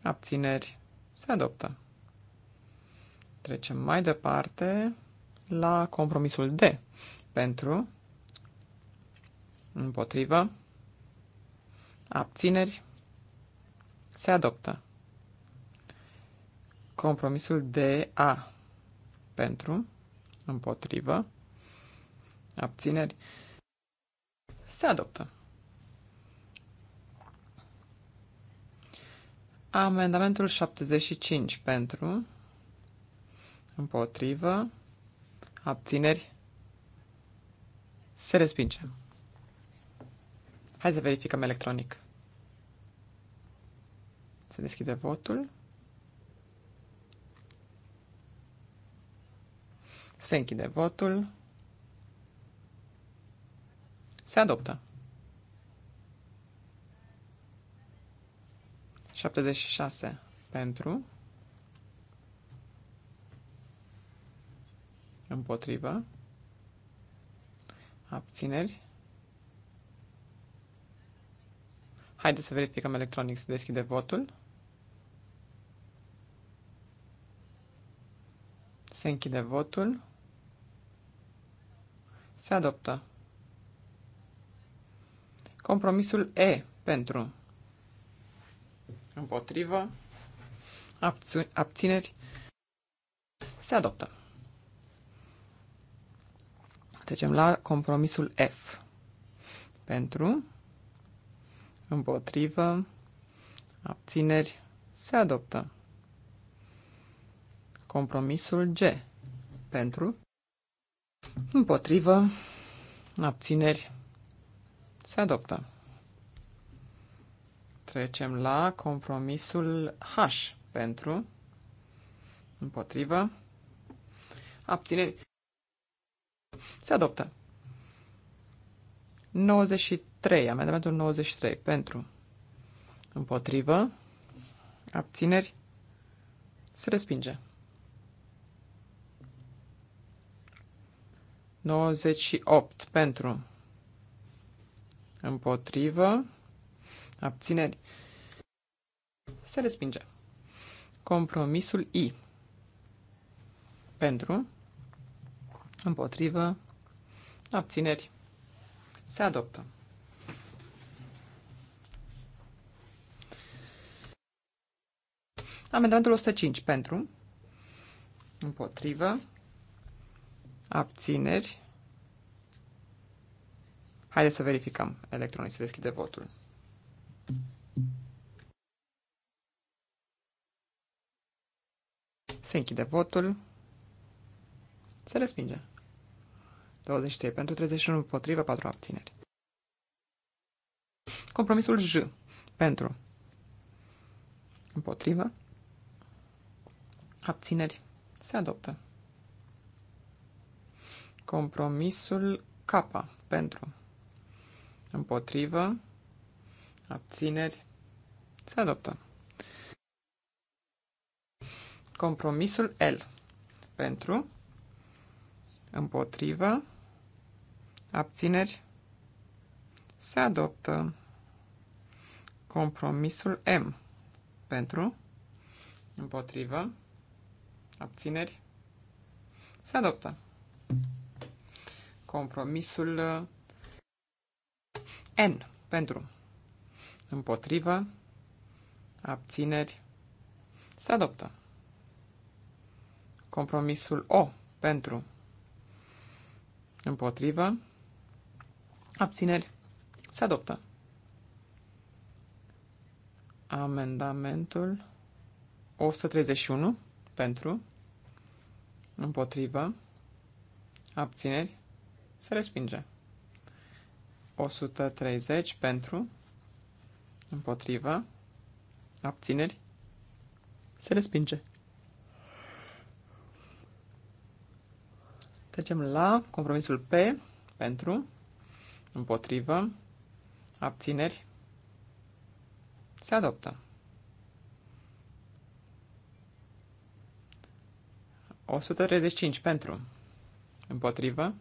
abțineri, se adoptă. Trecem mai departe la compromisul D. Pentru, împotrivă, abțineri, se adoptă. Compromisul de A pentru, împotrivă, abțineri, se adoptă. Amendamentul 75 pentru, împotrivă, abțineri, se respinge. Hai să verificăm electronic. Se deschide votul. Se închide votul. Se adoptă. 76 pentru, împotrivă, abțineri. Haideți să verificăm electronic să deschide votul. Se închide votul. Se adoptă. Compromisul E pentru Împotrivă. Abțineri. Se adoptă. Trecem la compromisul F. Pentru. Împotrivă. Abțineri. Se adoptă. Compromisul G. Pentru. Împotrivă. Abțineri. Se adoptă. Trecem la compromisul H pentru, împotrivă, abțineri. Se adoptă. 93, amendamentul 93, pentru, împotrivă, abțineri, se respinge. 98 pentru împotrivă Abțineri. Se respinge. Compromisul I. Pentru. Împotrivă. Abțineri. Se adoptă. Amendamentul 105 pentru, împotrivă, abțineri. Haideți să verificăm electronic, să deschide votul. Se închide votul. Se respinge. 23 pentru 31 împotrivă, 4 abțineri. Compromisul J pentru împotrivă, abțineri, se adoptă. Compromisul K pentru împotrivă, abțineri, se adoptă. Compromisul L. Pentru, împotrivă, abțineri, se adoptă. Compromisul M. Pentru, împotrivă, abțineri, se adoptă. Compromisul uh, N. Pentru, împotrivă, abțineri, se adoptă. Compromisul O pentru împotrivă abțineri se adoptă. Amendamentul 131 pentru împotrivă abțineri se respinge. 130 pentru împotrivă abțineri se respinge. Trecem la compromisul P pentru, împotrivă, abțineri, se adoptă. 135 pentru, împotrivă,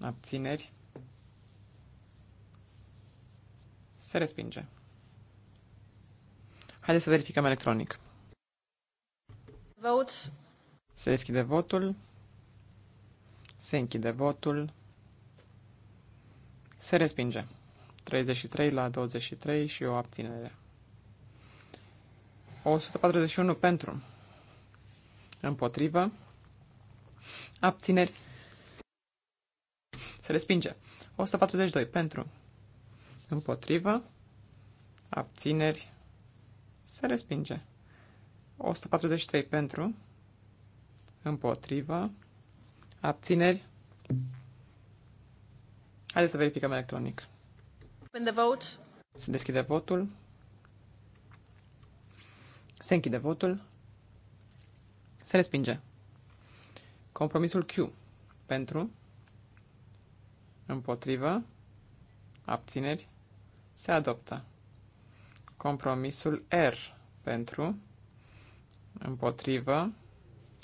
abțineri, se respinge. Haideți să verificăm electronic. Vote. Se deschide votul. Se închide votul. Se respinge. 33 la 23 și o abținere. 141 pentru. Împotrivă. Abțineri. Se respinge. 142 pentru. Împotrivă. Abțineri. Se respinge. 143 pentru. Împotrivă. Abțineri? Haideți să verificăm electronic. Open the vote. Se deschide votul. Se închide votul. Se respinge. Compromisul Q. Pentru. Împotrivă. Abțineri. Se adoptă. Compromisul R. Pentru. Împotrivă.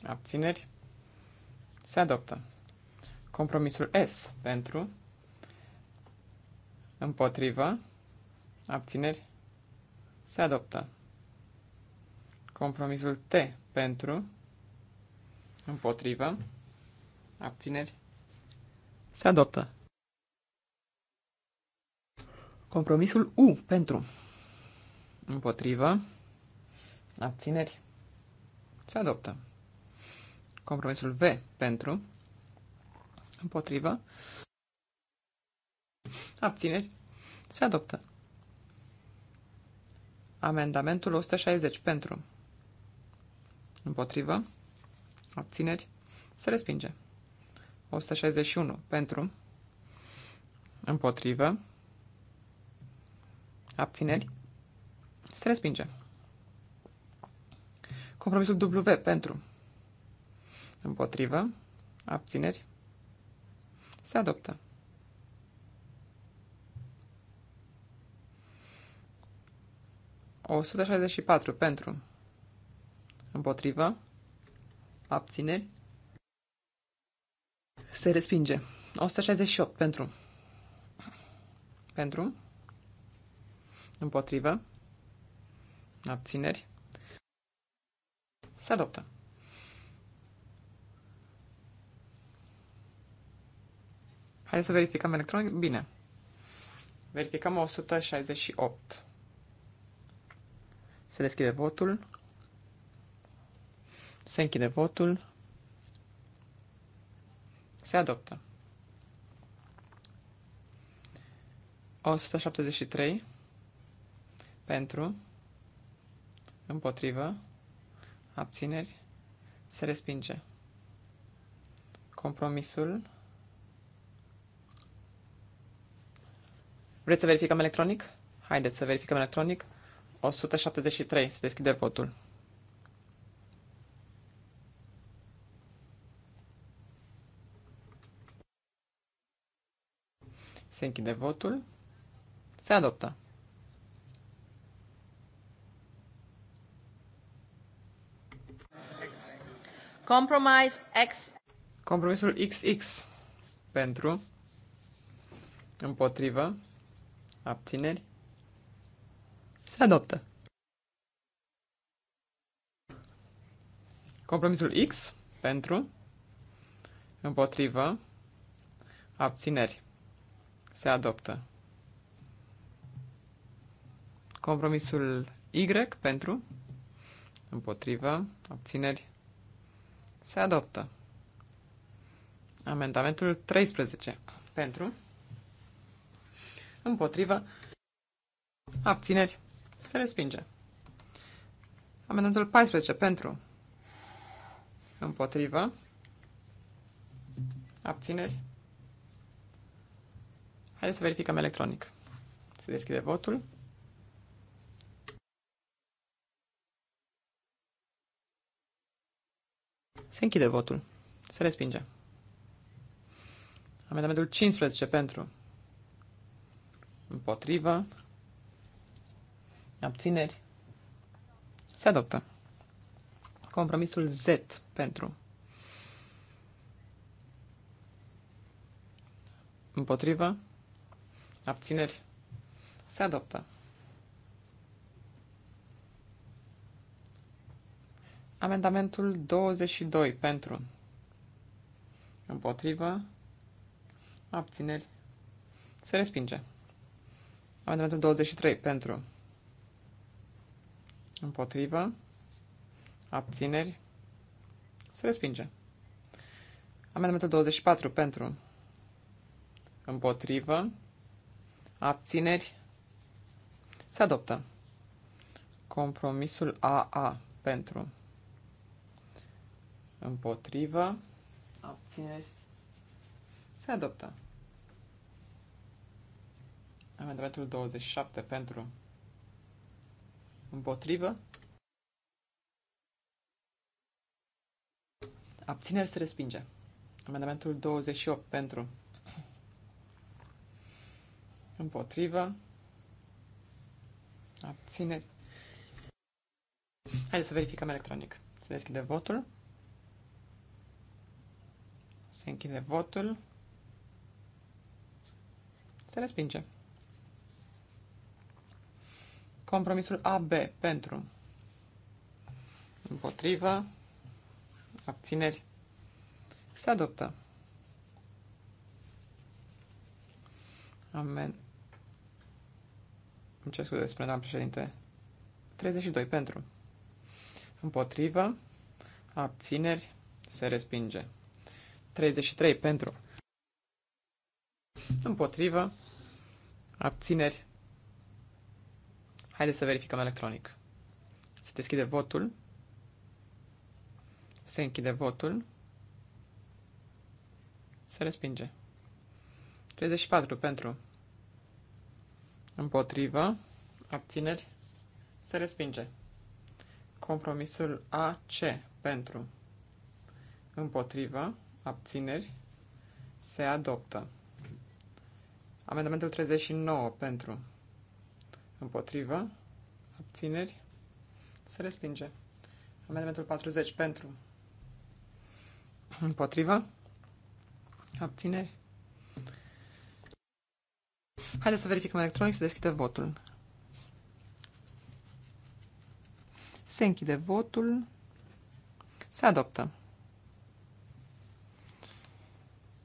Abțineri. Se adoptă. Compromisul S pentru, împotrivă, abțineri, se adoptă. Compromisul T pentru, împotrivă, abțineri, se adoptă. Compromisul U pentru, împotrivă, abțineri, se adoptă. Compromisul V pentru. Împotrivă. Abțineri. Se adoptă. Amendamentul 160 pentru. Împotrivă. Abțineri. Se respinge. 161 pentru. Împotrivă. Abțineri. Se respinge. Compromisul W pentru. Împotrivă. Abțineri. Se adoptă. O 164 pentru. Împotrivă. Abțineri. Se respinge. 168 pentru. Pentru. Împotrivă. Abțineri. Se adoptă. Haideți să verificăm electronic. Bine. Verificăm 168. Se deschide votul. Se închide votul. Se adoptă. 173 pentru, împotrivă, abțineri, se respinge. Compromisul Vreți să verificăm electronic? Haideți să verificăm electronic. 173. Se deschide votul. Se închide votul. Se adoptă. Compromise X. Compromisul XX pentru împotrivă Abțineri? Se adoptă. Compromisul X pentru, împotrivă, abțineri. Se adoptă. Compromisul Y pentru, împotrivă, abțineri. Se adoptă. Amendamentul 13 pentru, Împotrivă. Abțineri. Se respinge. Amendamentul 14. Pentru. Împotrivă. Abțineri. Haideți să verificăm electronic. Se deschide votul. Se închide votul. Se respinge. Amendamentul 15 pentru. Împotrivă. Abțineri. Se adoptă. Compromisul Z pentru. Împotrivă. Abțineri. Se adoptă. Amendamentul 22 pentru. Împotrivă. Abțineri. Se respinge. Amendamentul 23 pentru. Împotrivă. Abțineri. Se respinge. Amendamentul 24 pentru. Împotrivă. Abțineri. Se adoptă. Compromisul AA pentru. Împotrivă. Abțineri. Se adoptă. Amendamentul 27 pentru împotrivă. Abțineri se respinge. Amendamentul 28 pentru împotrivă. Abțineri. Haideți să verificăm electronic. Se deschide votul. Se închide votul. Se respinge. Compromisul AB pentru. Împotrivă. Abțineri. Se adoptă. Amen. Îmi cer scuze, spune doamna președinte. 32 pentru. Împotrivă. Abțineri. Se respinge. 33 pentru. Împotrivă. Abțineri. Haideți să verificăm electronic. Se deschide votul. Se închide votul. Se respinge. 34 pentru. Împotrivă. Abțineri. Se respinge. Compromisul AC pentru. Împotrivă. Abțineri. Se adoptă. Amendamentul 39 pentru. Împotrivă. Abțineri. Se respinge. Amendamentul 40 pentru. Împotrivă. Abțineri. Haideți să verificăm electronic, să deschidă votul. Se închide votul. Se adoptă.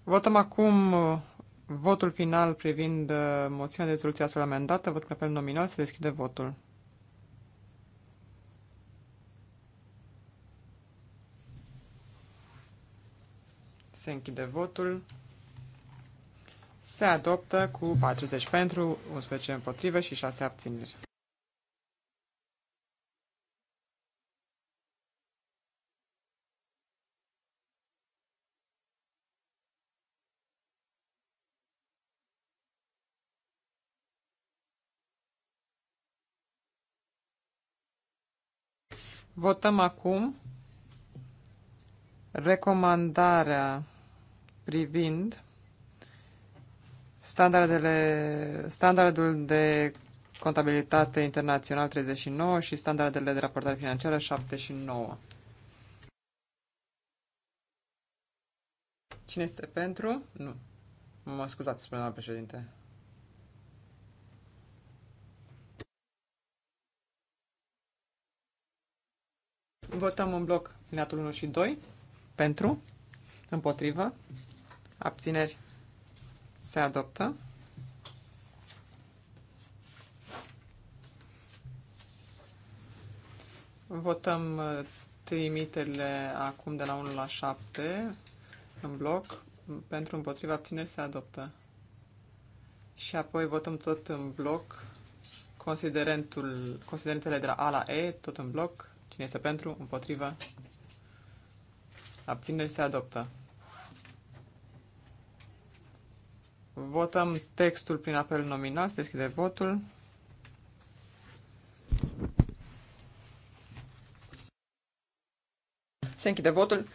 Votăm acum uh, Votul final privind uh, moțiunea de rezoluție astfel amendată, vot cu apel nominal, se deschide votul. Se închide votul. Se adoptă cu 40 pentru, 11 împotrivă și 6 abțineri. Votăm acum recomandarea privind standardele, standardul de contabilitate internațional 39 și standardele de raportare financiară 7 și 9. Cine este pentru? Nu. Mă scuzați, spune doamna președinte. Votăm în bloc alineatul 1 și 2. Pentru. Împotrivă. Abțineri. Se adoptă. Votăm uh, trimiterile acum de la 1 la 7 în bloc. Pentru împotriva abțineri se adoptă. Și apoi votăm tot în bloc considerentul, considerentele de la A la E, tot în bloc, Cine este pentru? Împotrivă? Abțineri se adoptă. Votăm textul prin apel nominal. Se deschide votul. Se închide votul.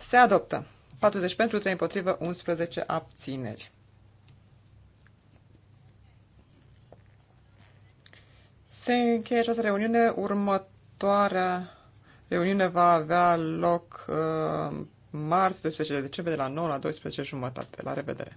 Se adoptă. 40 pentru, 3 împotrivă, 11 abțineri. Se încheie această reuniune următoare. Următoarea reuniune va avea loc uh, marți 12 decembrie de la 9 la 12 jumătate. La revedere!